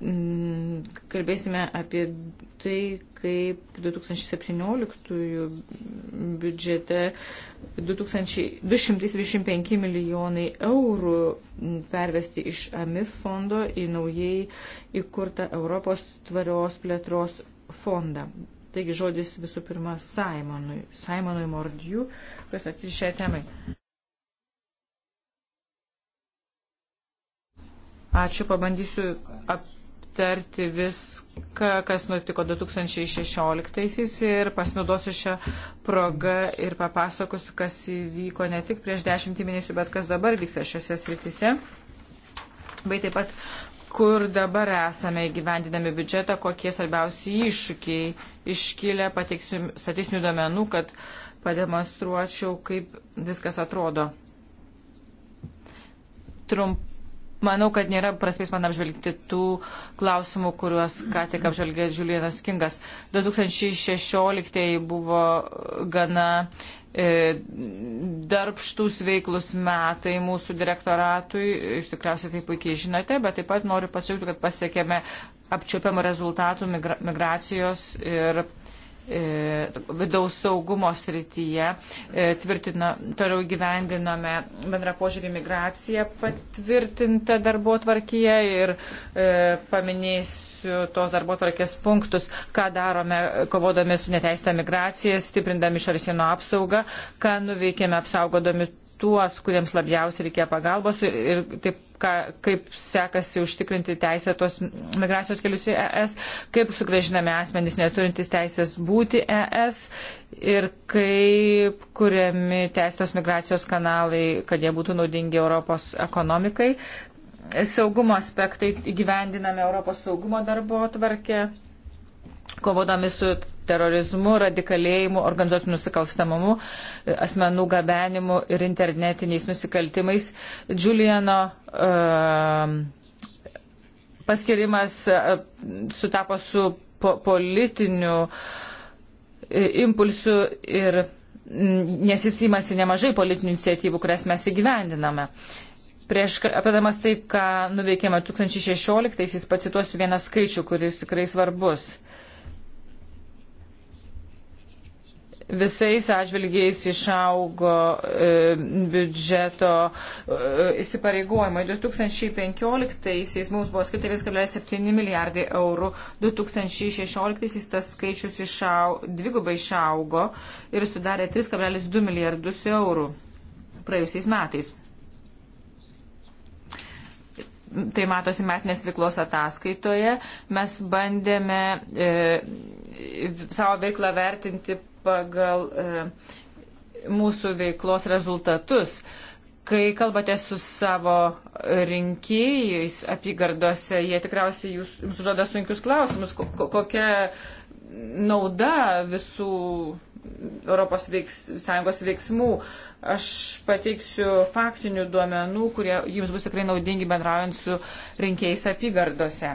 Mm, kalbėsime apie tai, kaip 2017 biudžete 225 milijonai eurų pervesti iš AMIF fondo į naujai įkurtą Europos tvarios plėtros fondą. Taigi žodis visų pirma Simonui, Simonui Mordijų, pristatyti šią temą. Ačiū, pabandysiu ap aptarti viską, kas nutiko 2016-aisiais ir pasinaudosiu šią progą ir papasakosiu, kas įvyko ne tik prieš dešimtį mėnesių, bet kas dabar vyksta šiuose srityse. Bei taip pat, kur dabar esame įgyvendinami biudžetą, kokie svarbiausi iššūkiai iškilę, pateiksiu statistinių domenų, kad pademonstruočiau, kaip viskas atrodo. Trump manau, kad nėra prasmės man apžvelgti tų klausimų, kuriuos ką tik apžvelgė Žiulienas Kingas. 2016 buvo gana e, darbštus veiklus metai mūsų direktoratui, jūs tikriausiai tai puikiai žinote, bet taip pat noriu pasidžiaugti, kad pasiekėme apčiopiamų rezultatų migracijos ir e, E, vidaus saugumo srityje, e, tvirtino, toliau gyvendinome bendrą požiūrį migraciją patvirtintą darbo tvarkyje ir e, paminėsiu tos darbo tvarkės punktus, ką darome kovodami su neteista migracija, stiprindami šarsieno apsaugą, ką nuveikėme apsaugodami tuos, kuriems labiausiai reikia pagalbos ir taip, ka, kaip sekasi užtikrinti teisę tos migracijos kelius į ES, kaip sugražiname asmenys neturintys teisės būti ES ir kaip kuriami teisėtos migracijos kanalai, kad jie būtų naudingi Europos ekonomikai. Saugumo aspektai įgyvendiname Europos saugumo darbo atvarkę kovodami su terorizmu, radikalėjimu, organizuotų nusikalstamumu, asmenų gabenimu ir internetiniais nusikaltimais. Juliano uh, ehm, paskirimas uh, e, sutapo su po politiniu e, impulsu ir mm, nes jis įmasi nemažai politinių iniciatyvų, kurias mes įgyvendiname. Prieš apėdamas tai, ką nuveikėme 2016, jis pacituosiu vieną skaičių, kuris tikrai svarbus. visais atžvilgiais išaugo e, biudžeto e, įsipareigojimai. 2015-aisiais mums buvo skirta 1,7 milijardai eurų, 2016-aisiais tas skaičius išau, dvigubai išaugo ir sudarė 3,2 milijardus eurų praėjusiais metais. Tai matosi metinės veiklos ataskaitoje. Mes bandėme e, savo veiklą vertinti pagal e, mūsų veiklos rezultatus. Kai kalbate su savo rinkėjais apygardose, jie tikriausiai jūs, jums užduoda sunkius klausimus, kokia nauda visų Europos veiks, Sąjungos veiksmų. Aš pateiksiu faktinių duomenų, kurie jums bus tikrai naudingi bendraujant su rinkėjais apygardose.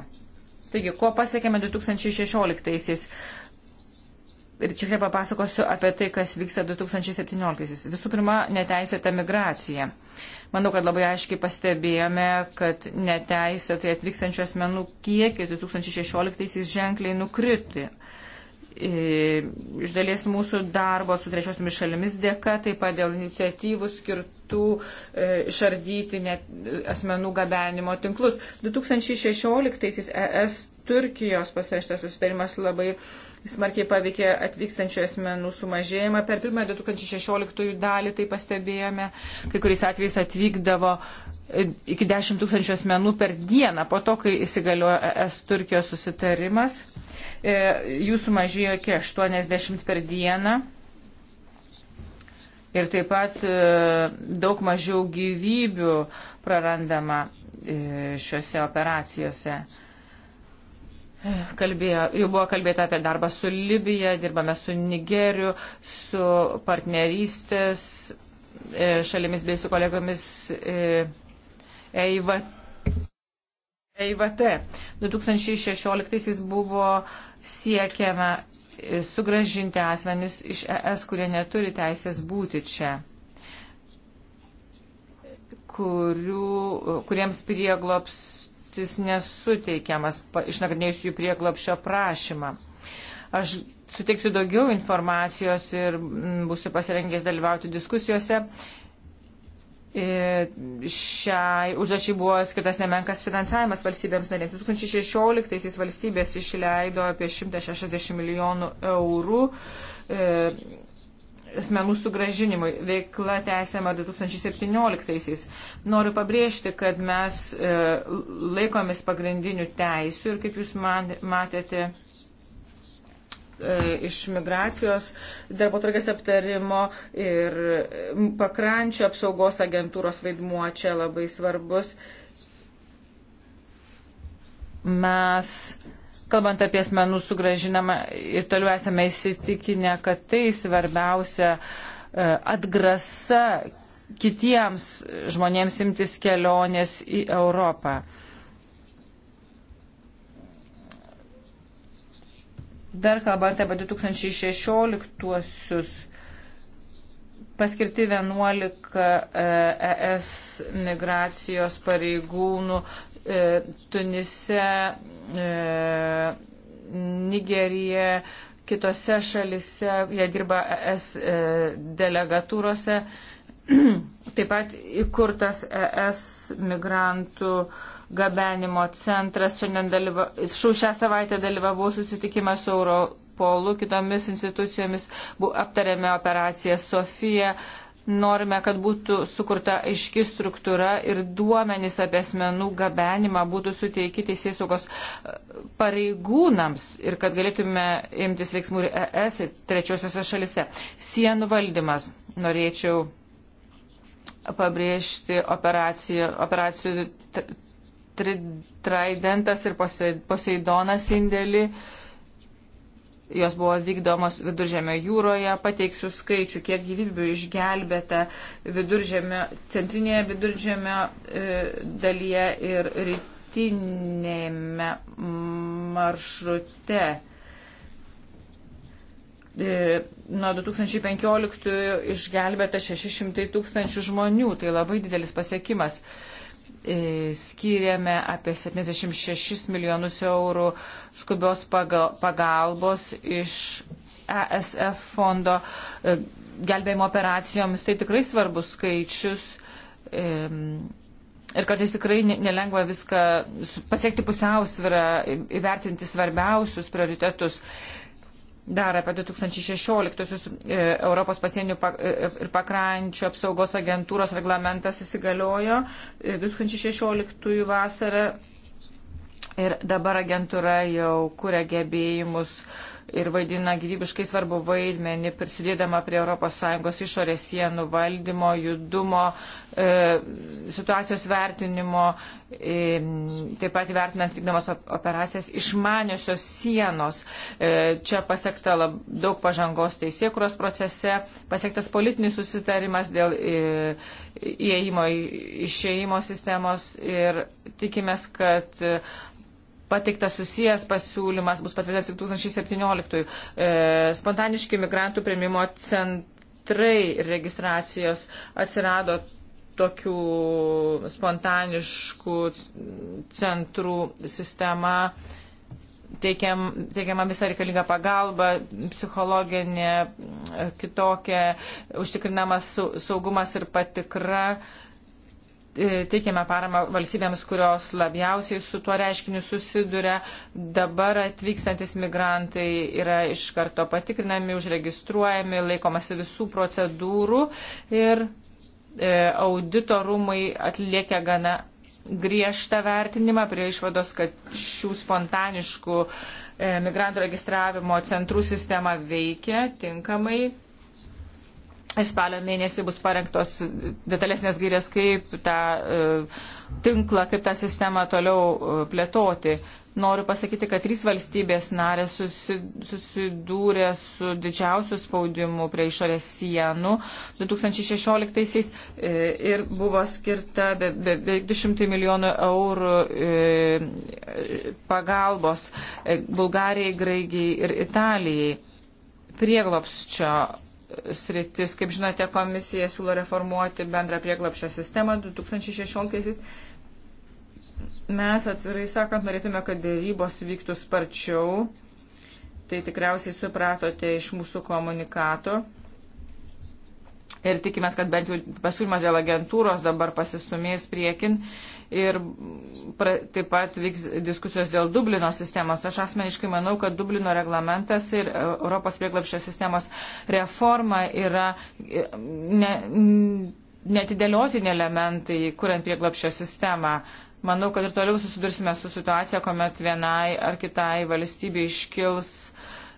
Taigi, ko pasiekėme 2016-aisiais? Ir čia kaip papasakosiu apie tai, kas vyksta 2017-aisiais. Visų pirma, neteisėta migracija. Manau, kad labai aiškiai pastebėjome, kad neteisėtai atvykstančių asmenų kiekis 2016-aisiais ženkliai nukriti. Uh, E, iš dalies mūsų darbo su trečiosiomis šalimis dėka, taip pat dėl iniciatyvų skirtų e, išardyti net asmenų gabenimo tinklus. 2016 ES Turkijos pasirašytas susitarimas labai smarkiai paveikė atvykstančių asmenų sumažėjimą. Per pirmąją 2016 dalį tai pastebėjome, kai kuriais atvejais atvykdavo e, iki 10 tūkstančių asmenų per dieną po to, kai įsigaliojo ES Turkijos susitarimas. E, jų sumažėjo iki 80 per dieną. Ir taip pat e, daug mažiau gyvybių prarandama e, šiuose operacijose. Kalbėjo, jau buvo kalbėta apie darbą su Libija, dirbame su Nigeriu, su partnerystės šalimis bei su kolegomis EIVT EIVT. 2016 buvo siekiama e, sugražinti asmenis iš ES, kurie neturi teisės būti čia, kurių, kuriems prieglopstis nesuteikiamas, išnagrinėjus jų prieglopščio prašymą. Aš suteiksiu daugiau informacijos ir būsiu pasirengęs dalyvauti diskusijose E, šiai užduočiai buvo skirtas nemenkas finansavimas valstybėms narėms. 2016 valstybės išleido apie 160 milijonų eurų e, asmenų sugražinimui. Veikla tęsiama 2017-aisiais. Noriu pabrėžti, kad mes e, laikomis pagrindinių teisių ir kaip jūs man, matėte E, iš migracijos darbo tvarkės aptarimo ir e, pakrančio apsaugos agentūros vaidmuo čia labai svarbus. Mes, kalbant apie asmenų sugražinamą, ir toliau esame įsitikinę, kad tai svarbiausia e, atgrasa kitiems žmonėms imtis kelionės į Europą. Dar kalbant apie 2016-uosius, paskirti 11 ES e migracijos pareigūnų e, Tunise, e, Nigerija, kitose šalise, jie dirba ES delegatūrose. Taip pat įkurtas ES migrantų uh, gabenimo centras. Šiandien dalyva, šių šią savaitę dalyvavau susitikimą su Europolu, kitomis institucijomis bu, aptarėme operaciją Sofija. Norime, kad būtų sukurta aiški struktūra ir duomenys apie asmenų gabenimą būtų suteikti teisėsaugos e, pareigūnams ir kad galėtume imtis veiksmų ir ES ir trečiosiuose šalise. Sienų valdymas. Norėčiau pabrėžti operacijų, operacijų Tridentas ir Poseidonas indėlį. Jos buvo vykdomos viduržėmio jūroje, pateiksiu skaičių, kiek gyvybių išgelbėta viduržėmio, centrinėje viduržėmio e, dalyje ir rytinėme maršrute. E, nuo 2015 išgelbėta 600 tūkstančių žmonių, tai labai didelis pasiekimas. E, E, skiriame apie 76 milijonus eurų skubios pagalbos iš ESF fondo e, gelbėjimo operacijoms. Tai tikrai svarbus skaičius. E, ir kartais tikrai nelengva viską pasiekti pusiausvyrą, įvertinti svarbiausius prioritetus dar apie 2016 e, Europos pasienių e, e, ir pakrančių apsaugos agentūros reglamentas įsigaliojo 2016 vasarą ir dabar agentūra jau kuria gebėjimus uh, ir vaidina gyvybiškai svarbu vaidmenį, prisidėdama prie ES išorės sienų valdymo, judumo, e, situacijos vertinimo, e, taip pat vertinant vykdomas operacijas išmaniosios sienos. E, čia pasiekta lab, daug pažangos teisėkuros procese, pasiektas politinis susitarimas dėl e, įėjimo, išėjimo sistemos ir tikimės, kad e, pateiktas susijęs pasiūlymas bus patvirtintas 2017. E, spontaniški migrantų prieimimo centrai registracijos atsirado tokių spontaniškų centrų sistema. Teikiam, teikiama visa reikalinga pagalba, psichologinė, kitokia, užtikrinamas saugumas ir patikra. E, E, teikiame paramą valstybėms, kurios labiausiai su tuo reiškiniu susiduria. Dabar atvykstantis migrantai yra iš karto patikrinami, užregistruojami, laikomasi visų procedūrų ir e, audito rūmai atliekia gana griežtą vertinimą prie išvados, kad šių spontaniškų e, migrantų registravimo centrų sistema veikia tinkamai Spalio mėnesį bus parengtos detalesnės gairės, kaip tą e, tinklą, kaip tą sistemą toliau e, plėtoti. Noriu pasakyti, kad trys valstybės narės susidūrė su didžiausiu spaudimu prie išorės sienų 2016-aisiais e, ir buvo skirta beveik 200 milijonų eurų pagalbos Bulgarijai, Graikijai ir Italijai prieglopščio sritis. Kaip žinote, komisija siūlo reformuoti bendrą prieglapšio sistemą 2016-aisiais. Mes atvirai sakant norėtume, kad dėrybos vyktų sparčiau. Tai tikriausiai supratote iš mūsų komunikato ir tikimės, kad bent jau pasiūlymas dėl agentūros dabar pasistumės priekin ir pra, taip pat vyks diskusijos dėl Dublino sistemos. Aš asmeniškai manau, kad Dublino reglamentas ir Europos prieglapščio sistemos reforma yra e, ne, netidėliotini elementai, kuriant prieglapščio sistemą. Manau, kad ir toliau susidursime su situacija, kuomet vienai ar kitai valstybei iškils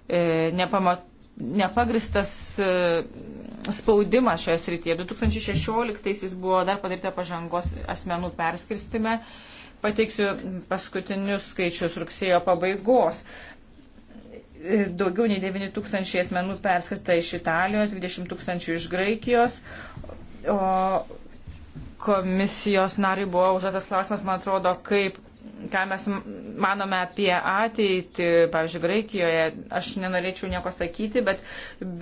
e, nepamatų nepagristas e, spaudimas šioje srityje. 2016-aisiais buvo dar padaryta pažangos asmenų perskirstime. Pateiksiu paskutinius skaičius rugsėjo pabaigos. E, daugiau nei 9 tūkstančiai asmenų perskirsta iš Italijos, 20 tūkstančių iš Graikijos. O komisijos nariui buvo užduotas klausimas, man atrodo, kaip ką mes manome apie ateitį, pavyzdžiui, Graikijoje, aš nenorėčiau nieko sakyti, bet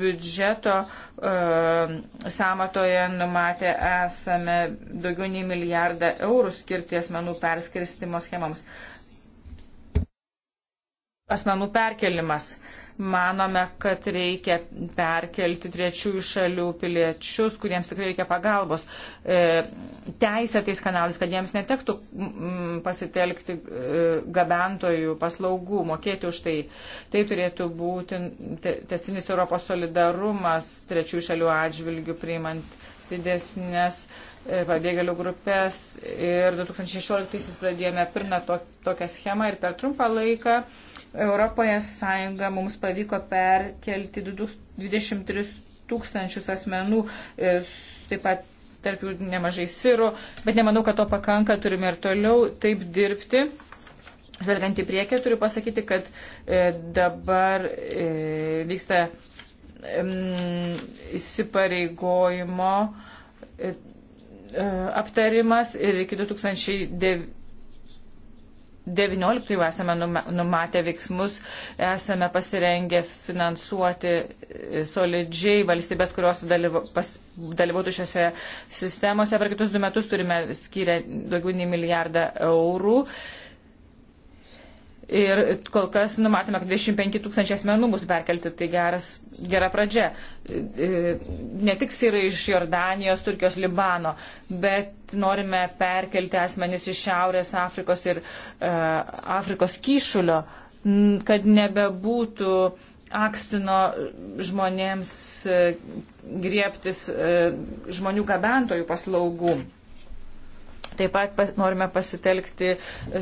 biudžeto uh, samatoje numatė esame daugiau nei milijardą eurų skirti asmenų perskirstimo schemams. Asmenų perkelimas manome, kad reikia perkelti trečiųjų šalių piliečius, kuriems tikrai reikia pagalbos, e, teisę tais kanalais, kad jiems netektų pasitelkti e, gabentojų paslaugų, mokėti už tai. Tai turėtų būti tesinis Europos solidarumas trečiųjų šalių atžvilgių priimant didesnės e, pabėgėlių grupės ir 2016 pradėjome pirmą to, tokią schemą ir per trumpą laiką uh, Europoje sąjunga mums pavyko perkelti 23 tūkstančius asmenų, e, taip pat tarp jų nemažai sirų, bet nemanau, kad to pakanka, turime ir toliau taip dirbti. Žvelgiant į priekį, turiu pasakyti, kad e, dabar e, vyksta e, įsipareigojimo e, aptarimas ir iki 2009 19 esame numatę veiksmus, esame pasirengę finansuoti e, solidžiai valstybės, kurios dalyva, pas, dalyvautų šiuose sistemose. Per kitus du metus turime skyrę daugiau nei milijardą eurų. Uh, Ir kol kas numatome, kad 25 tūkstančiai asmenų bus perkelti, tai geras, gera pradžia. E, ne tik sirai iš Jordanijos, Turkijos, Libano, bet norime perkelti asmenys iš Šiaurės Afrikos ir uh, Afrikos kyšulio, kad nebebūtų akstino žmonėms e, griebtis uh, žmonių gabentojų paslaugų. Mm Taip pat pas, norime pasitelkti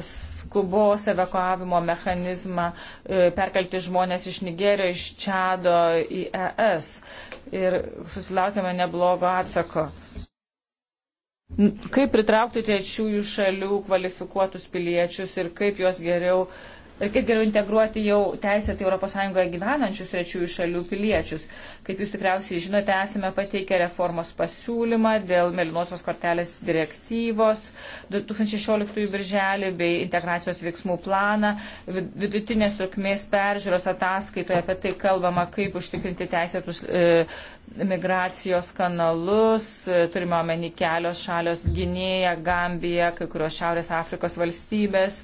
skubos evakuavimo mechanizmą, e, perkelti žmonės iš Nigerio, iš Čado į ES. Ir susilaukėme neblogo atsako. Kaip pritraukti trečiųjų šalių kvalifikuotus piliečius ir kaip juos geriau uh, ir kaip geriau integruoti jau teisėtai ES gyvenančius trečiųjų šalių piliečius. Kaip jūs tikriausiai žinote, esame pateikę reformos pasiūlymą dėl Melinosios kortelės direktyvos 2016 birželį bei integracijos veiksmų planą. Vidutinės trukmės peržiūros ataskaitoje apie tai kalbama, kaip užtikrinti teisėtus e, migracijos kanalus. E, turime omeny kelios šalios Gynėja, Gambija, kai kurios Šiaurės Afrikos valstybės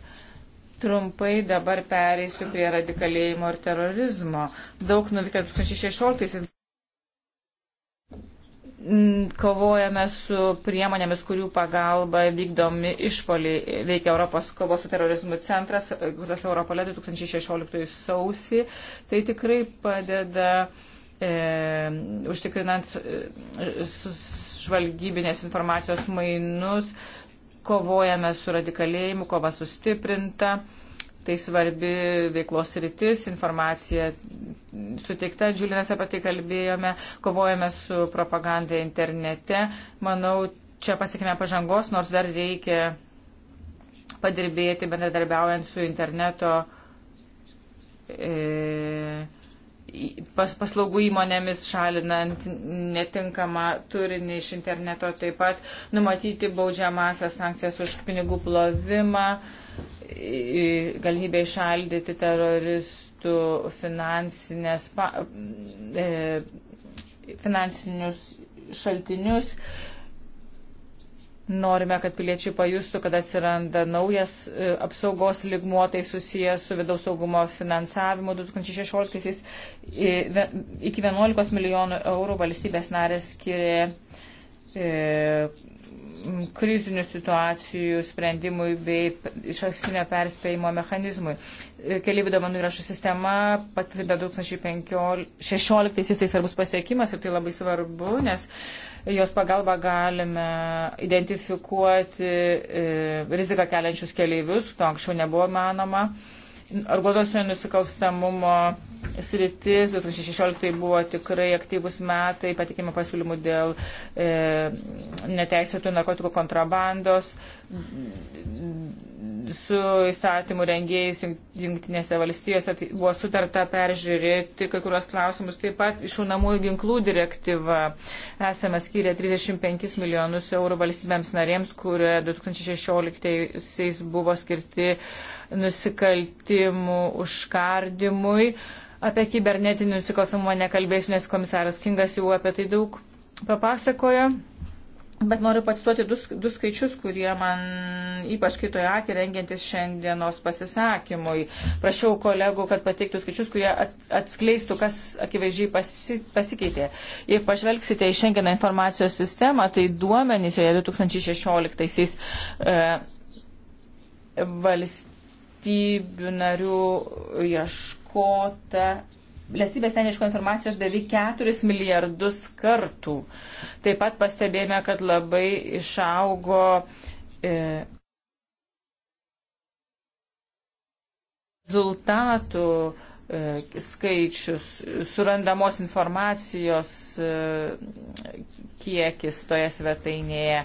Trumpai dabar pereisiu prie radikalėjimo ir terorizmo. Daug nuveikta 2016-aisiais. Mm, kovojame su priemonėmis, kurių pagalba vykdomi išpoliai. Veikia Europos kovos su terorizmu centras, kuris Europolė 2016 sausį. Tai tikrai padeda e, užtikrinant e, žvalgybinės informacijos mainus, Kovojame su radikalėjimu, kova sustiprinta, tai svarbi veiklos rytis, informacija suteikta, Džiulinas apie tai kalbėjome, kovojame su propaganda internete. Manau, čia pasiekime pažangos, nors dar reikia padirbėti bendradarbiaujant su interneto. E, pas, paslaugų įmonėmis šalinant netinkamą turinį iš interneto, taip pat numatyti baudžiamąsias sankcijas už pinigų plovimą, galimybę išaldyti teroristų finansinės, pa, e, finansinius šaltinius. E, Norime, kad piliečiai pajustų, kad atsiranda naujas e, apsaugos ligmuo, tai susijęs su vidaus saugumo finansavimu 2016-aisiais. Iki 11 milijonų eurų valstybės narės skiria e, krizinių situacijų sprendimui bei išaksinio perspėjimo mechanizmui. E, keliaivių domenų įrašų sistema patvirtinta 2016 tai svarbus pasiekimas ir tai labai svarbu, nes uh, jos pagalba galime identifikuoti e, riziką keliančius keleivius, to anksčiau nebuvo manoma. Organizuotinio nusikalstamumo sritis. 2016 tai buvo tikrai aktyvus metai, patikimo pasiūlymų dėl e, neteisėtų narkotikų kontrabandos su įstatymų rengėjais jungtinėse valstijose tai buvo sutarta peržiūrėti kai kurios klausimus. Taip pat išunamųjų ginklų direktyva esame skyrę 35 milijonus eurų valstybėms narėms, kurie 2016 buvo skirti nusikaltimų užkardimui. E, Apie kibernetinį nusikalstamumą nekalbėsiu, nes komisaras Kingas jau apie tai daug papasakojo. Bet noriu pacituoti du, du skaičius, kurie man ypač kitoje akį rengiantis šiandienos pasisakymui. Prašiau kolegų, kad pateiktų skaičius, kurie at, atskleistų, kas akivaizdžiai pasi, pasikeitė. Jei pažvelgsite į šiandieną informacijos sistemą, tai duomenys joje 2016-aisiais e, valstybių narių ieško įtakota valstybės neieško informacijos beveik 4 milijardus kartų. Taip pat pastebėjome, kad labai išaugo. E, rezultatų e, skaičius, surandamos informacijos e, kiekis toje svetainėje.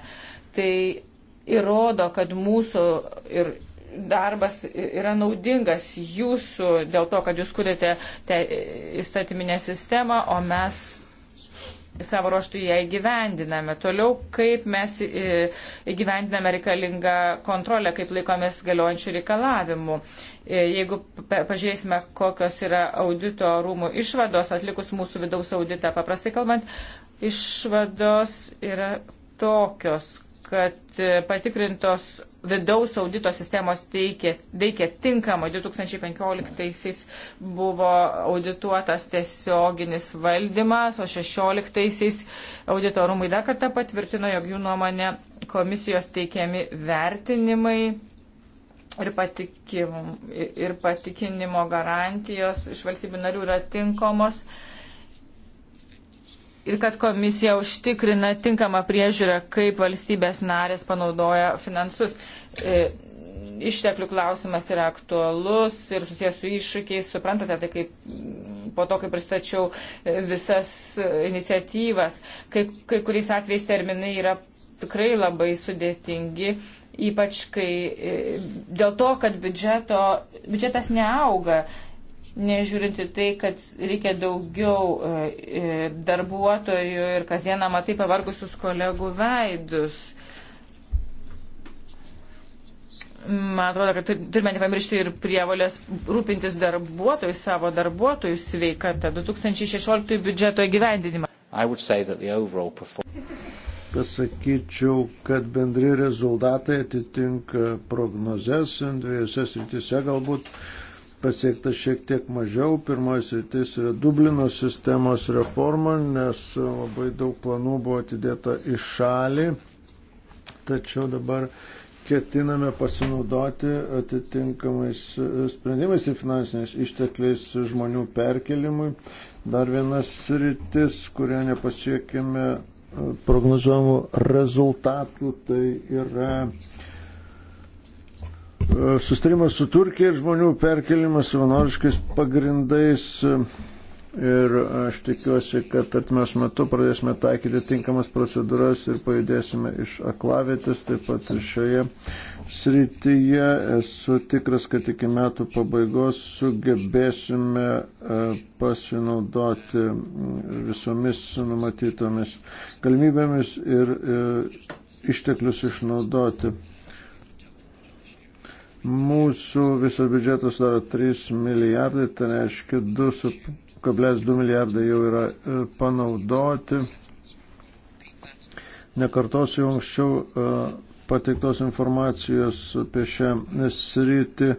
Tai įrodo, kad mūsų ir darbas yra naudingas jūsų dėl to, kad jūs kuriate įstatyminę sistemą, o mes savo ruoštų ją įgyvendiname. Toliau, kaip mes įgyvendiname reikalingą kontrolę, kaip laikomės galiojančių reikalavimų. E, jeigu pažiūrėsime, kokios yra audito rūmų išvados, atlikus mūsų vidaus auditą, paprastai kalbant, išvados yra tokios, kad e, patikrintos vidaus audito sistemos teikė, veikia tinkamai. 2015 buvo audituotas tiesioginis valdymas, o 16 audito rūmai dar kartą patvirtino, jog jų nuomonė komisijos teikiami vertinimai ir, patikim, ir patikinimo garantijos iš valstybių narių yra tinkamos. Uh, ir kad komisija užtikrina tinkamą priežiūrą, kaip valstybės narės panaudoja finansus. E, išteklių klausimas yra aktualus ir susijęs su iššūkiais. Suprantate, tai kaip po to, kai pristačiau e, visas iniciatyvas, kai, kai kuriais atvejais terminai yra tikrai labai sudėtingi, ypač kai e, dėl to, kad biudžeto, biudžetas neauga nežiūrinti tai, kad reikia daugiau e, e, darbuotojų ir kasdieną matai pavargusius kolegų veidus. Man atrodo, kad turime nepamiršti ir prievalės rūpintis darbuotojų, savo darbuotojų sveikatą, 2016 biudžeto įgyvendinimą. Pasakyčiau, kad bendri rezultatai atitinka prognozes dviejose srityse galbūt pasiekta šiek tiek mažiau. Pirmoji sritis yra Dublino sistemos reforma, nes labai daug planų buvo atidėta į šalį. Tačiau dabar ketiname pasinaudoti atitinkamais sprendimais ir finansiniais ištekliais žmonių perkelimui. Dar vienas sritis, kurią nepasiekime prognozuojamų rezultatų, tai yra uh, Sustarimas su Turkija ir žmonių perkelimas savanoriškais pagrindais. Ir aš tikiuosi, kad atmes metu pradėsime taikyti tinkamas procedūras ir pajudėsime iš aklavėtis, taip pat ir šioje srityje. Esu tikras, kad iki metų pabaigos sugebėsime e, pasinaudoti visomis numatytomis galimybėmis ir e, išteklius išnaudoti. Mūsų visas biudžetas daro 3 milijardai, tai reiškia 2,2 milijardai jau yra e, panaudoti. Nekartosiu anksčiau e, pateiktos informacijos apie šią sritį.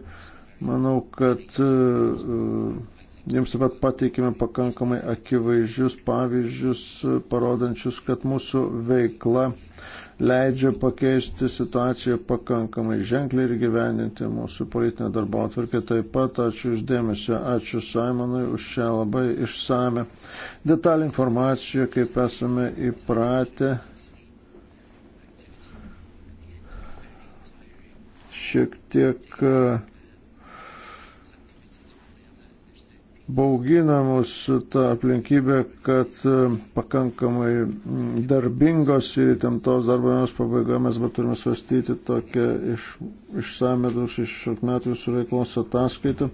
Manau, kad e, jums taip pat pateikime pakankamai akivaizdžius pavyzdžius, parodančius, kad mūsų veikla leidžia pakeisti situaciją pakankamai ženkliai ir gyveninti mūsų politinę darbo atvarkę. Taip pat ačiū uždėmesio, ačiū Simonui už šią labai išsame detalį informaciją, kaip esame įpratę. Šiek tiek uh, baugina mus ta aplinkybė, kad e, pakankamai darbingos ir įtemptos darbo dienos pabaigoje mes dabar turime svastyti tokią iš, išsame 26 metų visų veiklos ataskaitą.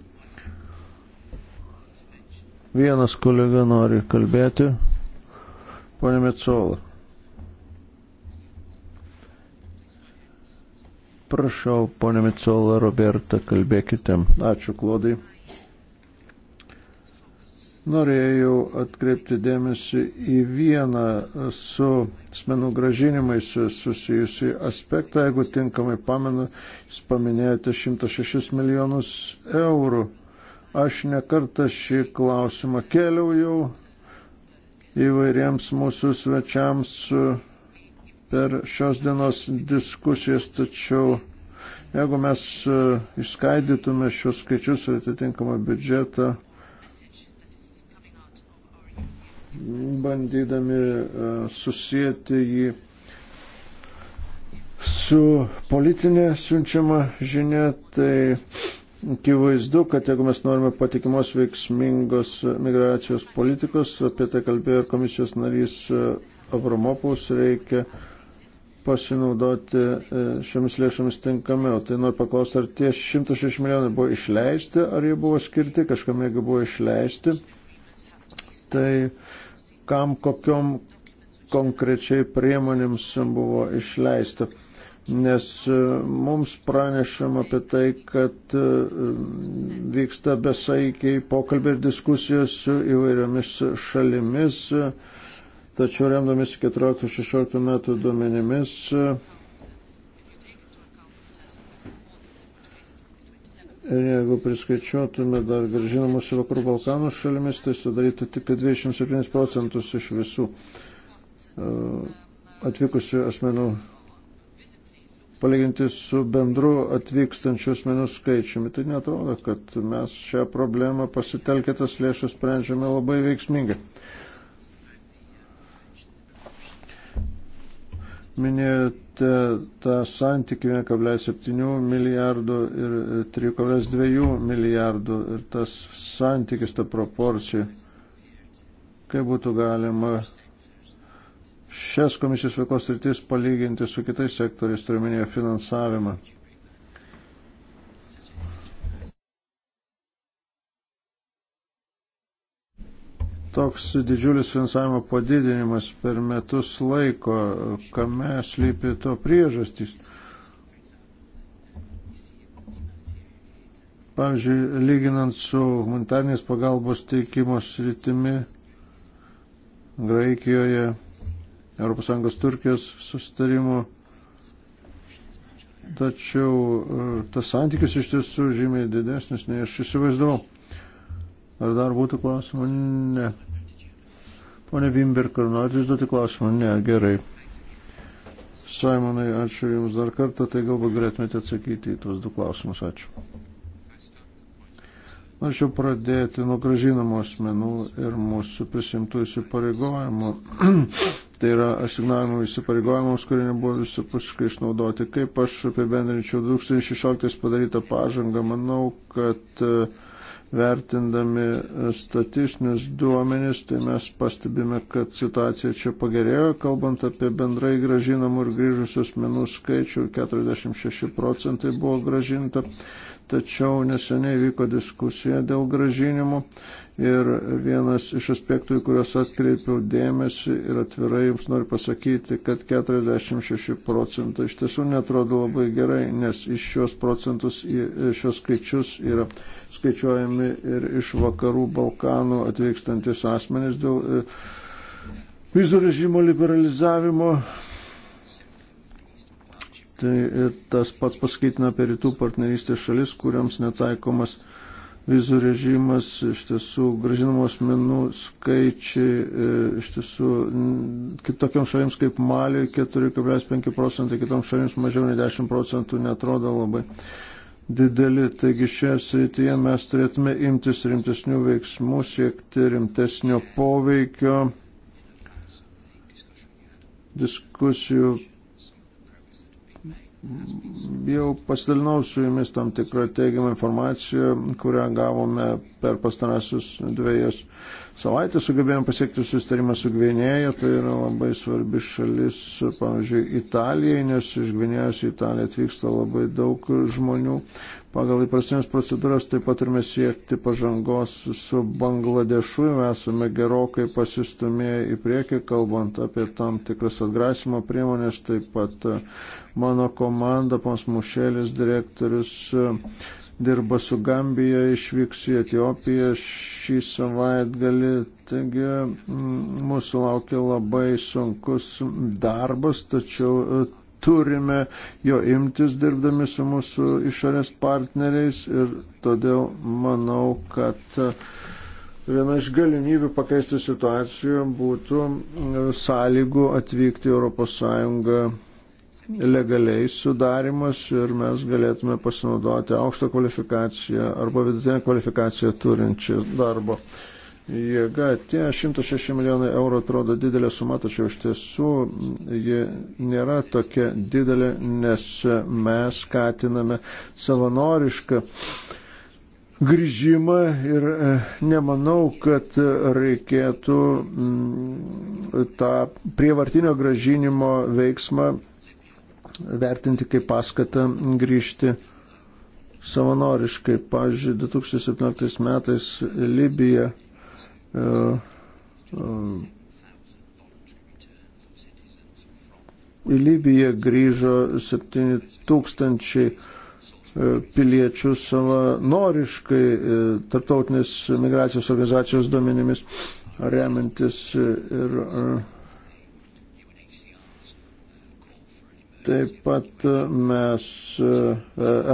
Vienas kolega nori kalbėti. Pane Metsola. Prašau, ponė Micola Roberta, kalbėkite. Ačiū, Klodai. Norėjau atkreipti dėmesį į vieną su asmenų gražinimais susijusi aspektą. Jeigu tinkamai pamenu, jūs paminėjote 106 milijonus eurų. Aš nekartą šį klausimą keliau jau įvairiems mūsų svečiams per šios dienos diskusijas, tačiau jeigu mes išskaidytume šios skaičius ir atitinkamą biudžetą, bandydami e, susijęti jį su politinė siunčiama žinia, tai akivaizdu, kad jeigu mes norime patikimos veiksmingos migracijos politikos, apie tai kalbėjo komisijos narys e, Avramopus, reikia pasinaudoti e, šiomis lėšomis tinkamiau. Tai noriu paklausti, ar tie 106 milijonai buvo išleisti, ar jie buvo skirti, kažkam jeigu buvo išleisti tai kam kokiom konkrečiai priemonėms buvo išleista. Nes e, mums pranešam apie tai, kad e, vyksta besaikiai pokalbė ir diskusijos su įvairiomis šalimis, e, tačiau remdamis 14-16 metų duomenimis Ir jeigu priskaičiuotume dar gražinamus į vakarų Balkanų šalimis, tai sudarytų tik 27 procentus iš visų e, atvykusių asmenų, palyginti su bendru atvykstančių asmenų skaičiumi. Tai netrodo, kad mes šią problemą pasitelkėtas lėšas sprendžiame labai veiksmingai. minėjote tą santykį 1,7 milijardų ir 3,2 milijardų ir tas santykis, ta proporcija, kaip būtų galima šias komisijos veiklos rytis palyginti su kitais sektoriais, turiu minėjo finansavimą. toks didžiulis finansavimo padidinimas per metus laiko, kame slypi to priežastys. Pavyzdžiui, lyginant su humanitarnės pagalbos teikimo sritimi Graikijoje, ES Turkijos sustarimu, tačiau e, tas santykis iš tiesų žymiai didesnis, nei aš įsivaizdavau. Ar dar būtų klausimų? Ne. Pone Vimberg, ar norite užduoti klausimą? Ne, gerai. Simonai, ačiū Jums dar kartą, tai galbūt galėtumėte atsakyti į tuos du klausimus. Ačiū. Norėčiau pradėti nuo gražinamų asmenų ir mūsų prisimtų įsipareigojimų. tai yra asignavimų įsipareigojimams, kurie nebuvo visapusiškai išnaudoti. Kaip aš apibendrinčiau 2016 padarytą pažangą, manau, kad uh, vertindami e, statistinius duomenis, tai mes pastebime, kad situacija čia pagerėjo, kalbant apie bendrai gražinamų ir grįžusių asmenų skaičių, 46 procentai buvo gražinta, tačiau neseniai vyko diskusija dėl gražinimų ir vienas iš aspektų, į kuriuos atkreipiau dėmesį ir atvirai jums noriu pasakyti, kad 46 procentai iš tiesų netrodo labai gerai, nes iš šios procentus, šios skaičius yra skaičiuojami ir iš vakarų Balkanų atvykstantis asmenys dėl e, vizų režimo liberalizavimo. Tai ir e, tas pats paskaitina apie rytų partnerystės šalis, kuriams netaikomas vizų režimas, iš tiesų gražinamos menų skaičiai, e, iš tiesų kitokiam šalims kaip Maliui 4,5 procentai, kitom šalims mažiau nei 10 procentų netrodo labai dideli. Taigi šioje srityje mes turėtume imtis rimtesnių veiksmų, siekti rimtesnio poveikio diskusijų. Jau pasidalinau su jumis tam tikrą teigiamą informaciją, kurią gavome per pastarasius dviejas savaitę sugebėjom pasiekti sustarimą su Gvinėja, tai yra labai svarbi šalis, pavyzdžiui, Italijai, nes iš Gvinėjos į Italiją atvyksta labai daug žmonių. Pagal įprastinės procedūras taip pat turime siekti pažangos su Bangladešu, mes esame gerokai pasistumėję į priekį, kalbant apie tam tikras atgrasimo priemonės, taip pat mano komanda, pas Mušelis direktorius dirba su Gambija, išvyks į Etiopiją šį savaitgalį. Taigi mūsų laukia labai sunkus darbas, tačiau e, turime jo imtis dirbdami su mūsų išorės partneriais ir todėl manau, kad e, viena iš galimybių pakeisti situaciją būtų sąlygų atvykti ES legaliai sudarimas ir mes galėtume pasinaudoti aukštą kvalifikaciją arba vidutinę kvalifikaciją turinčią darbo jėga. Tie 106 milijonai eurų atrodo didelė suma, tačiau iš tiesų ji nėra tokia didelė, nes mes skatiname savanorišką grįžimą ir e, nemanau, kad reikėtų tą prievartinio gražinimo veiksmą vertinti kaip paskatą grįžti savanoriškai. Pavyzdžiui, 2017 metais Libija e, e, į Libiją grįžo 7000 e, piliečių savanoriškai tarptautinės migracijos organizacijos duomenimis remiantis ir Taip pat e, mes e,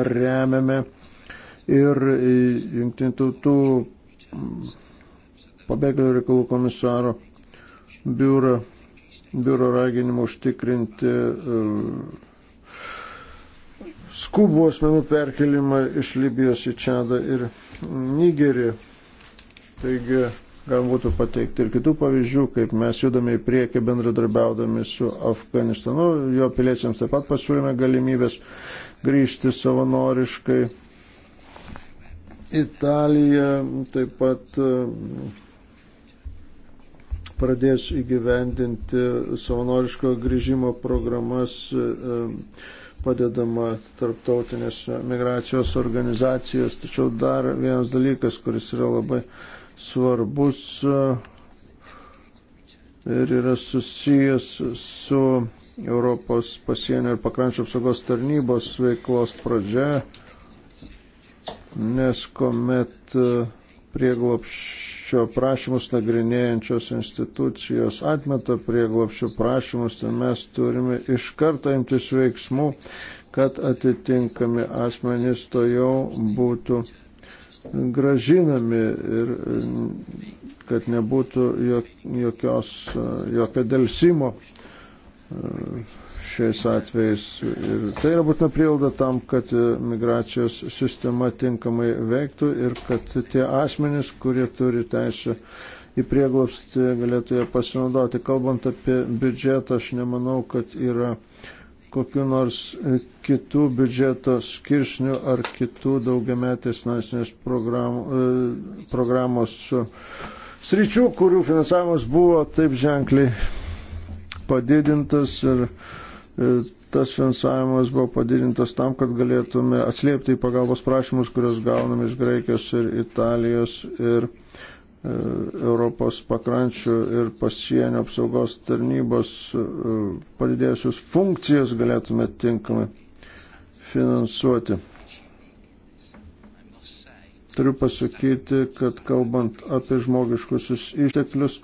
remiame ir Junktinių tautų pabėgėlių reikalų komisaro biurą, biuro raginimą užtikrinti e, skubų asmenų perkelimą iš Libijos į Čadą ir Nigerį. Taigi Galima būtų pateikti ir kitų pavyzdžių, kaip mes judame į priekį bendradarbiaudami su Afganistanu. Jo piliečiams taip pat pasiūlėme galimybės grįžti savanoriškai. Italija taip pat e, pradės įgyvendinti savanoriško grįžimo programas e, padedama tarptautinės migracijos organizacijos. Tačiau dar vienas dalykas, kuris yra labai svarbus e, ir yra susijęs su Europos pasienio ir pakrančio apsaugos tarnybos veiklos pradžia, nes kuomet e, prieglopščio prašymus nagrinėjančios institucijos atmeta prieglopščio prašymus, tai mes turime iš karto imtis veiksmų, kad atitinkami asmenys to jau būtų gražinami ir kad nebūtų jokios, jokio dėlsimo šiais atvejais. Ir tai yra būtina prielda tam, kad migracijos sistema tinkamai veiktų ir kad tie asmenys, kurie turi teisę į prieglobstį, galėtų ją pasinaudoti. Kalbant apie biudžetą, aš nemanau, kad yra uh, kokiu nors e, kitų biudžeto skiršnių ar kitų daugiametės nacinės program, e, programos e, sričių, kurių finansavimas buvo taip ženkliai padidintas ir tas finansavimas buvo padidintas tam, kad galėtume atsliepti į pagalbos prašymus, kurios gauname iš Graikijos ir Italijos ir E, Europos pakrančių ir pasienio apsaugos tarnybos e, padidėjusius funkcijas galėtume tinkamai finansuoti. Turiu pasakyti, kad kalbant apie žmogiškusius išteklius,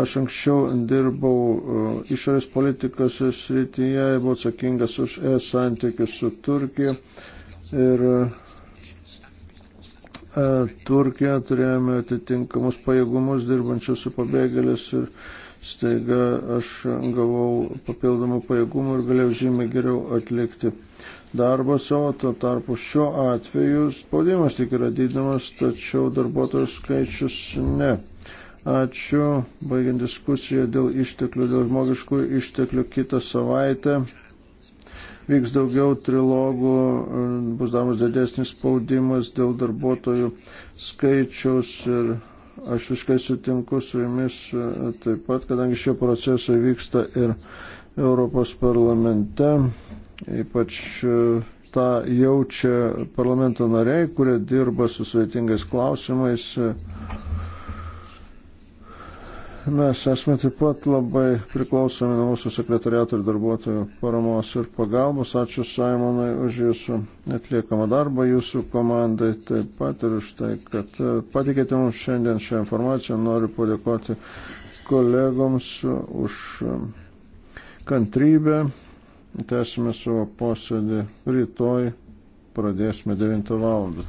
aš anksčiau dirbau e, išorės politikos srityje, buvau atsakingas už e santykius su Turkija ir E, Turkiją, turėjome atitinkamus pajėgumus dirbančius su pabėgėlis ir staiga aš gavau papildomų pajėgumų ir galėjau žymiai geriau atlikti darbą savo, tuo tarpu šiuo atveju spaudimas tik yra didinamas, tačiau darbuotojų skaičius ne. Ačiū, baigiant diskusiją dėl išteklių, dėl žmogiškų išteklių kitą savaitę vyks daugiau trilogų, e, bus daromas didesnis spaudimas dėl darbuotojų skaičiaus ir aš viskai sutinku su jumis e, taip pat, kadangi šie procesai vyksta ir Europos parlamente, ypač e, tą jaučia parlamento nariai, kurie dirba su sveitingais klausimais mes esame taip pat labai priklausomi nuo mūsų sekretariato ir darbuotojų paramos ir pagalbos. Ačiū Simonai už jūsų atliekamą darbą, jūsų komandai taip pat ir už tai, kad e, patikėte mums šiandien šią informaciją. Noriu padėkoti kolegoms už e, kantrybę. Tęsime savo posėdį rytoj, pradėsime 9 valandą.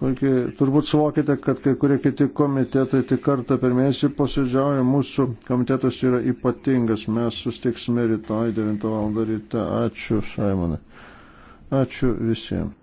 Puikiai, turbūt suvokite, kad kai kurie kiti komitetai tik kartą per mėnesį posėdžiauja, mūsų komitetas yra ypatingas, mes sustiksime rytoj 9 val. ryte. Ačiū, Šaimonai. Ačiū visiems.